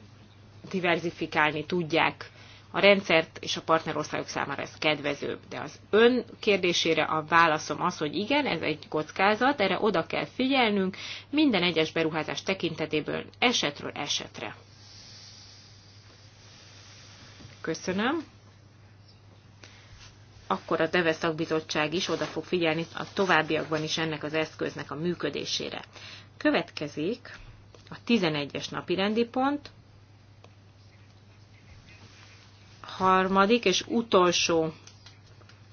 diversifikálni tudják a rendszert, és a partnerországok számára ez kedvezőbb. De az ön kérdésére a válaszom az, hogy igen, ez egy kockázat, erre oda kell figyelnünk minden egyes beruházás tekintetéből esetről esetre. Köszönöm akkor a DEVE szakbizottság is oda fog figyelni a továbbiakban is ennek az eszköznek a működésére. Következik a 11-es napi rendi pont, harmadik és utolsó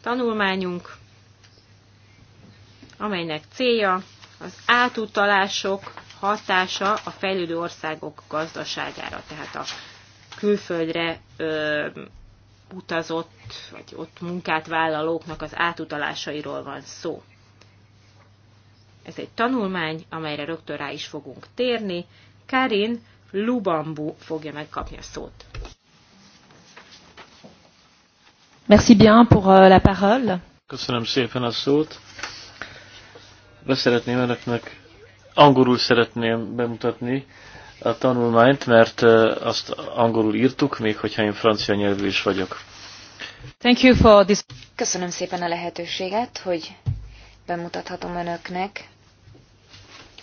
tanulmányunk, amelynek célja az átutalások hatása a fejlődő országok gazdaságára, tehát a külföldre ö, utazott, vagy ott munkát vállalóknak az átutalásairól van szó. Ez egy tanulmány, amelyre rögtön rá is fogunk térni. Karin Lubambu fogja megkapni a szót. Merci bien pour euh, la parole. Köszönöm szépen a szót. Beszeretném önöknek, angolul szeretném bemutatni a tanulmányt, mert azt angolul írtuk, még hogyha én francia nyelvű is vagyok. Thank you for this. Köszönöm szépen a lehetőséget, hogy bemutathatom önöknek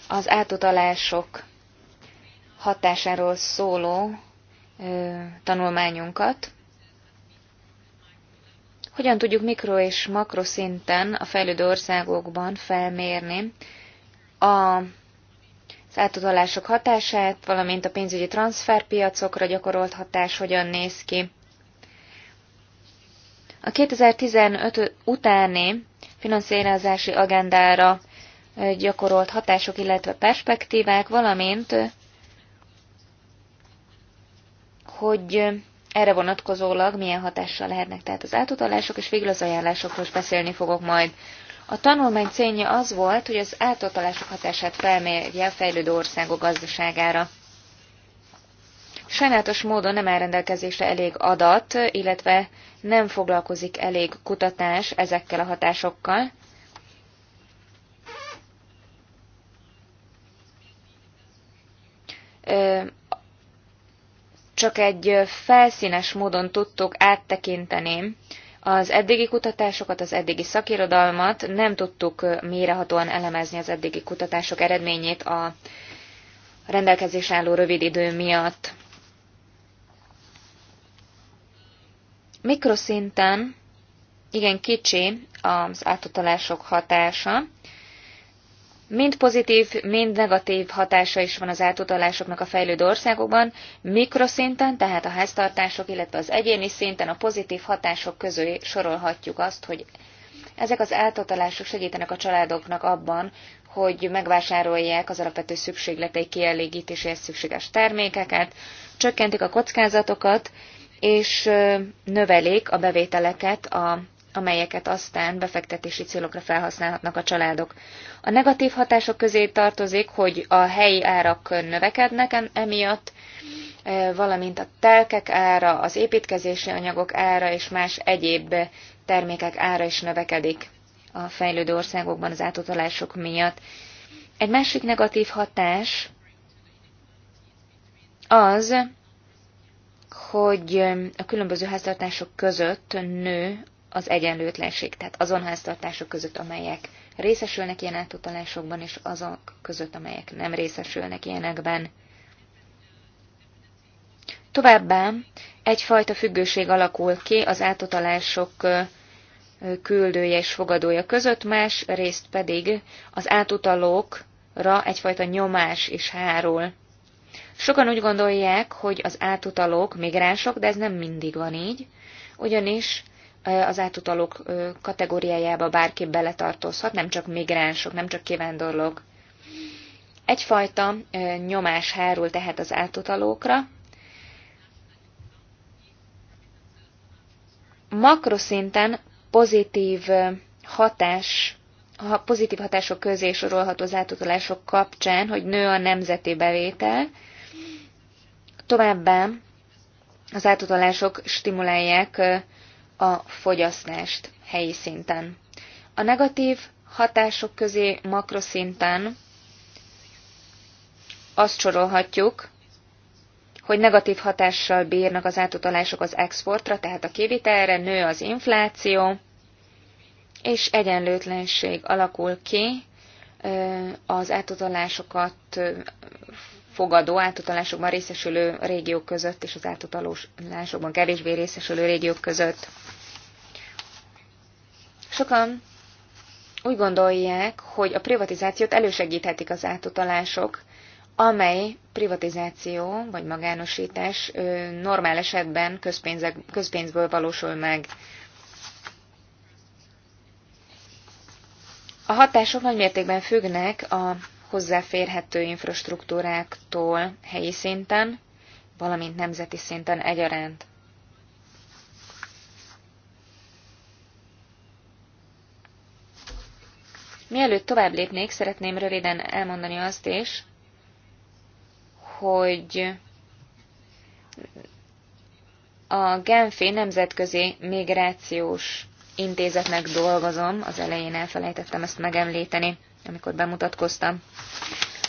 az átutalások hatásáról szóló ö, tanulmányunkat. Hogyan tudjuk mikro- és makroszinten a fejlődő országokban felmérni a az átutalások hatását, valamint a pénzügyi transferpiacokra gyakorolt hatás hogyan néz ki. A 2015 utáni finanszírozási agendára gyakorolt hatások, illetve perspektívák, valamint hogy erre vonatkozólag milyen hatással lehetnek tehát az átutalások, és végül az ajánlásokról is beszélni fogok majd. A tanulmány célja az volt, hogy az átutalások hatását felmérje a fejlődő országok gazdaságára. Sajnálatos módon nem áll rendelkezésre elég adat, illetve nem foglalkozik elég kutatás ezekkel a hatásokkal. Csak egy felszínes módon tudtuk áttekinteni az eddigi kutatásokat, az eddigi szakirodalmat nem tudtuk mérehatóan elemezni az eddigi kutatások eredményét a rendelkezés álló rövid idő miatt. Mikroszinten igen kicsi az átutalások hatása, Mind pozitív, mind negatív hatása is van az átutalásoknak a fejlődő országokban, mikroszinten, tehát a háztartások, illetve az egyéni szinten a pozitív hatások közül sorolhatjuk azt, hogy ezek az átutalások segítenek a családoknak abban, hogy megvásárolják az alapvető szükségletei kielégítéséhez szükséges termékeket, csökkentik a kockázatokat, és növelik a bevételeket a amelyeket aztán befektetési célokra felhasználhatnak a családok. A negatív hatások közé tartozik, hogy a helyi árak növekednek emiatt, e, valamint a telkek ára, az építkezési anyagok ára és más egyéb termékek ára is növekedik a fejlődő országokban az átutalások miatt. Egy másik negatív hatás az, hogy a különböző háztartások között nő az egyenlőtlenség, tehát azon háztartások között, amelyek részesülnek ilyen átutalásokban, és azok között, amelyek nem részesülnek ilyenekben. Továbbá egyfajta függőség alakul ki az átutalások küldője és fogadója között, más részt pedig az átutalókra egyfajta nyomás is hárul. Sokan úgy gondolják, hogy az átutalók migránsok, de ez nem mindig van így, ugyanis az átutalók kategóriájába bárki beletartozhat, nem csak migránsok, nem csak kivándorlók. Egyfajta nyomás hárul tehát az átutalókra. Makroszinten pozitív hatás ha pozitív hatások közé sorolható az átutalások kapcsán, hogy nő a nemzeti bevétel, továbbá az átutalások stimulálják a fogyasztást helyi szinten. A negatív hatások közé makroszinten azt sorolhatjuk, hogy negatív hatással bírnak az átutalások az exportra, tehát a kivitelre, nő az infláció, és egyenlőtlenség alakul ki, az átutalásokat fogadó átutalásokban részesülő régiók között és az átutalásokban kevésbé részesülő régiók között. Sokan úgy gondolják, hogy a privatizációt elősegíthetik az átutalások, amely privatizáció vagy magánosítás normál esetben közpénzből valósul meg. A hatások nagymértékben függnek a hozzáférhető infrastruktúráktól helyi szinten, valamint nemzeti szinten egyaránt. Mielőtt tovább lépnék, szeretném röviden elmondani azt is, hogy a Genfi Nemzetközi Migrációs Intézetnek dolgozom, az elején elfelejtettem ezt megemlíteni amikor bemutatkoztam.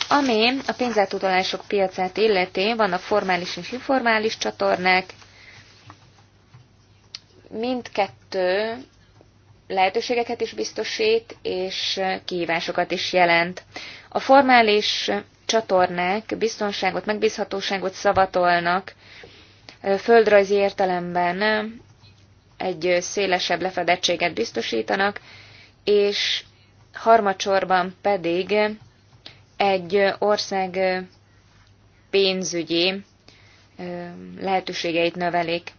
Ami a pénzátutalások piacát illeti, vannak formális és informális csatornák, mindkettő lehetőségeket is biztosít, és kihívásokat is jelent. A formális csatornák biztonságot, megbízhatóságot szavatolnak, földrajzi értelemben egy szélesebb lefedettséget biztosítanak, és harmadsorban pedig egy ország pénzügyi lehetőségeit növelik.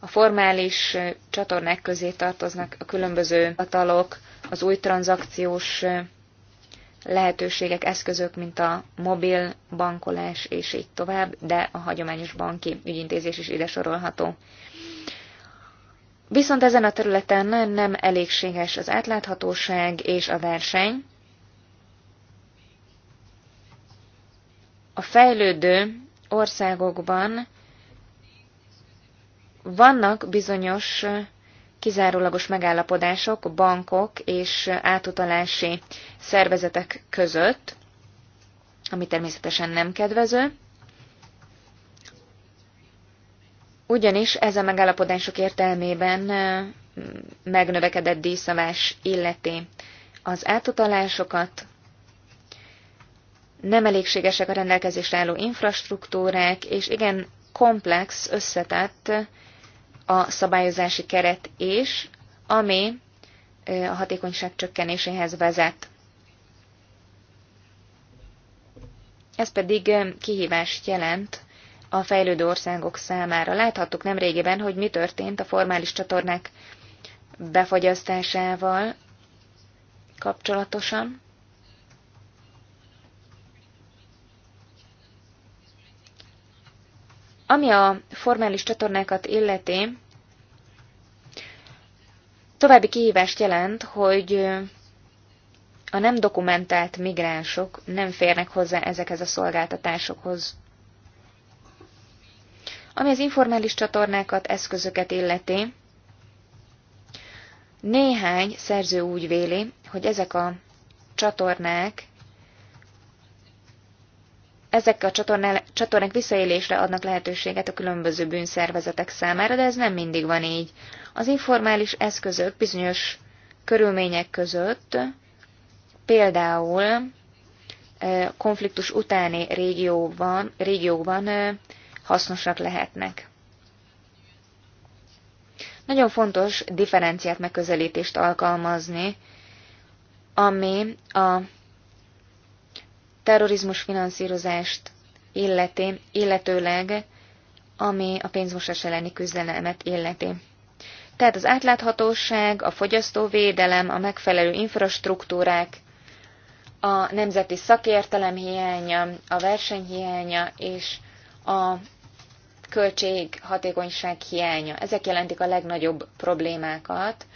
A formális csatornák közé tartoznak a különböző hatalok, az új tranzakciós lehetőségek, eszközök, mint a mobil bankolás és így tovább, de a hagyományos banki ügyintézés is ide sorolható. Viszont ezen a területen nem elégséges az átláthatóság és a verseny. A fejlődő országokban vannak bizonyos kizárólagos megállapodások bankok és átutalási szervezetek között, ami természetesen nem kedvező. Ugyanis ez a megállapodások értelmében megnövekedett díszavás illeti az átutalásokat, nem elégségesek a rendelkezésre álló infrastruktúrák, és igen komplex, összetett a szabályozási keret is, ami a hatékonyság csökkenéséhez vezet. Ez pedig kihívást jelent a fejlődő országok számára. Láthattuk nemrégiben, hogy mi történt a formális csatornák befagyasztásával kapcsolatosan. Ami a formális csatornákat illeti, további kihívást jelent, hogy a nem dokumentált migránsok nem férnek hozzá ezekhez a szolgáltatásokhoz. Ami az informális csatornákat, eszközöket illeti, néhány szerző úgy véli, hogy ezek a csatornák ezek a csatornák, csatornák visszaélésre adnak lehetőséget a különböző bűnszervezetek számára, de ez nem mindig van így. Az informális eszközök bizonyos körülmények között, például eh, konfliktus utáni régióban, régióban eh, hasznosak lehetnek. Nagyon fontos differenciát megközelítést alkalmazni, ami a terrorizmus finanszírozást illeti, illetőleg ami a pénzmosás elleni küzdelemet illeti. Tehát az átláthatóság, a fogyasztóvédelem, a megfelelő infrastruktúrák, a nemzeti szakértelem hiánya, a verseny hiánya és a költséghatékonyság hiánya. Ezek jelentik a legnagyobb problémákat.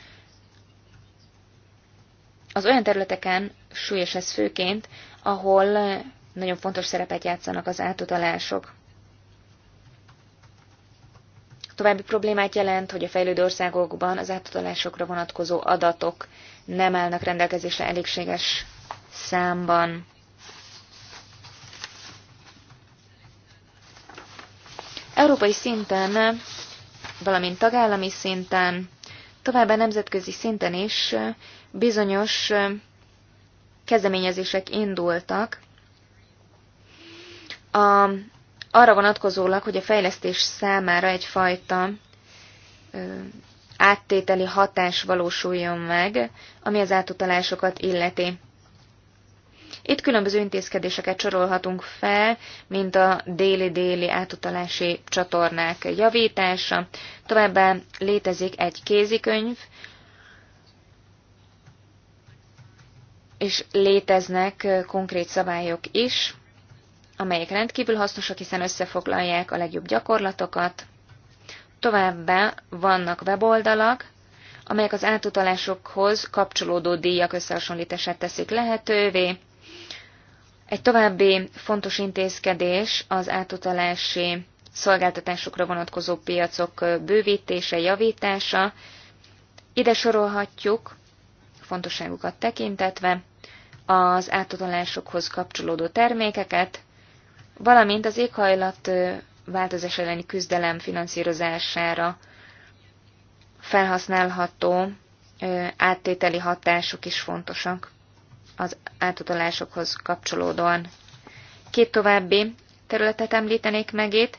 Az olyan területeken, súlyos ez főként, ahol nagyon fontos szerepet játszanak az átutalások. További problémát jelent, hogy a fejlődő országokban az átutalásokra vonatkozó adatok nem állnak rendelkezésre elégséges számban. Európai szinten, valamint tagállami szinten, továbbá nemzetközi szinten is bizonyos kezdeményezések indultak, a, arra vonatkozólag, hogy a fejlesztés számára egyfajta ö, áttételi hatás valósuljon meg, ami az átutalásokat illeti. Itt különböző intézkedéseket sorolhatunk fel, mint a déli-déli átutalási csatornák javítása, továbbá létezik egy kézikönyv, és léteznek konkrét szabályok is, amelyek rendkívül hasznosak, hiszen összefoglalják a legjobb gyakorlatokat. Továbbá vannak weboldalak, amelyek az átutalásokhoz kapcsolódó díjak összehasonlítását teszik lehetővé, egy további fontos intézkedés az átutalási szolgáltatásokra vonatkozó piacok bővítése, javítása. Ide sorolhatjuk, fontosságukat tekintetve, az átutalásokhoz kapcsolódó termékeket, valamint az éghajlat változás elleni küzdelem finanszírozására felhasználható áttételi hatások is fontosak az átutalásokhoz kapcsolódóan. Két további területet említenék meg itt.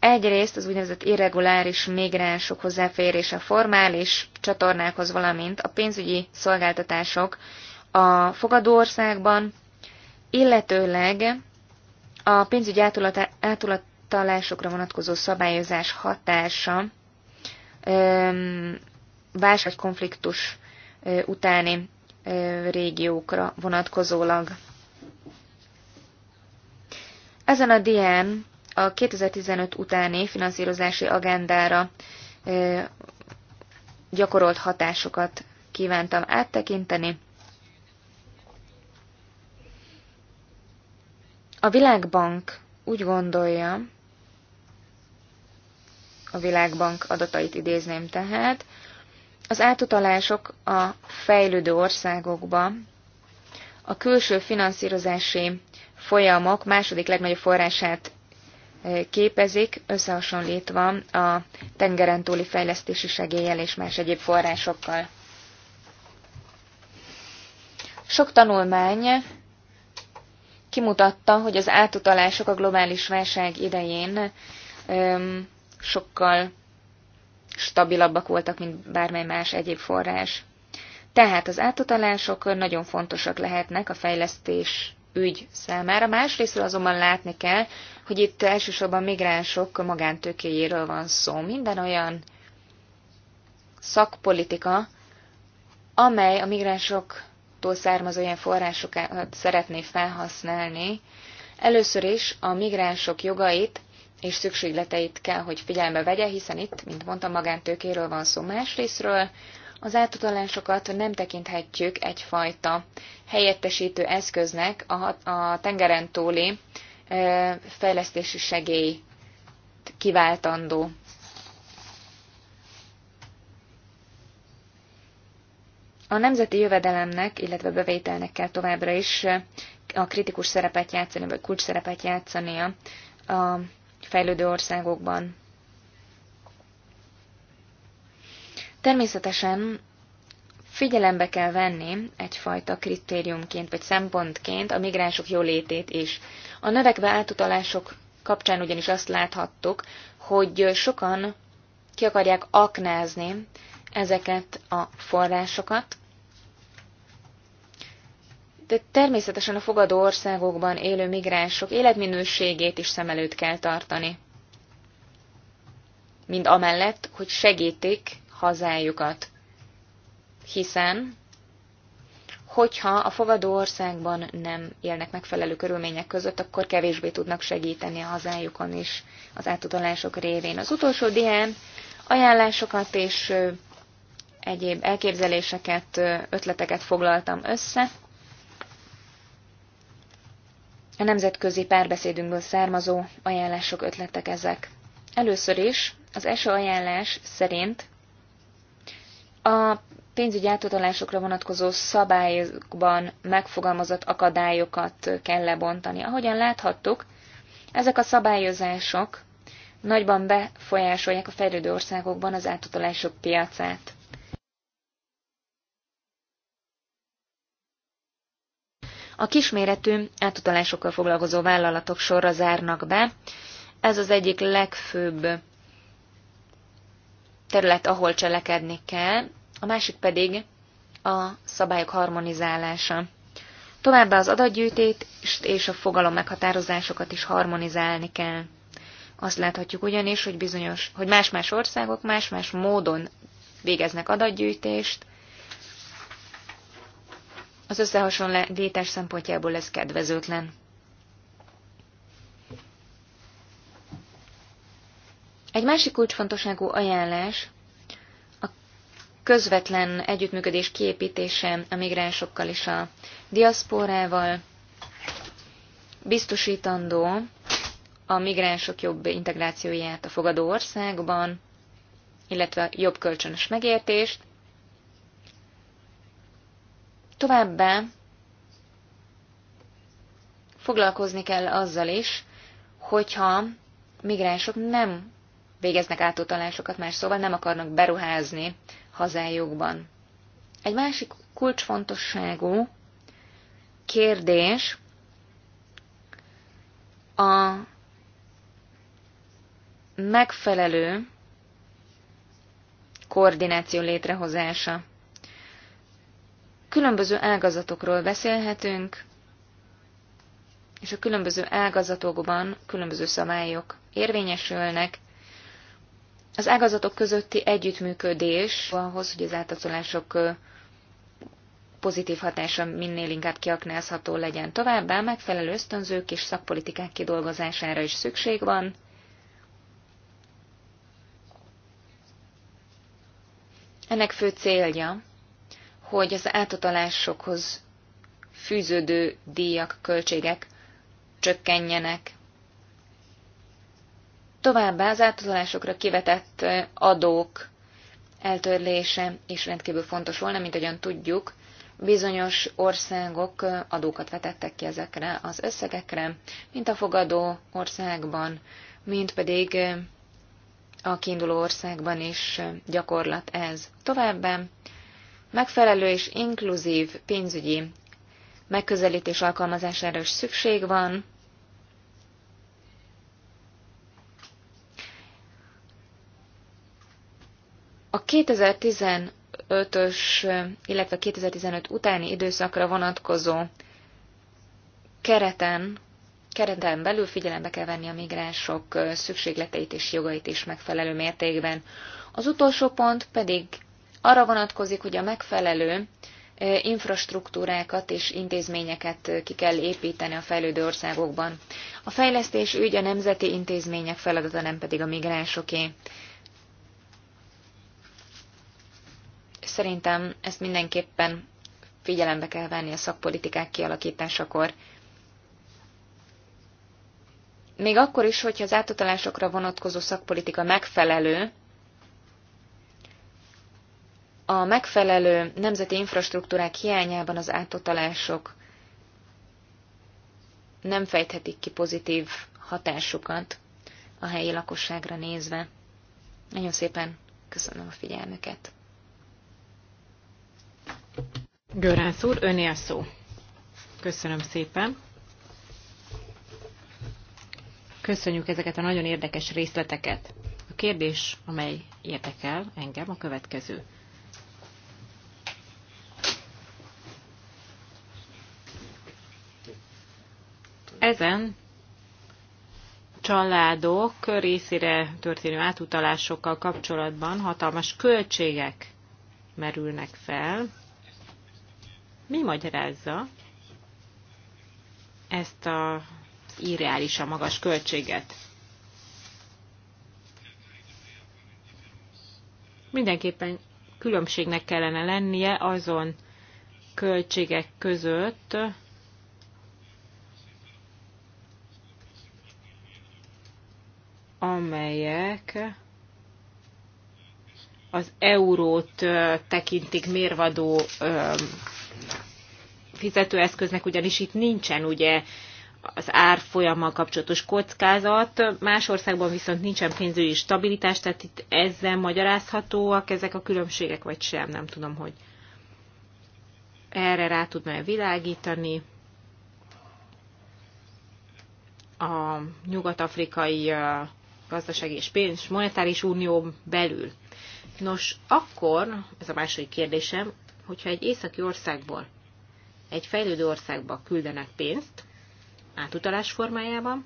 Egyrészt az úgynevezett irreguláris migránsok hozzáférése a formális csatornákhoz, valamint a pénzügyi szolgáltatások a fogadó országban, illetőleg a pénzügyi átulatalásokra vonatkozó szabályozás hatása válságkonfliktus utáni régiókra vonatkozólag. Ezen a dián a 2015 utáni finanszírozási agendára gyakorolt hatásokat kívántam áttekinteni. A Világbank úgy gondolja, a Világbank adatait idézném tehát, az átutalások a fejlődő országokba a külső finanszírozási folyamok második legnagyobb forrását e, képezik, összehasonlítva a tengeren túli fejlesztési segéllyel és más egyéb forrásokkal. Sok tanulmány kimutatta, hogy az átutalások a globális válság idején sokkal stabilabbak voltak, mint bármely más egyéb forrás. Tehát az átutalások nagyon fontosak lehetnek a fejlesztés ügy számára. Másrésztről azonban látni kell, hogy itt elsősorban migránsok magántőkéjéről van szó. Minden olyan szakpolitika, amely a migránsoktól származó ilyen forrásokat szeretné felhasználni, először is a migránsok jogait és szükségleteit kell, hogy figyelme vegye, hiszen itt, mint mondtam, magántőkéről van szó másrésztről, az átutalásokat nem tekinthetjük egyfajta helyettesítő eszköznek a, a tengeren túli e, fejlesztési segély kiváltandó. A nemzeti jövedelemnek, illetve bevételnek kell továbbra is a kritikus szerepet játszani, vagy kulcs szerepet játszania a fejlődő országokban. Természetesen figyelembe kell venni egyfajta kritériumként vagy szempontként a migránsok jólétét is. A növekvő átutalások kapcsán ugyanis azt láthattuk, hogy sokan ki akarják aknázni ezeket a forrásokat, de természetesen a fogadó országokban élő migránsok életminőségét is szem előtt kell tartani. Mind amellett, hogy segítik hazájukat. Hiszen, hogyha a fogadó országban nem élnek megfelelő körülmények között, akkor kevésbé tudnak segíteni a hazájukon is az átutalások révén. Az utolsó dián ajánlásokat és egyéb elképzeléseket, ötleteket foglaltam össze. A nemzetközi párbeszédünkből származó ajánlások, ötletek ezek. Először is az ESO ajánlás szerint a pénzügyi átutalásokra vonatkozó szabályokban megfogalmazott akadályokat kell lebontani. Ahogyan láthattuk, ezek a szabályozások nagyban befolyásolják a fejlődő országokban az átutalások piacát. A kisméretű átutalásokkal foglalkozó vállalatok sorra zárnak be. Ez az egyik legfőbb terület, ahol cselekedni kell, a másik pedig a szabályok harmonizálása. Továbbá az adatgyűjtét és a fogalom meghatározásokat is harmonizálni kell. Azt láthatjuk ugyanis, hogy bizonyos, hogy más-más országok más-más módon végeznek adatgyűjtést, az összehasonlítás szempontjából ez kedvezőtlen. Egy másik kulcsfontosságú ajánlás a közvetlen együttműködés kiépítése a migránsokkal és a diaszporával biztosítandó a migránsok jobb integrációját a fogadó országban, illetve jobb kölcsönös megértést, Továbbá foglalkozni kell azzal is, hogyha migránsok nem végeznek átutalásokat, más szóval nem akarnak beruházni hazájukban. Egy másik kulcsfontosságú kérdés a megfelelő koordináció létrehozása különböző ágazatokról beszélhetünk, és a különböző ágazatokban különböző szabályok érvényesülnek. Az ágazatok közötti együttműködés ahhoz, hogy az átadszolások pozitív hatása minél inkább kiaknázható legyen. Továbbá megfelelő ösztönzők és szakpolitikák kidolgozására is szükség van. Ennek fő célja hogy az átutalásokhoz fűződő díjak, költségek csökkenjenek. Továbbá az átutalásokra kivetett adók eltörlése is rendkívül fontos volna, mint ahogyan tudjuk, bizonyos országok adókat vetettek ki ezekre az összegekre, mint a fogadó országban, mint pedig a kiinduló országban is gyakorlat ez. Továbbá megfelelő és inkluzív pénzügyi megközelítés alkalmazására is szükség van. A 2015-ös, illetve 2015 utáni időszakra vonatkozó kereten, kereten belül figyelembe kell venni a migránsok szükségleteit és jogait is megfelelő mértékben. Az utolsó pont pedig arra vonatkozik, hogy a megfelelő e, infrastruktúrákat és intézményeket e, ki kell építeni a fejlődő országokban. A fejlesztés ügy a nemzeti intézmények feladata, nem pedig a migránsoké. Szerintem ezt mindenképpen figyelembe kell venni a szakpolitikák kialakításakor. Még akkor is, hogyha az átutalásokra vonatkozó szakpolitika megfelelő, a megfelelő nemzeti infrastruktúrák hiányában az átutalások nem fejthetik ki pozitív hatásukat a helyi lakosságra nézve. Nagyon szépen köszönöm a figyelmüket. Görász úr, öné a szó. Köszönöm szépen. Köszönjük ezeket a nagyon érdekes részleteket. A kérdés, amely érdekel engem, a következő. Ezen családok részére történő átutalásokkal kapcsolatban hatalmas költségek merülnek fel. Mi magyarázza ezt a irreálisan magas költséget? Mindenképpen különbségnek kellene lennie azon költségek között, amelyek az eurót tekintik mérvadó fizetőeszköznek, ugyanis itt nincsen ugye az árfolyammal kapcsolatos kockázat, más országban viszont nincsen pénzügyi stabilitás, tehát itt ezzel magyarázhatóak ezek a különbségek, vagy sem, nem tudom, hogy erre rá tudna-e világítani. A nyugat-afrikai gazdasági és pénz monetáris unió belül. Nos, akkor, ez a második kérdésem, hogyha egy északi országból egy fejlődő országba küldenek pénzt, átutalás formájában,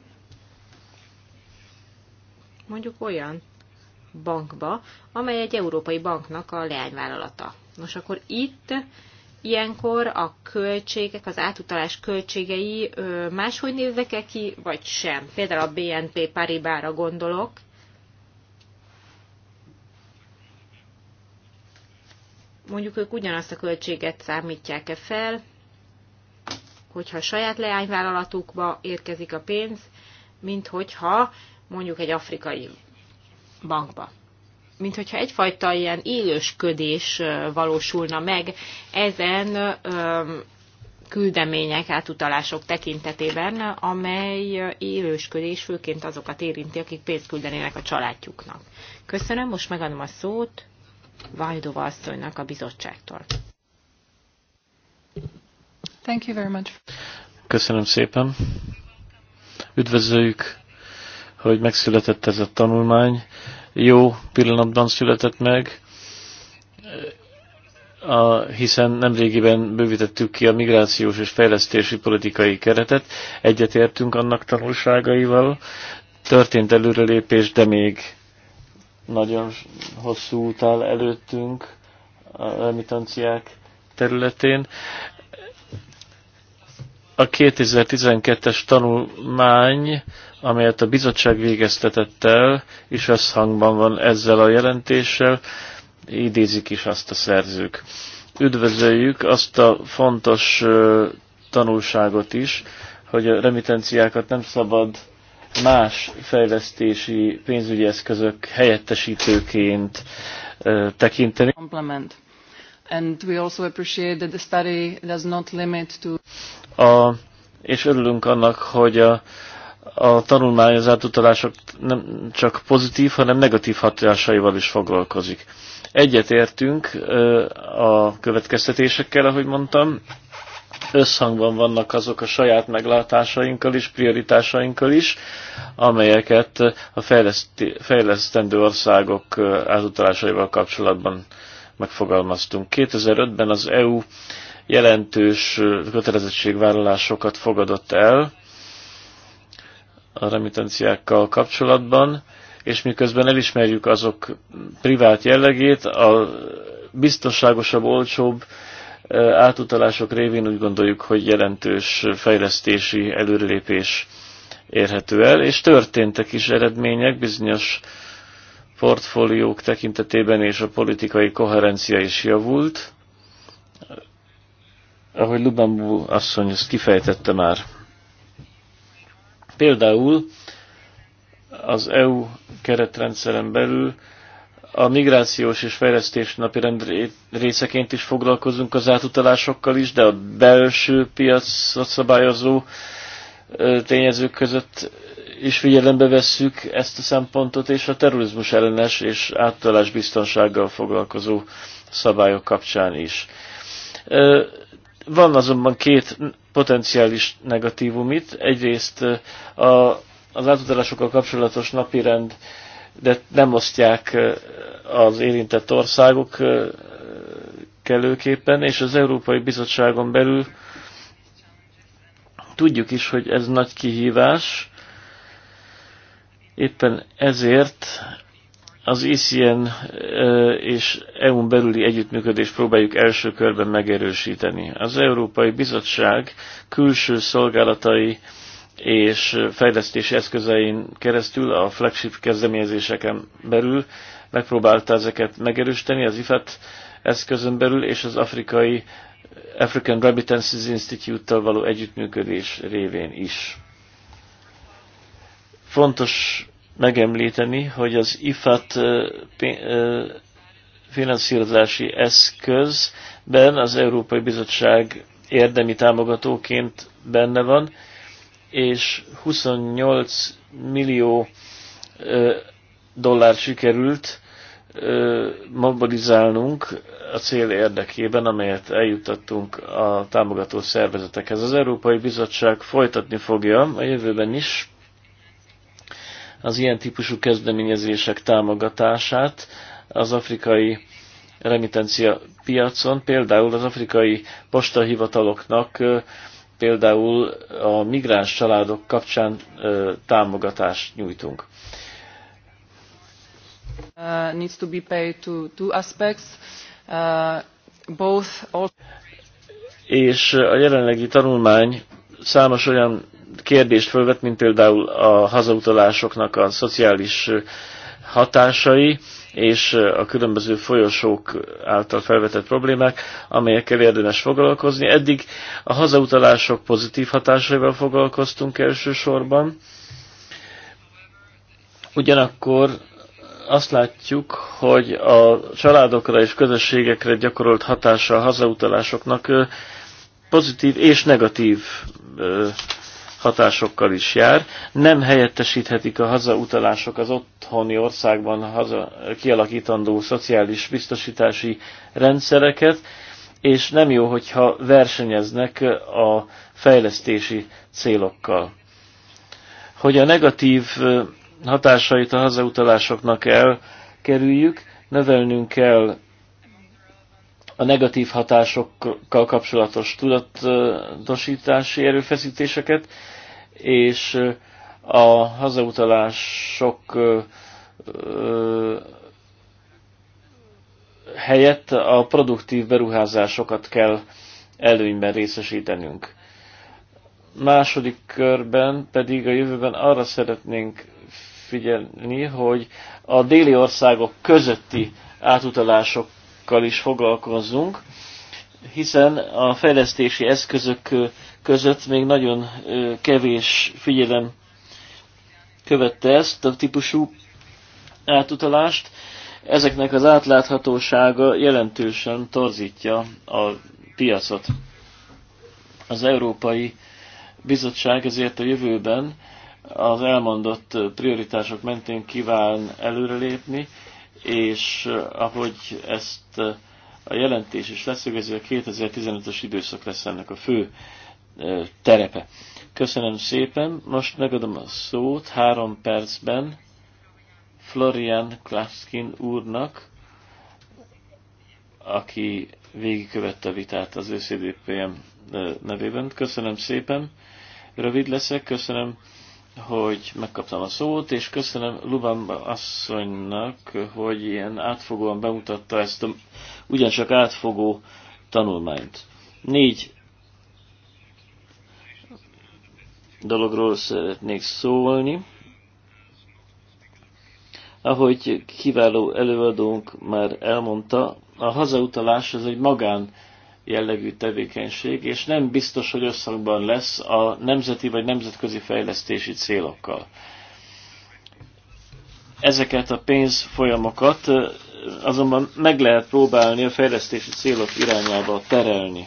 mondjuk olyan bankba, amely egy európai banknak a leányvállalata. Nos, akkor itt ilyenkor a költségek, az átutalás költségei máshogy néznek -e ki, vagy sem? Például a BNP Paribára gondolok. Mondjuk ők ugyanazt a költséget számítják-e fel, hogyha a saját leányvállalatukba érkezik a pénz, mint hogyha mondjuk egy afrikai bankba mint hogyha egyfajta ilyen élősködés valósulna meg ezen küldemények, átutalások tekintetében, amely élősködés főként azokat érinti, akik pénzt küldenének a családjuknak. Köszönöm, most megadom a szót Vajdova asszonynak a bizottságtól. Thank you very much. Köszönöm szépen. Üdvözöljük, hogy megszületett ez a tanulmány jó pillanatban született meg, a, hiszen nemrégiben bővítettük ki a migrációs és fejlesztési politikai keretet, egyetértünk annak tanulságaival, történt előrelépés, de még nagyon hosszú út áll előttünk a remitanciák területén a 2012-es tanulmány, amelyet a bizottság végeztetett el, és összhangban van ezzel a jelentéssel, idézik is azt a szerzők. Üdvözöljük azt a fontos tanulságot is, hogy a remitenciákat nem szabad más fejlesztési pénzügyi eszközök helyettesítőként tekinteni. Complement. And we also appreciate that the study does not limit to a, és örülünk annak, hogy a, a tanulmány az átutalások nem csak pozitív, hanem negatív hatásaival is foglalkozik. Egyetértünk a következtetésekkel, ahogy mondtam, összhangban vannak azok a saját meglátásainkkal is, prioritásainkkal is, amelyeket a fejlesztendő országok átutalásaival kapcsolatban megfogalmaztunk. 2005-ben az EU jelentős kötelezettségvállalásokat fogadott el a remitenciákkal kapcsolatban, és miközben elismerjük azok privát jellegét, a biztonságosabb, olcsóbb átutalások révén úgy gondoljuk, hogy jelentős fejlesztési előrelépés érhető el, és történtek is eredmények bizonyos portfóliók tekintetében, és a politikai koherencia is javult ahogy Lubambu asszony ezt kifejtette már. Például az EU keretrendszeren belül a migrációs és fejlesztés rend részeként is foglalkozunk az átutalásokkal is, de a belső piacot szabályozó tényezők között is figyelembe vesszük ezt a szempontot, és a terrorizmus ellenes és átutalás biztonsággal foglalkozó szabályok kapcsán is. Van azonban két potenciális negatívum itt. Egyrészt a, az átutalásokkal kapcsolatos napirend de nem osztják az érintett országok kellőképpen, és az Európai Bizottságon belül tudjuk is, hogy ez nagy kihívás, éppen ezért az ICN és EU-n belüli együttműködést próbáljuk első körben megerősíteni. Az Európai Bizottság külső szolgálatai és fejlesztési eszközein keresztül, a flagship kezdeményezéseken belül megpróbálta ezeket megerősíteni, az IFAT eszközön belül és az afrikai African Remittances Institute-tal való együttműködés révén is. Fontos megemlíteni, hogy az IFAT finanszírozási eszközben az Európai Bizottság érdemi támogatóként benne van, és 28 millió dollár sikerült mobilizálnunk a cél érdekében, amelyet eljuttattunk a támogató szervezetekhez. Az Európai Bizottság folytatni fogja a jövőben is az ilyen típusú kezdeményezések támogatását az afrikai remitencia piacon, például az afrikai postahivataloknak például a migráns családok kapcsán támogatást nyújtunk. Uh, needs to be paid to two aspects. Uh, both all... És a jelenlegi tanulmány számos olyan kérdést fölvet, mint például a hazautalásoknak a szociális hatásai és a különböző folyosók által felvetett problémák, amelyekkel érdemes foglalkozni. Eddig a hazautalások pozitív hatásaival foglalkoztunk elsősorban. Ugyanakkor azt látjuk, hogy a családokra és közösségekre gyakorolt hatása a hazautalásoknak pozitív és negatív hatásokkal is jár. Nem helyettesíthetik a hazautalások az otthoni országban haza kialakítandó szociális biztosítási rendszereket, és nem jó, hogyha versenyeznek a fejlesztési célokkal. Hogy a negatív hatásait a hazautalásoknak elkerüljük, növelnünk kell a negatív hatásokkal kapcsolatos tudatosítási erőfeszítéseket, és a hazautalások helyett a produktív beruházásokat kell előnyben részesítenünk. Második körben pedig a jövőben arra szeretnénk figyelni, hogy a déli országok közötti átutalásokkal is foglalkozzunk, hiszen a fejlesztési eszközök között még nagyon kevés figyelem követte ezt a típusú átutalást. Ezeknek az átláthatósága jelentősen torzítja a piacot. Az Európai Bizottság ezért a jövőben az elmondott prioritások mentén kíván előrelépni, és ahogy ezt a jelentés is leszögezi, a 2015-ös időszak lesz ennek a fő terepe. Köszönöm szépen, most megadom a szót három percben Florian Klaskin úrnak, aki végigkövette a vitát az ÖCDPM nevében. Köszönöm szépen, rövid leszek, köszönöm, hogy megkaptam a szót, és köszönöm Luban asszonynak, hogy ilyen átfogóan bemutatta ezt a ugyancsak átfogó tanulmányt. Négy dologról szeretnék szólni. Ahogy kiváló előadónk már elmondta, a hazautalás az egy magán jellegű tevékenység, és nem biztos, hogy összhangban lesz a nemzeti vagy nemzetközi fejlesztési célokkal. Ezeket a pénzfolyamokat azonban meg lehet próbálni a fejlesztési célok irányába terelni.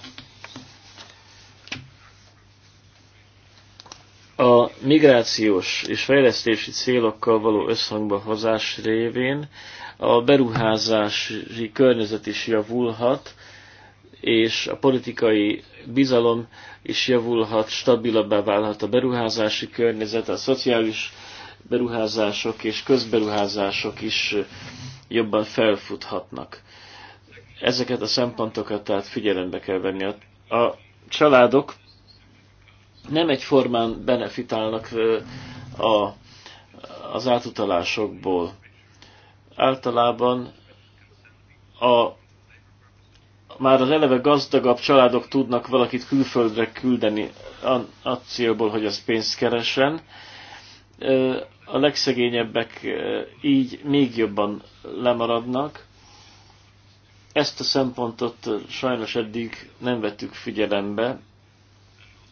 A migrációs és fejlesztési célokkal való összhangba hozás révén a beruházási környezet is javulhat, és a politikai bizalom is javulhat, stabilabbá válhat a beruházási környezet, a szociális beruházások és közberuházások is jobban felfuthatnak. Ezeket a szempontokat tehát figyelembe kell venni. A családok nem egyformán benefitálnak a, az átutalásokból. Általában a, már az eleve gazdagabb családok tudnak valakit külföldre küldeni a, a célból, hogy az pénzt keresen. A legszegényebbek így még jobban lemaradnak. Ezt a szempontot sajnos eddig nem vettük figyelembe,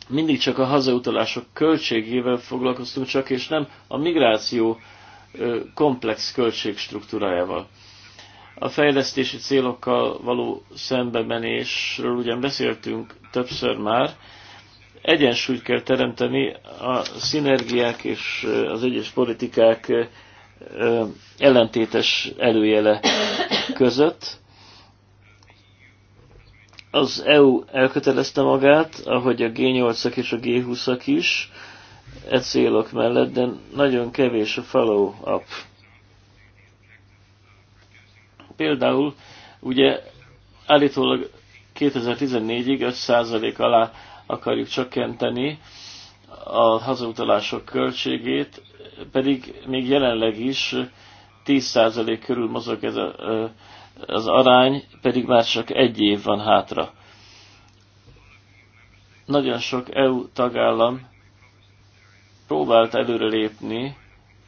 mindig csak a hazautalások költségével foglalkoztunk csak, és nem a migráció komplex költségstruktúrájával. A fejlesztési célokkal való szembemenésről ugyan beszéltünk többször már, egyensúlyt kell teremteni a szinergiák és az egyes politikák ellentétes előjele között, az EU elkötelezte magát, ahogy a G8-ak és a G20-ak is, e célok mellett, de nagyon kevés a follow-up. Például ugye állítólag 2014-ig 5% alá akarjuk csökkenteni a hazautalások költségét, pedig még jelenleg is 10% körül mozog ez a, a az arány pedig már csak egy év van hátra. Nagyon sok EU tagállam próbált előrelépni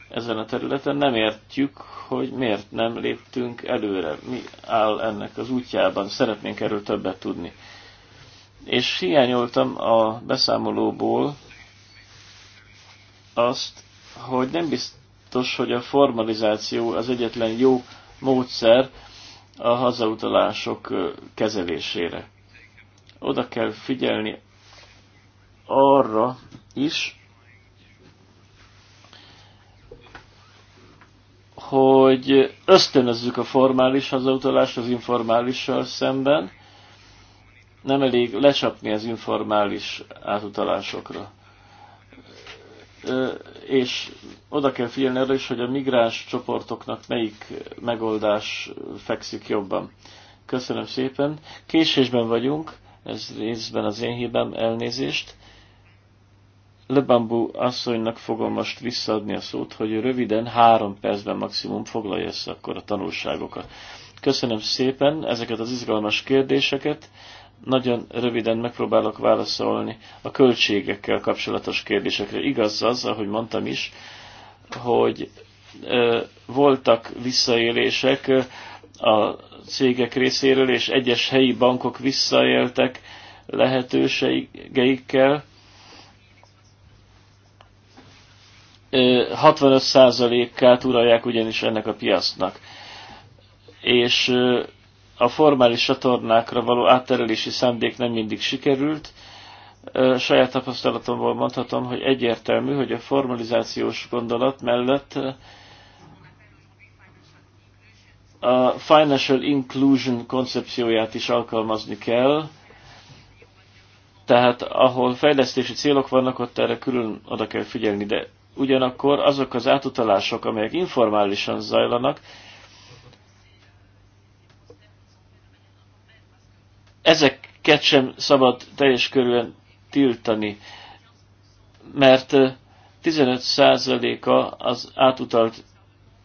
ezen a területen, nem értjük, hogy miért nem léptünk előre, mi áll ennek az útjában, szeretnénk erről többet tudni. És hiányoltam a beszámolóból azt, hogy nem biztos, hogy a formalizáció az egyetlen jó módszer, a hazautalások kezelésére. Oda kell figyelni arra is, hogy ösztönözzük a formális hazautalást az informálissal szemben, nem elég lecsapni az informális átutalásokra és oda kell figyelni arra is, hogy a migráns csoportoknak melyik megoldás fekszik jobban. Köszönöm szépen. Késésben vagyunk, ez részben az én hibám, elnézést. Lebambu asszonynak fogom most visszaadni a szót, hogy röviden, három percben maximum foglalja össze akkor a tanulságokat. Köszönöm szépen ezeket az izgalmas kérdéseket. Nagyon röviden megpróbálok válaszolni a költségekkel kapcsolatos kérdésekre. Igaz az, ahogy mondtam is, hogy voltak visszaélések a cégek részéről, és egyes helyi bankok visszaéltek lehetőségeikkel. 65%-át uralják ugyanis ennek a piacnak. És a formális csatornákra való átterelési szándék nem mindig sikerült. Saját tapasztalatomból mondhatom, hogy egyértelmű, hogy a formalizációs gondolat mellett a financial inclusion koncepcióját is alkalmazni kell, tehát ahol fejlesztési célok vannak, ott erre külön oda kell figyelni, de ugyanakkor azok az átutalások, amelyek informálisan zajlanak, Ezeket sem szabad teljes körülön tiltani, mert 15%-a az átutalt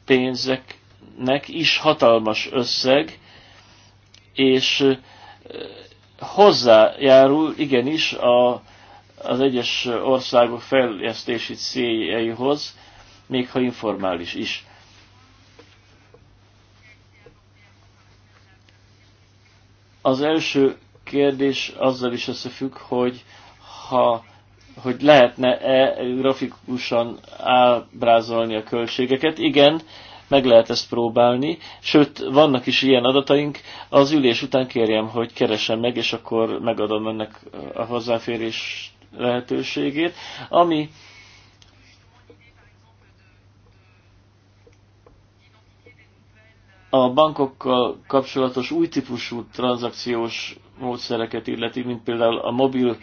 pénzeknek is hatalmas összeg, és hozzájárul igenis a, az egyes országok fejlesztési céljaihoz, még ha informális is. Az első kérdés azzal is összefügg, hogy ha hogy lehetne-e grafikusan ábrázolni a költségeket. Igen, meg lehet ezt próbálni, sőt, vannak is ilyen adataink, az ülés után kérjem, hogy keresem meg, és akkor megadom ennek a hozzáférés lehetőségét. Ami a bankokkal kapcsolatos új típusú tranzakciós módszereket illeti, mint például a mobil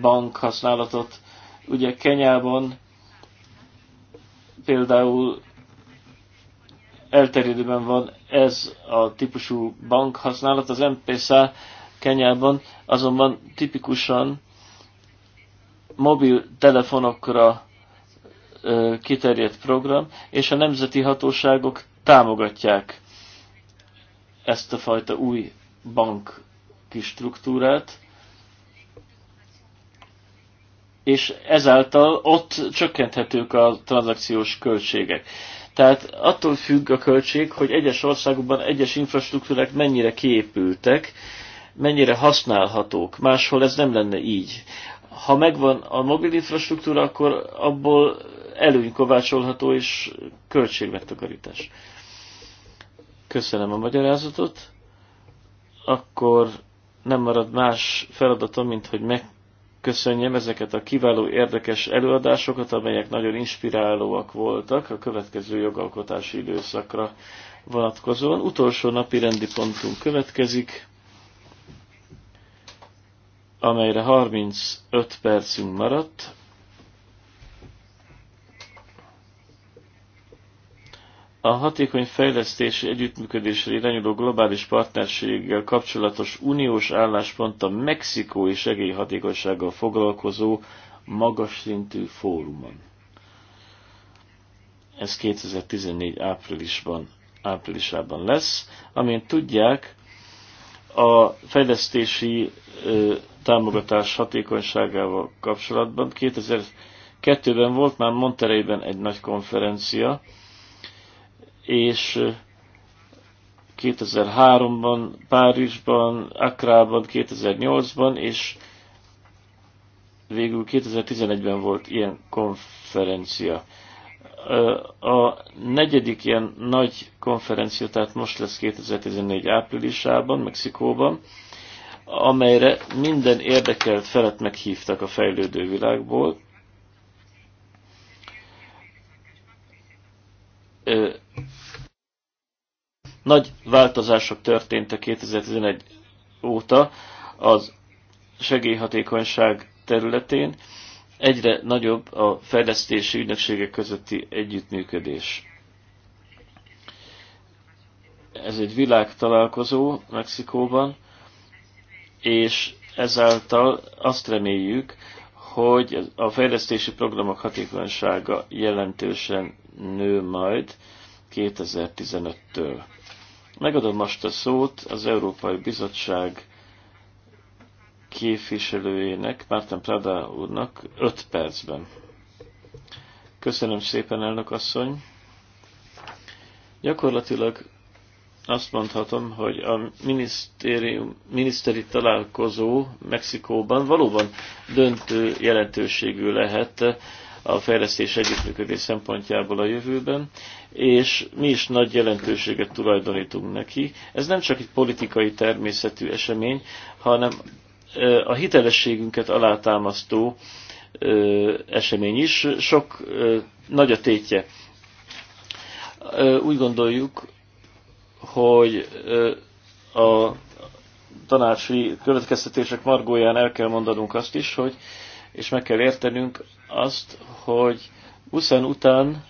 bank használatot. Ugye Kenyában például elterjedőben van ez a típusú bank használat, az MPSA Kenyában azonban tipikusan mobil telefonokra kiterjedt program, és a nemzeti hatóságok támogatják ezt a fajta új kis struktúrát, és ezáltal ott csökkenthetők a tranzakciós költségek. Tehát attól függ a költség, hogy egyes országokban egyes infrastruktúrák mennyire kiépültek, mennyire használhatók. Máshol ez nem lenne így ha megvan a mobil infrastruktúra, akkor abból előny kovácsolható és költségmegtakarítás. Köszönöm a magyarázatot. Akkor nem marad más feladatom, mint hogy megköszönjem ezeket a kiváló érdekes előadásokat, amelyek nagyon inspirálóak voltak a következő jogalkotási időszakra vonatkozóan. Utolsó napi rendi pontunk következik amelyre 35 percünk maradt. A hatékony fejlesztési együttműködésre irányuló globális partnerséggel kapcsolatos uniós álláspont a mexikói segélyhatékonysággal foglalkozó magas szintű fórumon. Ez 2014 áprilisban, áprilisában lesz. Amint tudják, a fejlesztési támogatás hatékonyságával kapcsolatban 2002-ben volt már Montereyben egy nagy konferencia, és 2003-ban, Párizsban, Akrában, 2008-ban, és végül 2011-ben volt ilyen konferencia a negyedik ilyen nagy konferencia, tehát most lesz 2014 áprilisában, Mexikóban, amelyre minden érdekelt felett meghívtak a fejlődő világból. Nagy változások történtek 2011 óta az segélyhatékonyság területén egyre nagyobb a fejlesztési ügynökségek közötti együttműködés. Ez egy világtalálkozó Mexikóban, és ezáltal azt reméljük, hogy a fejlesztési programok hatékonysága jelentősen nő majd 2015-től. Megadom most a szót az Európai Bizottság képviselőjének, Márten Prada úrnak 5 percben. Köszönöm szépen, elnök asszony. Gyakorlatilag azt mondhatom, hogy a minisztérium, miniszteri találkozó Mexikóban valóban döntő jelentőségű lehet a fejlesztés együttműködés szempontjából a jövőben, és mi is nagy jelentőséget tulajdonítunk neki. Ez nem csak egy politikai természetű esemény, hanem a hitelességünket alátámasztó esemény is. Sok nagy a tétje. Úgy gondoljuk, hogy a tanácsi következtetések margóján el kell mondanunk azt is, hogy, és meg kell értenünk azt, hogy Buszán után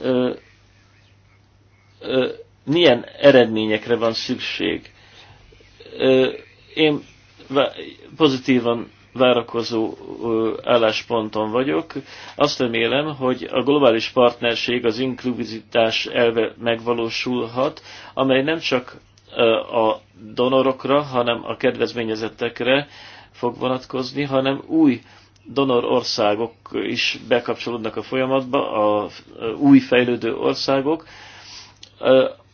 ö, ö, milyen eredményekre van szükség. Ö, én pozitívan várakozó állásponton vagyok. Azt remélem, hogy a globális partnerség az inkluzitás elve megvalósulhat, amely nem csak a donorokra, hanem a kedvezményezettekre fog vonatkozni, hanem új donor országok is bekapcsolódnak a folyamatba, a új fejlődő országok,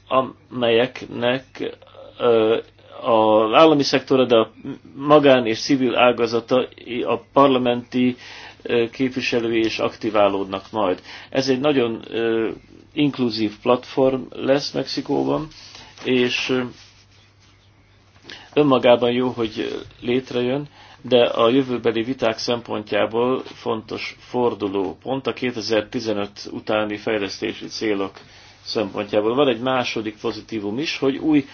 amelyeknek az állami szektora, de a magán és civil ágazata a parlamenti képviselői is aktiválódnak majd. Ez egy nagyon inkluzív platform lesz Mexikóban, és önmagában jó, hogy létrejön, de a jövőbeli viták szempontjából fontos forduló pont a 2015 utáni fejlesztési célok szempontjából. Van egy második pozitívum is, hogy új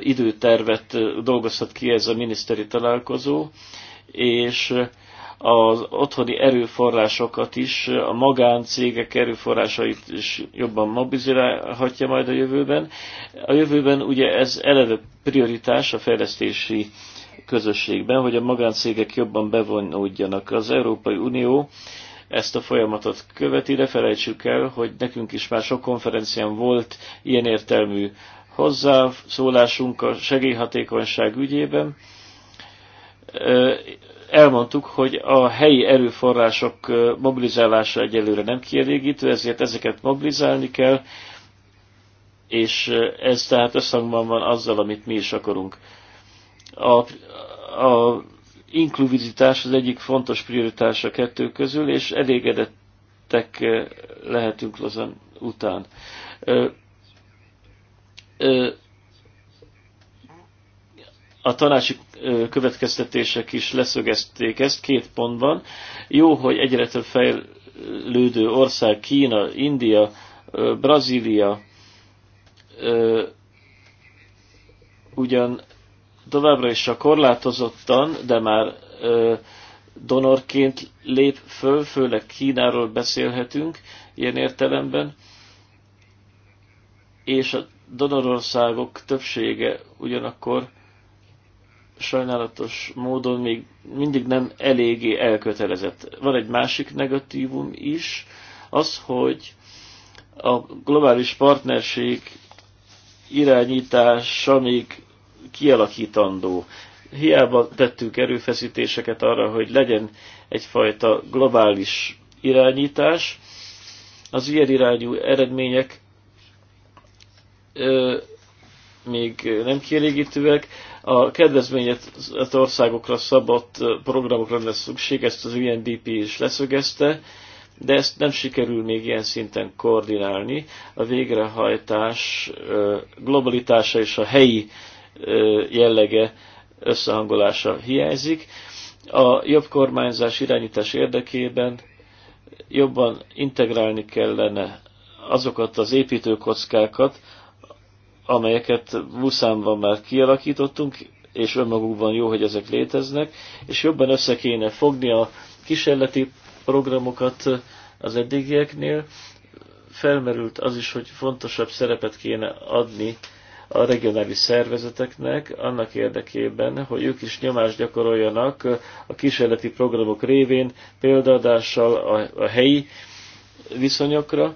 időtervet dolgozhat ki ez a miniszteri találkozó, és az otthoni erőforrásokat is, a magáncégek erőforrásait is jobban mobilizálhatja majd a jövőben. A jövőben ugye ez eleve prioritás a fejlesztési közösségben, hogy a magáncégek jobban bevonódjanak. Az Európai Unió ezt a folyamatot követi, de felejtsük el, hogy nekünk is már sok konferencián volt ilyen értelmű hozzászólásunk a segélyhatékonyság ügyében. Elmondtuk, hogy a helyi erőforrások mobilizálása egyelőre nem kielégítő, ezért ezeket mobilizálni kell, és ez tehát összhangban van azzal, amit mi is akarunk. A, a inkluvizitás az egyik fontos prioritás a kettő közül, és elégedettek lehetünk Lozan után a tanácsi következtetések is leszögezték ezt két pontban. Jó, hogy egyre több fejlődő ország, Kína, India, Brazília ugyan továbbra is a korlátozottan, de már donorként lép föl, főleg Kínáról beszélhetünk ilyen értelemben, és a donorországok többsége ugyanakkor sajnálatos módon még mindig nem eléggé elkötelezett. Van egy másik negatívum is, az, hogy a globális partnerség irányítása még kialakítandó. Hiába tettünk erőfeszítéseket arra, hogy legyen egyfajta globális irányítás, az ilyen irányú eredmények még nem kielégítőek. A kedvezményet az országokra szabott programokra lesz szükség, ezt az UNDP is leszögezte, de ezt nem sikerül még ilyen szinten koordinálni. A végrehajtás globalitása és a helyi jellege összehangolása hiányzik. A jobb kormányzás irányítás érdekében jobban integrálni kellene azokat az építőkockákat, amelyeket muszámban már kialakítottunk, és önmagukban jó, hogy ezek léteznek, és jobban össze kéne fogni a kísérleti programokat az eddigieknél. Felmerült az is, hogy fontosabb szerepet kéne adni a regionális szervezeteknek annak érdekében, hogy ők is nyomást gyakoroljanak a kísérleti programok révén, példaadással a, a helyi viszonyokra,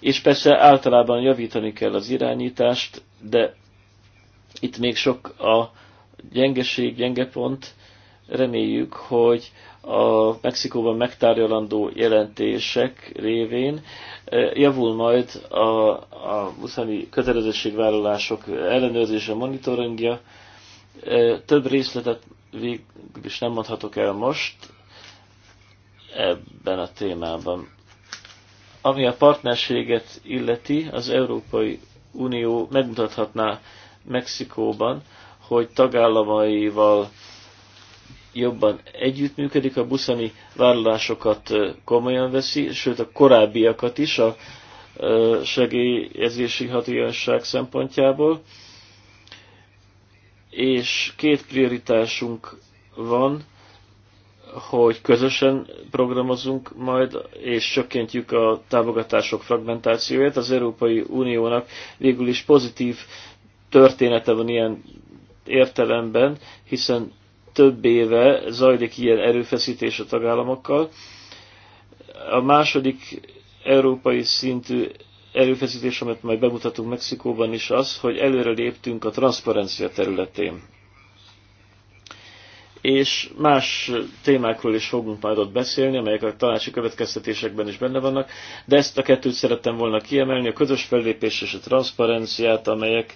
és persze általában javítani kell az irányítást, de itt még sok a gyengeség, gyenge pont. Reméljük, hogy a Mexikóban megtárgyalandó jelentések révén eh, javul majd a, a muszáni kötelezettségvállalások ellenőrzése, monitoringja. Eh, több részletet végül is nem mondhatok el most ebben a témában. Ami a partnerséget illeti, az Európai Unió megmutathatná Mexikóban, hogy tagállamaival jobban együttműködik, a buszani vállalásokat komolyan veszi, sőt a korábbiakat is a segélyezési hatékonyság szempontjából. És két prioritásunk van hogy közösen programozunk majd, és csökkentjük a támogatások fragmentációját. Az Európai Uniónak végül is pozitív története van ilyen értelemben, hiszen több éve zajlik ilyen erőfeszítés a tagállamokkal. A második európai szintű erőfeszítés, amit majd bemutatunk Mexikóban is az, hogy előre léptünk a transzparencia területén és más témákról is fogunk majd ott beszélni, amelyek a tanácsi következtetésekben is benne vannak, de ezt a kettőt szerettem volna kiemelni, a közös fellépés és a transzparenciát, amelyek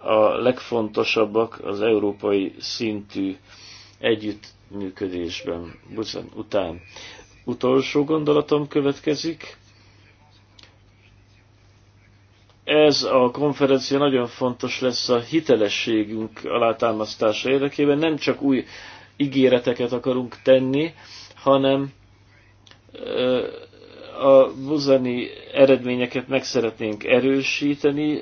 a legfontosabbak az európai szintű együttműködésben, után. Utolsó gondolatom következik, ez a konferencia nagyon fontos lesz a hitelességünk alátámasztása érdekében. Nem csak új ígéreteket akarunk tenni, hanem a buzani eredményeket meg szeretnénk erősíteni,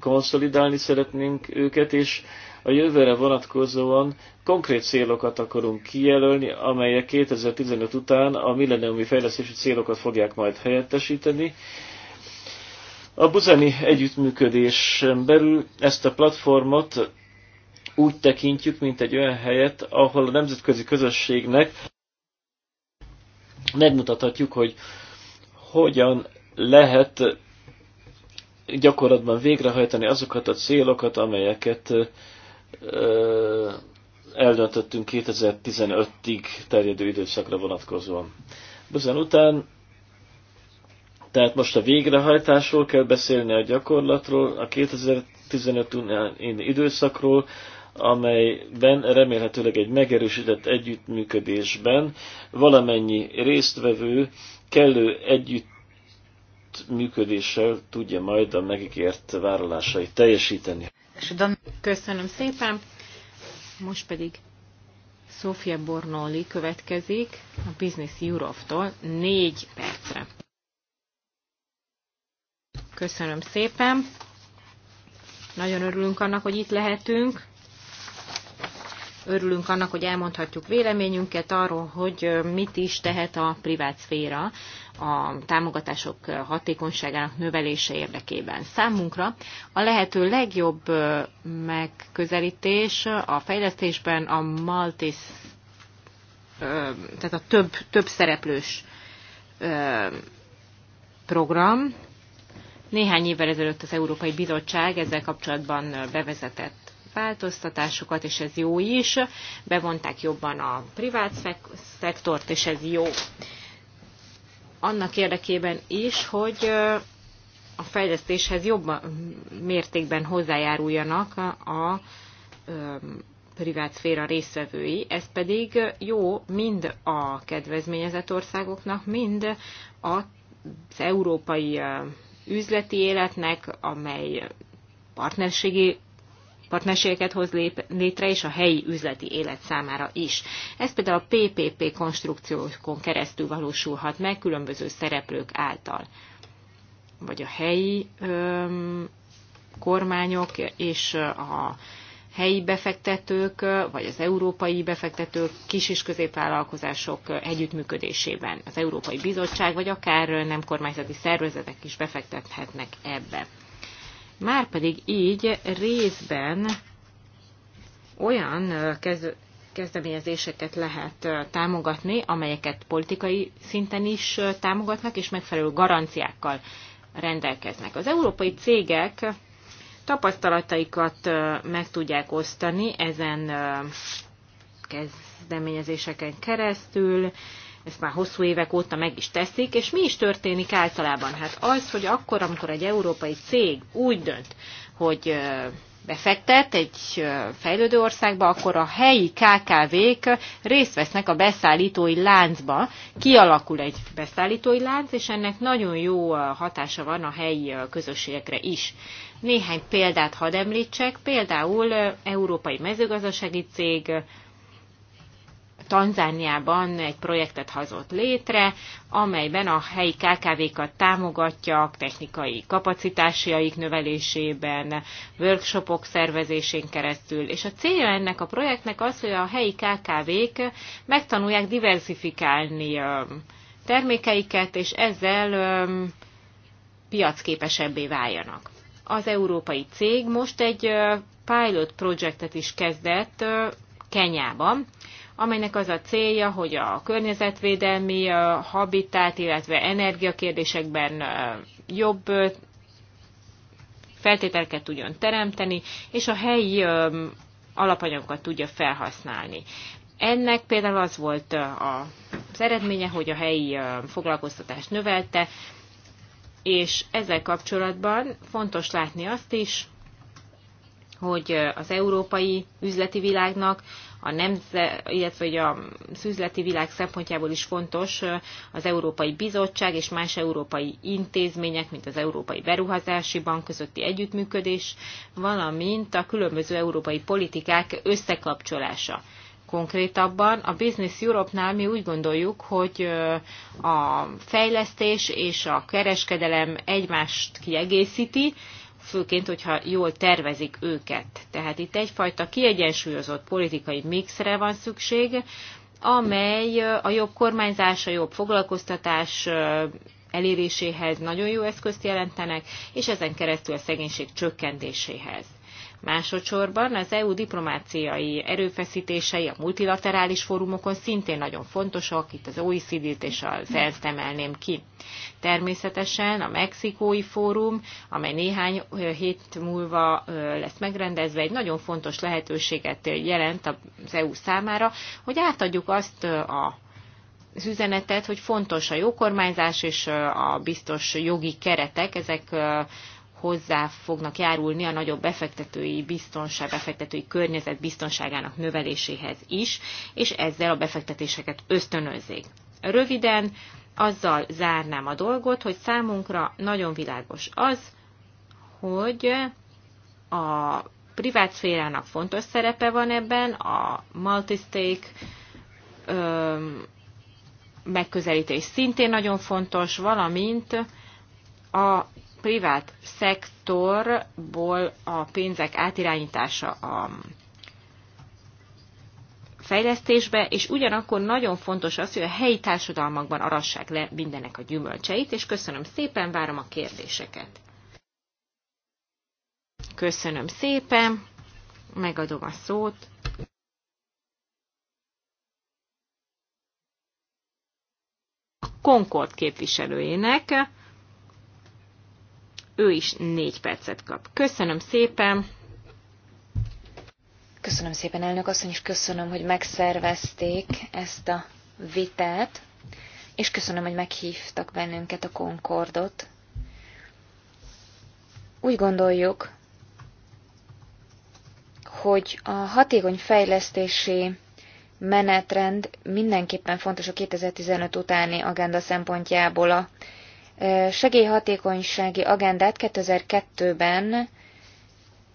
konszolidálni szeretnénk őket, és a jövőre vonatkozóan konkrét célokat akarunk kijelölni, amelyek 2015 után a milleniumi fejlesztési célokat fogják majd helyettesíteni, a buzani együttműködésen belül ezt a platformot úgy tekintjük, mint egy olyan helyet, ahol a nemzetközi közösségnek megmutathatjuk, hogy hogyan lehet gyakorlatban végrehajtani azokat a célokat, amelyeket eldöntöttünk 2015-ig terjedő időszakra vonatkozóan. Buzen után tehát most a végrehajtásról kell beszélni, a gyakorlatról, a 2015 időszakról, amelyben remélhetőleg egy megerősített együttműködésben valamennyi résztvevő kellő együttműködéssel tudja majd a megígért vállalásait teljesíteni. Köszönöm szépen, most pedig Sofia Bornoli következik a Business Europe-tól négy percre. Köszönöm szépen. Nagyon örülünk annak, hogy itt lehetünk. Örülünk annak, hogy elmondhatjuk véleményünket arról, hogy mit is tehet a privát szféra a támogatások hatékonyságának növelése érdekében. Számunkra a lehető legjobb megközelítés a fejlesztésben a Maltis, tehát a több, több szereplős program, néhány évvel ezelőtt az Európai Bizottság ezzel kapcsolatban bevezetett változtatásokat, és ez jó is. Bevonták jobban a privát szektort, és ez jó. Annak érdekében is, hogy a fejlesztéshez jobb mértékben hozzájáruljanak a privát szféra részvevői, ez pedig jó mind a kedvezményezett országoknak, mind az európai üzleti életnek, amely partnerségi partnerségeket hoz lép, létre, és a helyi üzleti élet számára is. Ez például a PPP konstrukciókon keresztül valósulhat meg különböző szereplők által, vagy a helyi öm, kormányok és a helyi befektetők, vagy az európai befektetők, kis- és középvállalkozások együttműködésében. Az Európai Bizottság, vagy akár nem kormányzati szervezetek is befektethetnek ebbe. Márpedig így részben olyan kezdeményezéseket lehet támogatni, amelyeket politikai szinten is támogatnak, és megfelelő garanciákkal rendelkeznek. Az európai cégek tapasztalataikat meg tudják osztani ezen kezdeményezéseken keresztül, ezt már hosszú évek óta meg is teszik, és mi is történik általában? Hát az, hogy akkor, amikor egy európai cég úgy dönt, hogy befektet egy fejlődő országba, akkor a helyi KKV-k részt vesznek a beszállítói láncba. Kialakul egy beszállítói lánc, és ennek nagyon jó hatása van a helyi közösségekre is. Néhány példát hadd említsek, például európai mezőgazdasági cég, Tanzániában egy projektet hazott létre, amelyben a helyi KKV-kat támogatja technikai kapacitásiaik növelésében, workshopok szervezésén keresztül, és a célja ennek a projektnek az, hogy a helyi KKV-k megtanulják diversifikálni termékeiket, és ezzel piacképesebbé váljanak. Az európai cég most egy pilot projektet is kezdett Kenyában, amelynek az a célja, hogy a környezetvédelmi habitát, illetve energiakérdésekben jobb feltételeket tudjon teremteni, és a helyi alapanyagokat tudja felhasználni. Ennek például az volt az eredménye, hogy a helyi foglalkoztatást növelte, és ezzel kapcsolatban fontos látni azt is, hogy az európai üzleti világnak a nemze, illetve a szüzleti világ szempontjából is fontos az Európai Bizottság és más európai intézmények, mint az Európai Beruházási Bank közötti együttműködés, valamint a különböző európai politikák összekapcsolása. Konkrétabban a Business Europe-nál mi úgy gondoljuk, hogy a fejlesztés és a kereskedelem egymást kiegészíti, főként, hogyha jól tervezik őket. Tehát itt egyfajta kiegyensúlyozott politikai mixre van szükség, amely a jobb kormányzás, a jobb foglalkoztatás eléréséhez nagyon jó eszközt jelentenek, és ezen keresztül a szegénység csökkentéséhez. Másodszorban az EU diplomáciai erőfeszítései a multilaterális fórumokon szintén nagyon fontosak, itt az OECD-t és az ENSZ-t emelném ki. Természetesen a mexikói fórum, amely néhány hét múlva lesz megrendezve, egy nagyon fontos lehetőséget jelent az EU számára, hogy átadjuk azt a az üzenetet, hogy fontos a jókormányzás és a biztos jogi keretek, ezek hozzá fognak járulni a nagyobb befektetői biztonság, befektetői környezet biztonságának növeléséhez is, és ezzel a befektetéseket ösztönözzék. Röviden azzal zárnám a dolgot, hogy számunkra nagyon világos az, hogy a privát szférának fontos szerepe van ebben, a multistake megközelítés szintén nagyon fontos, valamint a privát szektorból a pénzek átirányítása a fejlesztésbe, és ugyanakkor nagyon fontos az, hogy a helyi társadalmakban arassák le mindenek a gyümölcseit, és köszönöm szépen, várom a kérdéseket. Köszönöm szépen, megadom a szót. Concord képviselőjének ő is négy percet kap. Köszönöm szépen! Köszönöm szépen, elnök asszony, és köszönöm, hogy megszervezték ezt a vitát, és köszönöm, hogy meghívtak bennünket a Concordot. Úgy gondoljuk, hogy a hatékony fejlesztési menetrend mindenképpen fontos a 2015 utáni agenda szempontjából a segélyhatékonysági agendát 2002-ben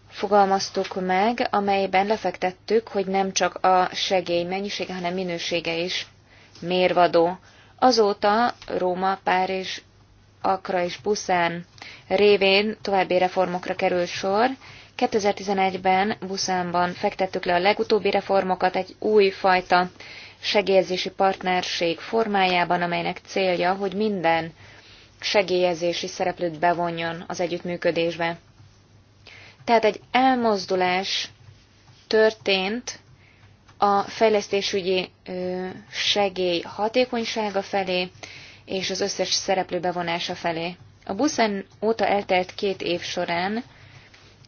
fogalmaztuk meg, amelyben lefektettük, hogy nem csak a segély mennyisége, hanem minősége is mérvadó. Azóta Róma, Párizs, Akra és Buszán révén további reformokra kerül sor. 2011-ben Buszánban fektettük le a legutóbbi reformokat egy új fajta segélyezési partnerség formájában, amelynek célja, hogy minden segélyezési szereplőt bevonjon az együttműködésbe. Tehát egy elmozdulás történt a fejlesztésügyi segély hatékonysága felé és az összes szereplő bevonása felé. A buszen óta eltelt két év során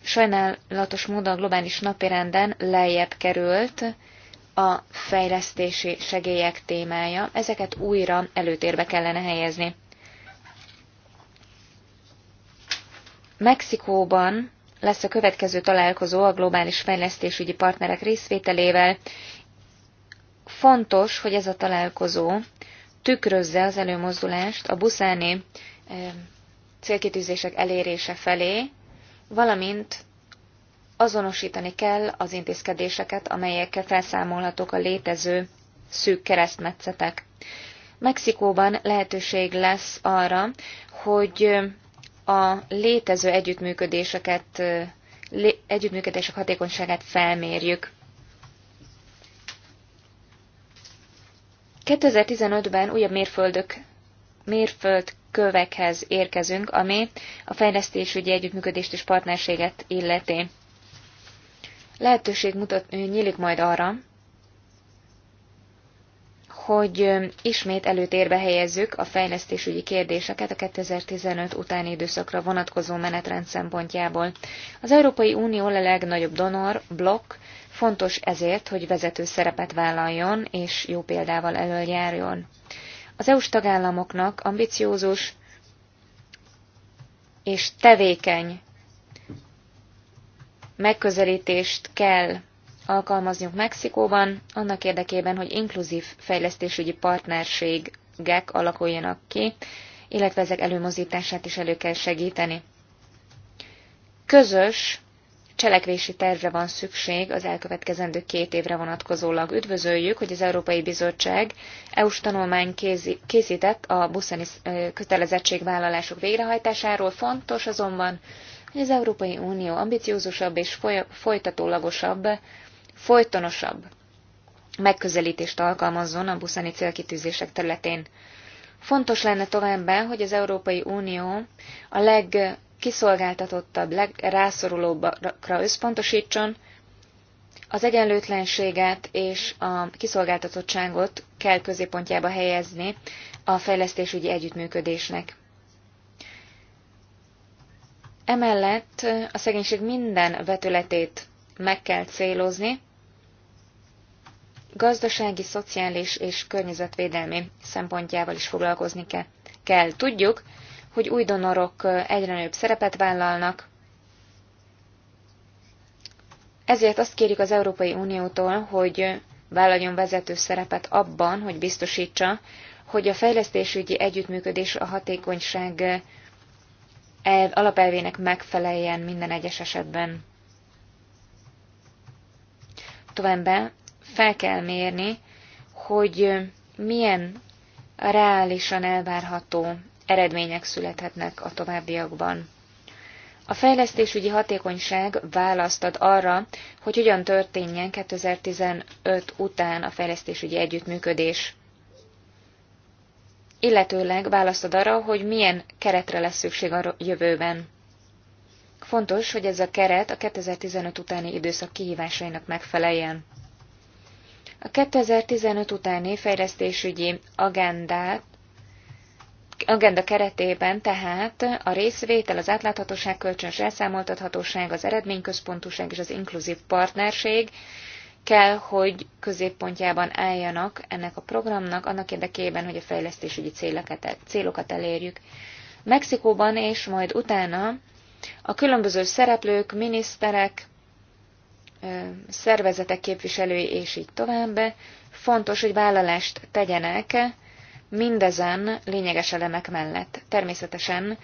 sajnálatos módon a globális napirenden lejjebb került a fejlesztési segélyek témája, ezeket újra előtérbe kellene helyezni. Mexikóban lesz a következő találkozó a globális fejlesztésügyi partnerek részvételével. Fontos, hogy ez a találkozó tükrözze az előmozdulást a buszáni eh, célkitűzések elérése felé, valamint azonosítani kell az intézkedéseket, amelyekkel felszámolhatók a létező szűk keresztmetszetek. Mexikóban lehetőség lesz arra, hogy eh, a létező együttműködéseket, együttműködések hatékonyságát felmérjük. 2015-ben újabb mérföldök, mérföldkövekhez érkezünk, ami a fejlesztésügyi együttműködést és partnerséget illeti. Lehetőség mutat, nyílik majd arra, hogy ismét előtérbe helyezzük a fejlesztésügyi kérdéseket a 2015 utáni időszakra vonatkozó menetrend szempontjából. Az Európai Unió a legnagyobb donor, blokk, fontos ezért, hogy vezető szerepet vállaljon és jó példával elöljárjon. Az EU-s tagállamoknak ambiciózus és tevékeny megközelítést kell alkalmazniuk Mexikóban, annak érdekében, hogy inkluzív fejlesztésügyi partnerségek alakuljanak ki, illetve ezek előmozítását is elő kell segíteni. Közös cselekvési tervre van szükség az elkövetkezendő két évre vonatkozólag. Üdvözöljük, hogy az Európai Bizottság EU-s tanulmány készített a buszani kötelezettségvállalások végrehajtásáról. Fontos azonban, hogy az Európai Unió ambiciózusabb és folytatólagosabb folytonosabb megközelítést alkalmazzon a buszani célkitűzések területén. Fontos lenne továbbá, hogy az Európai Unió a legkiszolgáltatottabb, legrászorulóbbakra összpontosítson, az egyenlőtlenséget és a kiszolgáltatottságot kell középpontjába helyezni a fejlesztésügyi együttműködésnek. Emellett a szegénység minden vetületét meg kell célozni, gazdasági, szociális és környezetvédelmi szempontjával is foglalkozni kell. Tudjuk, hogy új donorok egyre nagyobb szerepet vállalnak, ezért azt kérjük az Európai Uniótól, hogy vállaljon vezető szerepet abban, hogy biztosítsa, hogy a fejlesztésügyi együttműködés a hatékonyság alapelvének megfeleljen minden egyes esetben. Továbbá fel kell mérni, hogy milyen reálisan elvárható eredmények születhetnek a továbbiakban. A fejlesztésügyi hatékonyság választ ad arra, hogy hogyan történjen 2015 után a fejlesztésügyi együttműködés, illetőleg választ ad arra, hogy milyen keretre lesz szükség a jövőben. Fontos, hogy ez a keret a 2015 utáni időszak kihívásainak megfeleljen. A 2015 utáni fejlesztésügyi agendát agenda keretében tehát a részvétel, az átláthatóság, kölcsönös elszámoltathatóság, az eredményközpontúság és az inkluzív partnerség kell, hogy középpontjában álljanak ennek a programnak, annak érdekében, hogy a fejlesztésügyi célokat, célokat elérjük. Mexikóban és majd utána a különböző szereplők, miniszterek, szervezetek képviselői, és így tovább. Fontos, hogy vállalást tegyenek mindezen lényeges elemek mellett. Természetesen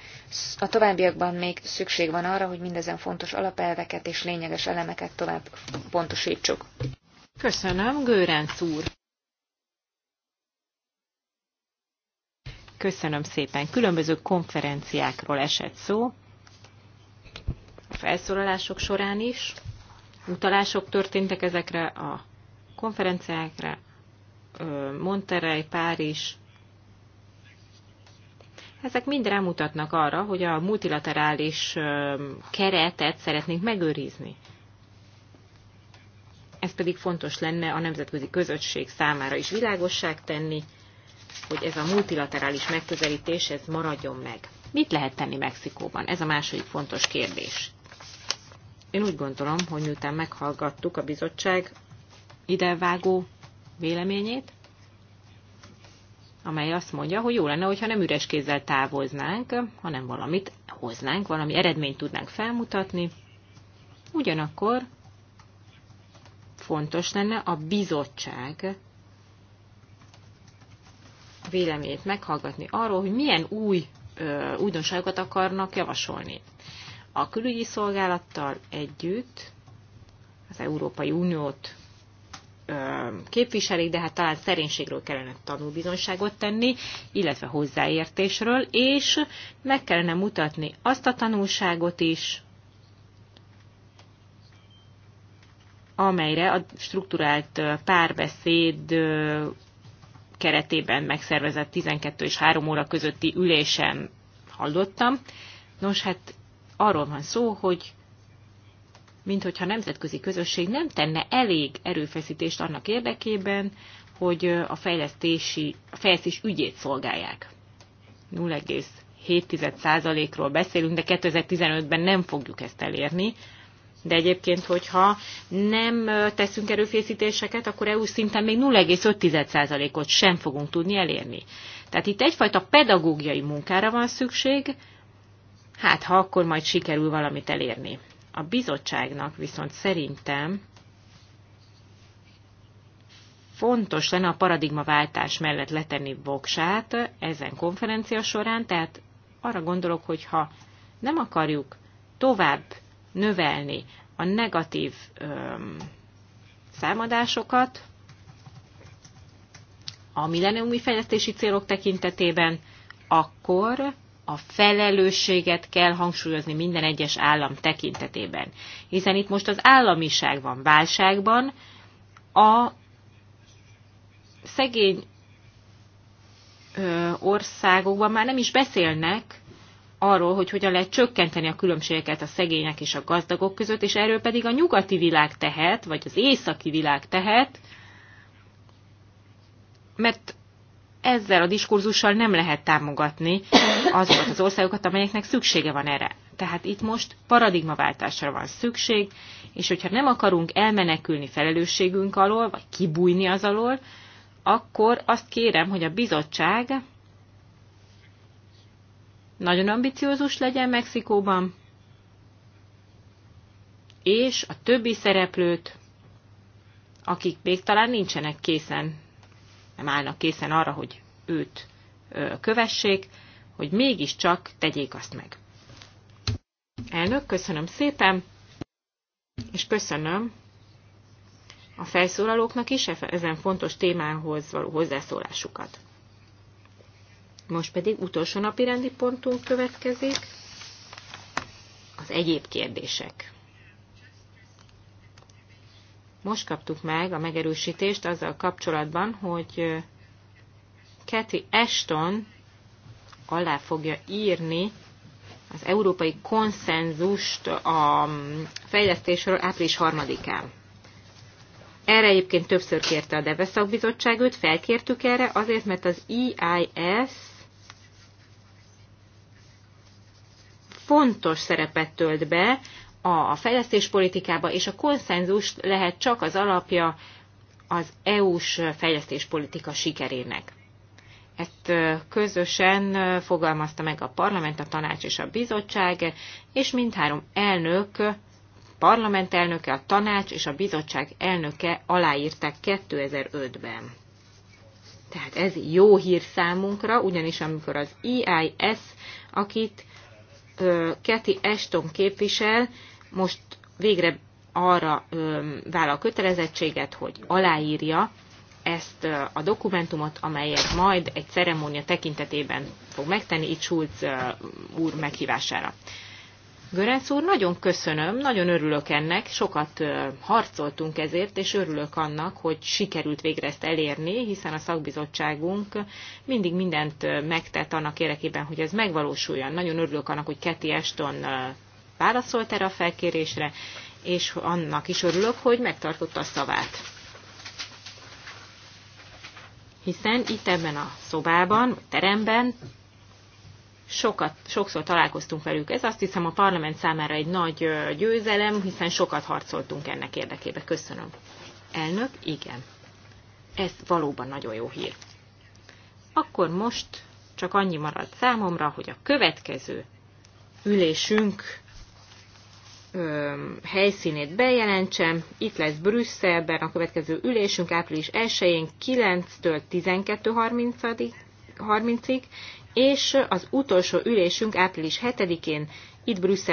a továbbiakban még szükség van arra, hogy mindezen fontos alapelveket és lényeges elemeket tovább pontosítsuk. Köszönöm, Gőrenc úr! Köszönöm szépen. Különböző konferenciákról esett szó, a felszólalások során is utalások történtek ezekre a konferenciákra, Monterrey, Párizs. Ezek mind rámutatnak arra, hogy a multilaterális keretet szeretnénk megőrizni. Ez pedig fontos lenne a nemzetközi közösség számára is világosság tenni, hogy ez a multilaterális megközelítés ez maradjon meg. Mit lehet tenni Mexikóban? Ez a második fontos kérdés. Én úgy gondolom, hogy miután meghallgattuk a bizottság idevágó véleményét, amely azt mondja, hogy jó lenne, hogyha nem üres kézzel távoznánk, hanem valamit hoznánk, valami eredményt tudnánk felmutatni. Ugyanakkor fontos lenne a bizottság véleményét meghallgatni arról, hogy milyen új ö, újdonságokat akarnak javasolni a külügyi szolgálattal együtt az Európai Uniót képviselik, de hát talán szerénységről kellene tanúbizonyságot tenni, illetve hozzáértésről, és meg kellene mutatni azt a tanulságot is, amelyre a strukturált párbeszéd keretében megszervezett 12 és 3 óra közötti ülésen hallottam. Nos, hát arról van szó, hogy minthogyha a nemzetközi közösség nem tenne elég erőfeszítést annak érdekében, hogy a fejlesztési, a fejlesztés ügyét szolgálják. 0,7%-ról beszélünk, de 2015-ben nem fogjuk ezt elérni. De egyébként, hogyha nem teszünk erőfészítéseket, akkor EU szinten még 0,5%-ot sem fogunk tudni elérni. Tehát itt egyfajta pedagógiai munkára van szükség, hát ha akkor majd sikerül valamit elérni. A bizottságnak viszont szerintem fontos lenne a paradigmaváltás mellett letenni voksát ezen konferencia során, tehát arra gondolok, hogy ha nem akarjuk tovább növelni a negatív öm, számadásokat a millenniumi fejlesztési célok tekintetében, akkor a felelősséget kell hangsúlyozni minden egyes állam tekintetében. Hiszen itt most az államiság van válságban, a szegény országokban már nem is beszélnek arról, hogy hogyan lehet csökkenteni a különbségeket a szegények és a gazdagok között, és erről pedig a nyugati világ tehet, vagy az északi világ tehet, mert ezzel a diskurzussal nem lehet támogatni azokat az országokat, amelyeknek szüksége van erre. Tehát itt most paradigmaváltásra van szükség, és hogyha nem akarunk elmenekülni felelősségünk alól, vagy kibújni az alól, akkor azt kérem, hogy a bizottság nagyon ambiciózus legyen Mexikóban, és a többi szereplőt, akik még talán nincsenek készen nem állnak készen arra, hogy őt kövessék, hogy mégiscsak tegyék azt meg. Elnök, köszönöm szépen, és köszönöm a felszólalóknak is e- ezen fontos témához való hozzászólásukat. Most pedig utolsó napi rendi pontunk következik, az egyéb kérdések most kaptuk meg a megerősítést azzal kapcsolatban, hogy Kathy Ashton alá fogja írni az európai konszenzust a mm, fejlesztésről április 3-án. Erre egyébként többször kérte a Deve szakbizottság őt, felkértük erre, azért, mert az EIS fontos szerepet tölt be a fejlesztéspolitikába, és a konszenzus lehet csak az alapja az EU-s fejlesztéspolitika sikerének. Ezt közösen fogalmazta meg a parlament, a tanács és a bizottság, és mindhárom elnök, parlament elnöke, a tanács és a bizottság elnöke aláírták 2005-ben. Tehát ez jó hír számunkra, ugyanis amikor az EIS, akit Keti Eston képvisel, most végre arra vállal kötelezettséget, hogy aláírja ezt a dokumentumot, amelyet majd egy ceremónia tekintetében fog megtenni, itt Schulz úr meghívására. Görenc úr, nagyon köszönöm, nagyon örülök ennek, sokat harcoltunk ezért, és örülök annak, hogy sikerült végre ezt elérni, hiszen a szakbizottságunk mindig mindent megtett annak érdekében, hogy ez megvalósuljon. Nagyon örülök annak, hogy Keti Eston válaszolt erre a felkérésre, és annak is örülök, hogy megtartotta a szavát. Hiszen itt ebben a szobában, teremben sokat, sokszor találkoztunk velük. Ez azt hiszem a parlament számára egy nagy győzelem, hiszen sokat harcoltunk ennek érdekébe. Köszönöm. Elnök, igen. Ez valóban nagyon jó hír. Akkor most csak annyi maradt számomra, hogy a következő ülésünk ö, helyszínét bejelentsem. Itt lesz Brüsszelben a következő ülésünk április 1-én 9-től 12.30-ig, és az utolsó ülésünk április 7-én itt Brüsszelben